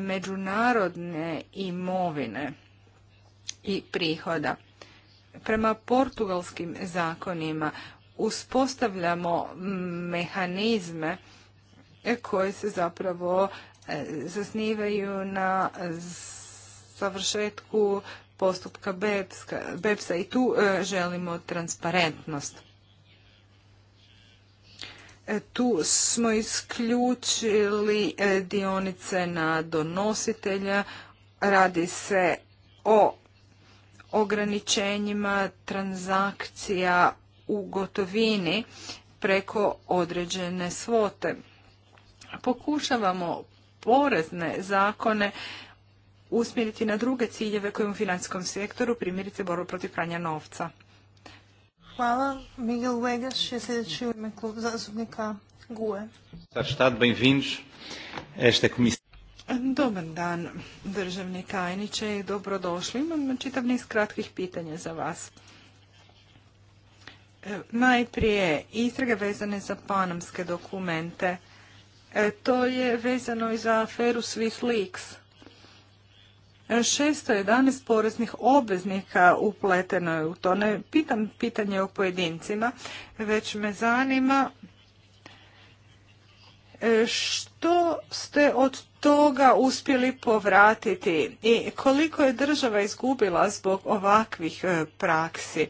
međunarodne imovine i prihoda. Prema portugalskim zakonima uspostavljamo mehanizme koje se zapravo e, zasnivaju na završetku postupka BEPS-a i tu e, želimo transparentnost. E, tu smo isključili dionice na donositelja. Radi se o ograničenjima transakcija u gotovini preko određene svote. Pokušavamo porezne zakone usmjeriti na druge ciljeve koje u financijskom sektoru, primjerice borbu protiv pranja novca. Hvala. Miguel Vegas je sljedeći u ime klub zastupnika GUE. Dobar dan, državni tajniče i dobrodošli. Imam čitav niz kratkih pitanja za vas. E, najprije, istrage vezane za panamske dokumente. E, to je vezano i za aferu svih liks. 611 poreznih obveznika upleteno je u to. Ne pitam pitanje o pojedincima, već me zanima što ste od toga uspjeli povratiti i koliko je država izgubila zbog ovakvih e, praksi?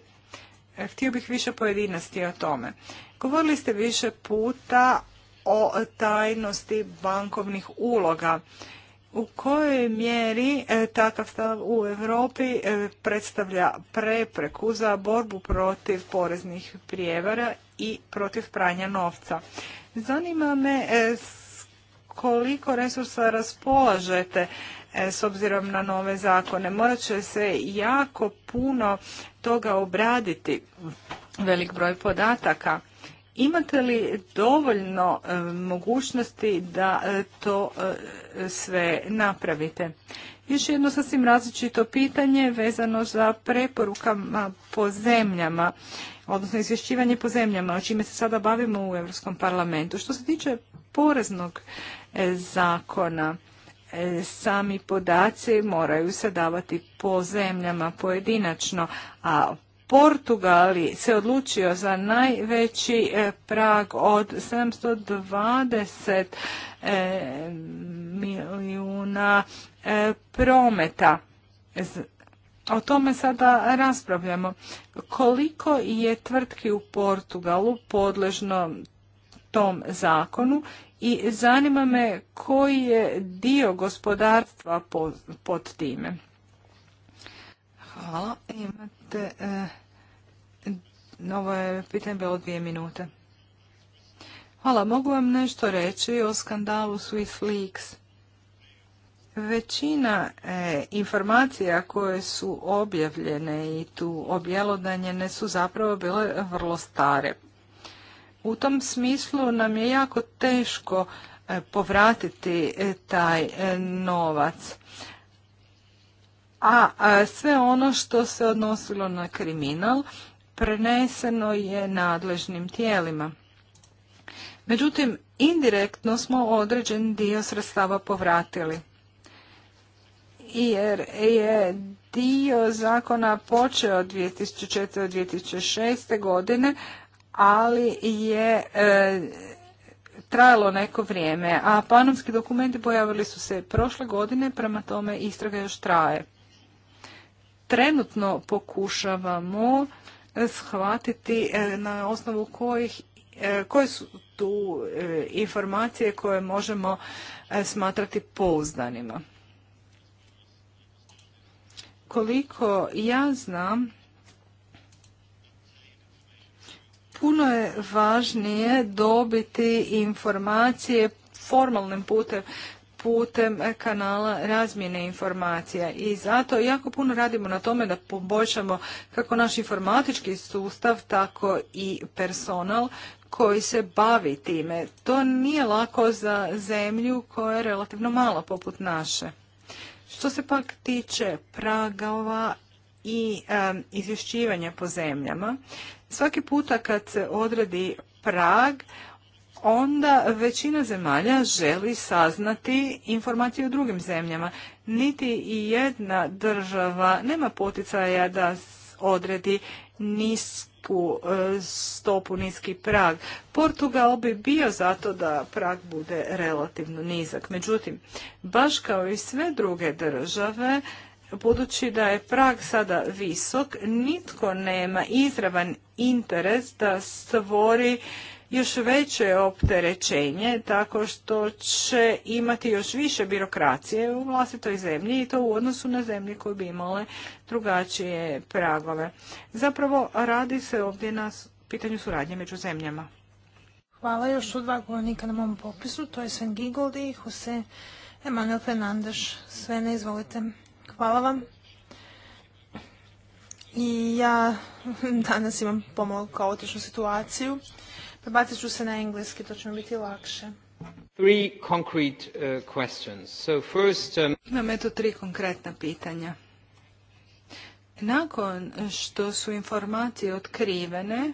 E, htio bih više pojedinosti o tome. Govorili ste više puta o tajnosti bankovnih uloga. U kojoj mjeri e, takav stav u Europi predstavlja prepreku za borbu protiv poreznih prijevara i protiv pranja novca? Zanima me e, koliko resursa raspolažete e, s obzirom na nove zakone. Morat će se jako puno toga obraditi, velik broj podataka. Imate li dovoljno e, mogućnosti da to sve napravite? Još jedno sasvim različito pitanje vezano za preporukama po zemljama odnosno izvješćivanje po zemljama, o čime se sada bavimo u Europskom parlamentu. Što se tiče poreznog e, zakona, e, sami podaci moraju se davati po zemljama pojedinačno, a Portugal se odlučio za najveći e, prag od 720 milijuna prometa o tome sada raspravljamo. Koliko je tvrtki u Portugalu podležno tom zakonu i zanima me koji je dio gospodarstva pod, time. Hvala. Imate, eh, je pitanje bilo dvije minute. Hvala, mogu vam nešto reći o skandalu SwissLeaks. Većina e, informacija koje su objavljene i tu objelodanjene su zapravo bile vrlo stare. U tom smislu nam je jako teško e, povratiti e, taj novac. A, sve ono što se odnosilo na kriminal preneseno je nadležnim tijelima. Međutim, indirektno smo određen dio sredstava povratili jer je dio zakona počeo od 2004. do 2006. godine, ali je e, trajalo neko vrijeme, a panomski dokumenti pojavili su se prošle godine, prema tome istraga još traje. Trenutno pokušavamo shvatiti e, na osnovu kojih e, koje su tu informacije koje možemo smatrati pouzdanima. Koliko ja znam, puno je važnije dobiti informacije formalnim putem putem kanala razmjene informacija i zato jako puno radimo na tome da poboljšamo kako naš informatički sustav, tako i personal koji se bavi time. To nije lako za zemlju koja je relativno mala poput naše. Što se pak tiče pragova i izvješćivanja po zemljama, svaki puta kad se odredi prag, onda većina zemalja želi saznati informacije o drugim zemljama. Niti i jedna država nema poticaja da odredi nisko nisku e, stopu, niski prag. Portugal bi bio zato da prag bude relativno nizak. Međutim, baš kao i sve druge države, budući da je prag sada visok, nitko nema izravan interes da stvori još veće opterećenje tako što će imati još više birokracije u vlastitoj zemlji i to u odnosu na zemlje koje bi imale drugačije pragove. Zapravo radi se ovdje na pitanju suradnje među zemljama. Hvala još u dva govornika na mom popisu, to je Sven Gigold i Jose Emanuel Fernandes. Sve ne izvolite. Hvala vam. I ja *laughs* danas imam pomalo kaotičnu situaciju. Prebacit ću se na engleski, to će mi biti lakše. Uh, um, Imam eto tri konkretna pitanja. Nakon što su informacije otkrivene,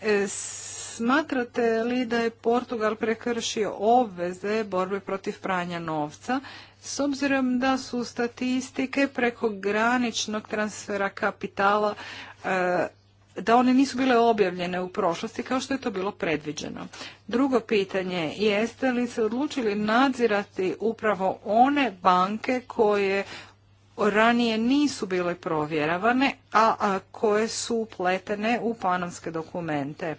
e, smatrate li da je Portugal prekršio obveze borbe protiv pranja novca, s obzirom da su statistike preko graničnog transfera kapitala e, da one nisu bile objavljene u prošlosti kao što je to bilo predviđeno. Drugo pitanje jeste li se odlučili nadzirati upravo one banke koje ranije nisu bile provjeravane, a, koje su upletene u panamske dokumente.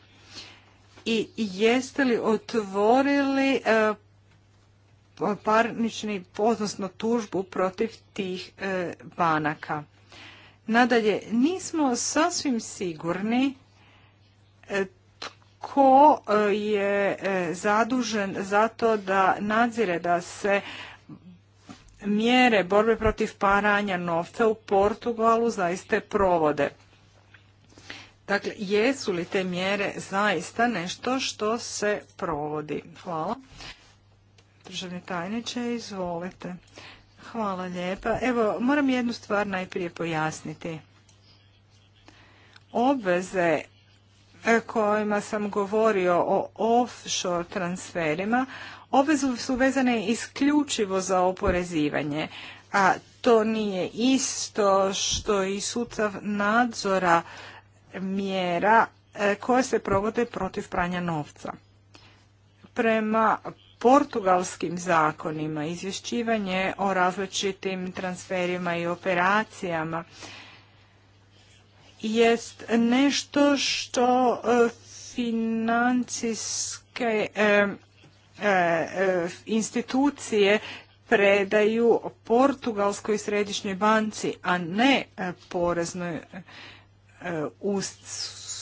I jeste li otvorili e, pa- parnični, odnosno tužbu protiv tih e, banaka? Nadalje, nismo sasvim sigurni e, tko e, je e, zadužen za to da nadzire da se mjere borbe protiv paranja novca u Portugalu zaiste provode. Dakle, jesu li te mjere zaista nešto što se provodi? Hvala. Državni tajniče, izvolite. Hvala lijepa. Evo, moram jednu stvar najprije pojasniti. Obveze e, kojima sam govorio o offshore transferima, obveze su vezane isključivo za oporezivanje, a to nije isto što i sustav nadzora mjera e, koje se provode protiv pranja novca. Prema portugalskim zakonima, izvješćivanje o različitim transferima i operacijama jest nešto što e, financijske e, e, institucije predaju Portugalskoj središnjoj banci, a ne poreznoj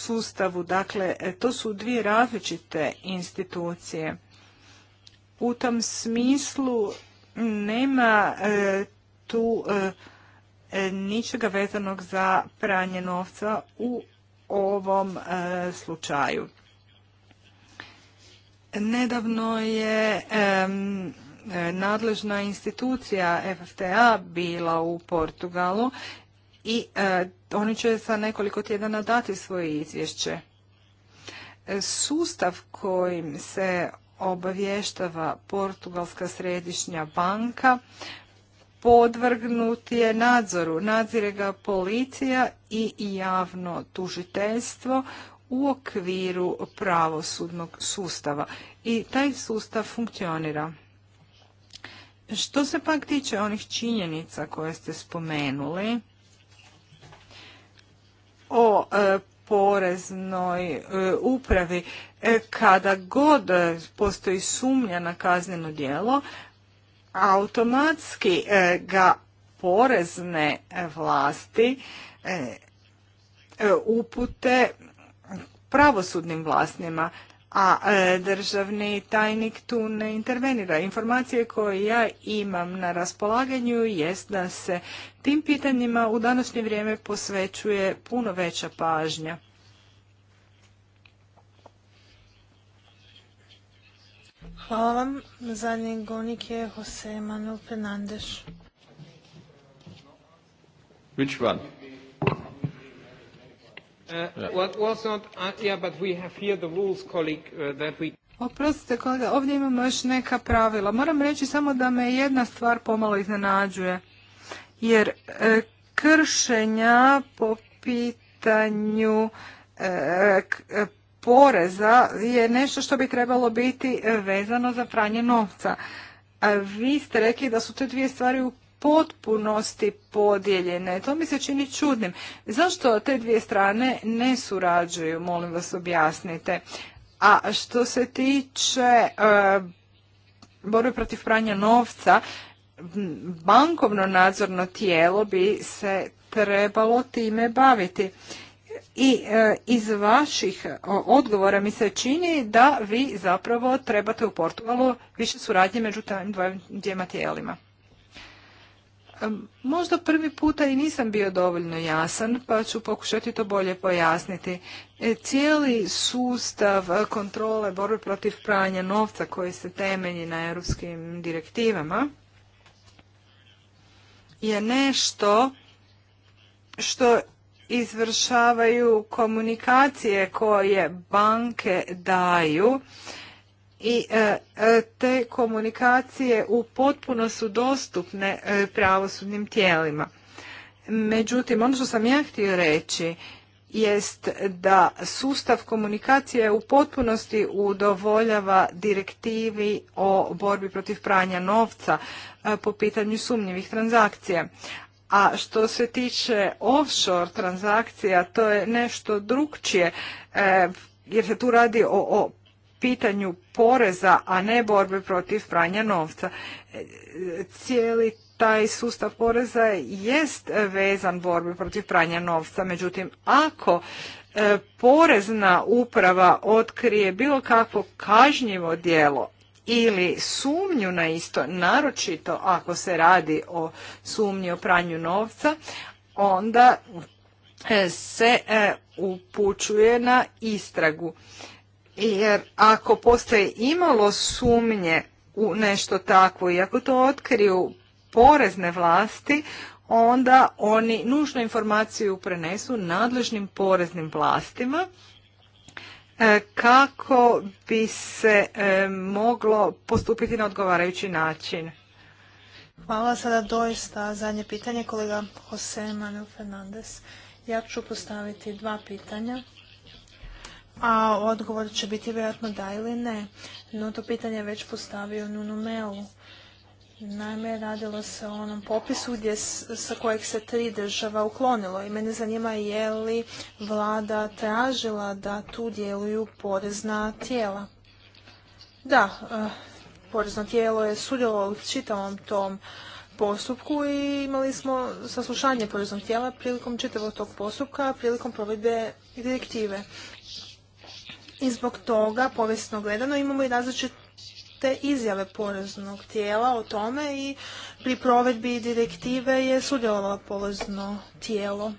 sustavu. Dakle, to su dvije različite institucije u tom smislu nema e, tu e, ničega vezanog za pranje novca u ovom e, slučaju. Nedavno je nadležna institucija FFTA bila u Portugalu i oni će sa nekoliko tjedana dati svoje izvješće. Sustav kojim se obavještava Portugalska središnja banka, podvrgnut je nadzoru. Nadzire ga policija i javno tužiteljstvo u okviru pravosudnog sustava. I taj sustav funkcionira. Što se pak tiče onih činjenica koje ste spomenuli o e, poreznoj e, upravi e, kada god postoji sumnja na kazneno djelo automatski e, ga porezne vlasti upute pravosudnim vlastima a e, državni tajnik tu ne intervenira. Informacije koje ja imam na raspolaganju jest da se tim pitanjima u današnje vrijeme posvećuje puno veća pažnja. Hvala vam. Zadnji govnik je Jose Manuel Fernandez. Oprostite kolega, ovdje imamo još neka pravila. Moram reći samo da me jedna stvar pomalo iznenađuje. Jer e, kršenja po pitanju e, e, poreza je nešto što bi trebalo biti vezano za pranje novca. vi ste rekli da su te dvije stvari u potpunosti podijeljene. To mi se čini čudnim. Zašto te dvije strane ne surađuju? Molim vas objasnite. A što se tiče e, borbe protiv pranja novca, bankovno nadzorno tijelo bi se trebalo time baviti. I e, iz vaših odgovora mi se čini da vi zapravo trebate u Portugalu više suradnje među dvijema tijelima. Možda prvi puta i nisam bio dovoljno jasan, pa ću pokušati to bolje pojasniti. E, cijeli sustav e, kontrole borbe protiv pranja novca koji se temelji na europskim direktivama je nešto što izvršavaju komunikacije koje banke daju i e, e, te komunikacije u potpuno su dostupne e, pravosudnim tijelima. Međutim, ono što sam ja htio reći jest da sustav komunikacije u potpunosti udovoljava direktivi o borbi protiv pranja novca po pitanju sumnjivih transakcija. A što se tiče offshore transakcija, to je nešto drugčije jer se tu radi o pitanju poreza, a ne borbe protiv pranja novca. E, cijeli taj sustav poreza jest vezan borbe protiv pranja novca, međutim ako e, porezna uprava otkrije bilo kakvo kažnjivo djelo ili sumnju na isto, naročito ako se radi o sumnji o pranju novca, onda e, se upućuje na istragu jer ako postoje imalo sumnje u nešto takvo i ako to otkriju porezne vlasti, onda oni nužnu informaciju prenesu nadležnim poreznim vlastima e, kako bi se e, moglo postupiti na odgovarajući način. Hvala. Sada doista zadnje pitanje kolega Jose Manuel Fernandez. Ja ću postaviti dva pitanja a odgovor će biti vjerojatno da ili ne. No to pitanje je već postavio Nunu Melu. Naime, radilo se o onom popisu gdje, sa kojeg se tri država uklonilo i mene zanima je li vlada tražila da tu djeluju porezna tijela. Da, eh, porezno tijelo je sudjelovalo u čitavom tom postupku i imali smo saslušanje poreznog tijela prilikom čitavog tog postupka, prilikom provedbe direktive. I zbog toga, povijesno gledano, imamo i različite izjave poreznog tijela o tome i pri provedbi direktive je sudjelovalo porezno tijelo.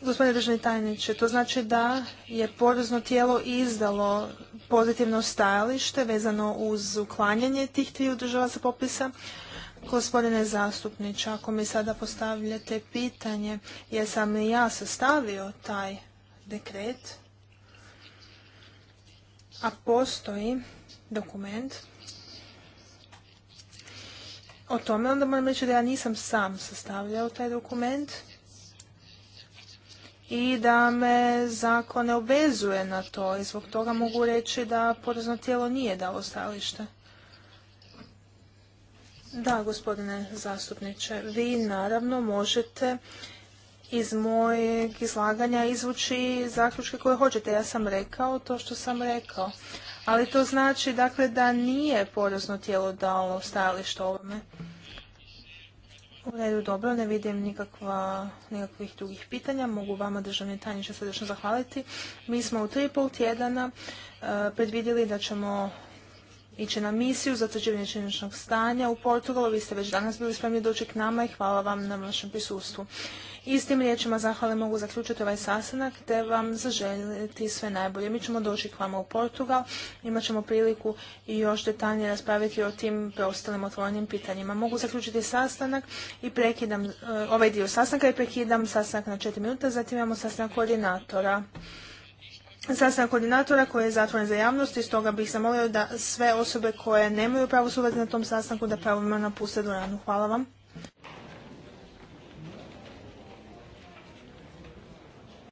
Gospodine državni tajniče, to znači da je porezno tijelo izdalo pozitivno stajalište vezano uz uklanjanje tih triju država sa popisa. Gospodine zastupniče, ako mi sada postavljate pitanje jesam li ja sastavio taj dekret, a postoji dokument o tome, onda moram reći da ja nisam sam sastavljao taj dokument i da me zakon ne obvezuje na to i zbog toga mogu reći da porezno tijelo nije dao stajalište. Da, gospodine zastupniče, vi naravno možete iz mojeg izlaganja izvući zaključke koje hoćete. Ja sam rekao to što sam rekao. Ali to znači dakle da nije porezno tijelo dalo stajalište ovome. U redu, dobro, ne vidim nikakva, nikakvih drugih pitanja. Mogu vama, državni tajniče, srdečno zahvaliti. Mi smo u tri pol tjedana e, predvidjeli da ćemo ići na misiju za utvrđivanje činjeničnog stanja u Portugalu. Vi ste već danas bili spremni doći k nama i hvala vam na vašem prisustvu. I s tim riječima zahvale mogu zaključiti ovaj sastanak te vam zaželjeti sve najbolje. Mi ćemo doći k vama u Portugal, imat ćemo priliku i još detaljnije raspraviti o tim preostalim otvorenim pitanjima. Mogu zaključiti sastanak i prekidam e, ovaj dio sastanka i prekidam sastanak na četiri minuta, zatim imamo sastanak koordinatora. Sastanak koordinatora koji je zatvoren za javnost i stoga bih zamolio da sve osobe koje nemaju pravo sudati na tom sastanku da pravilno napuste ranu. Hvala vam.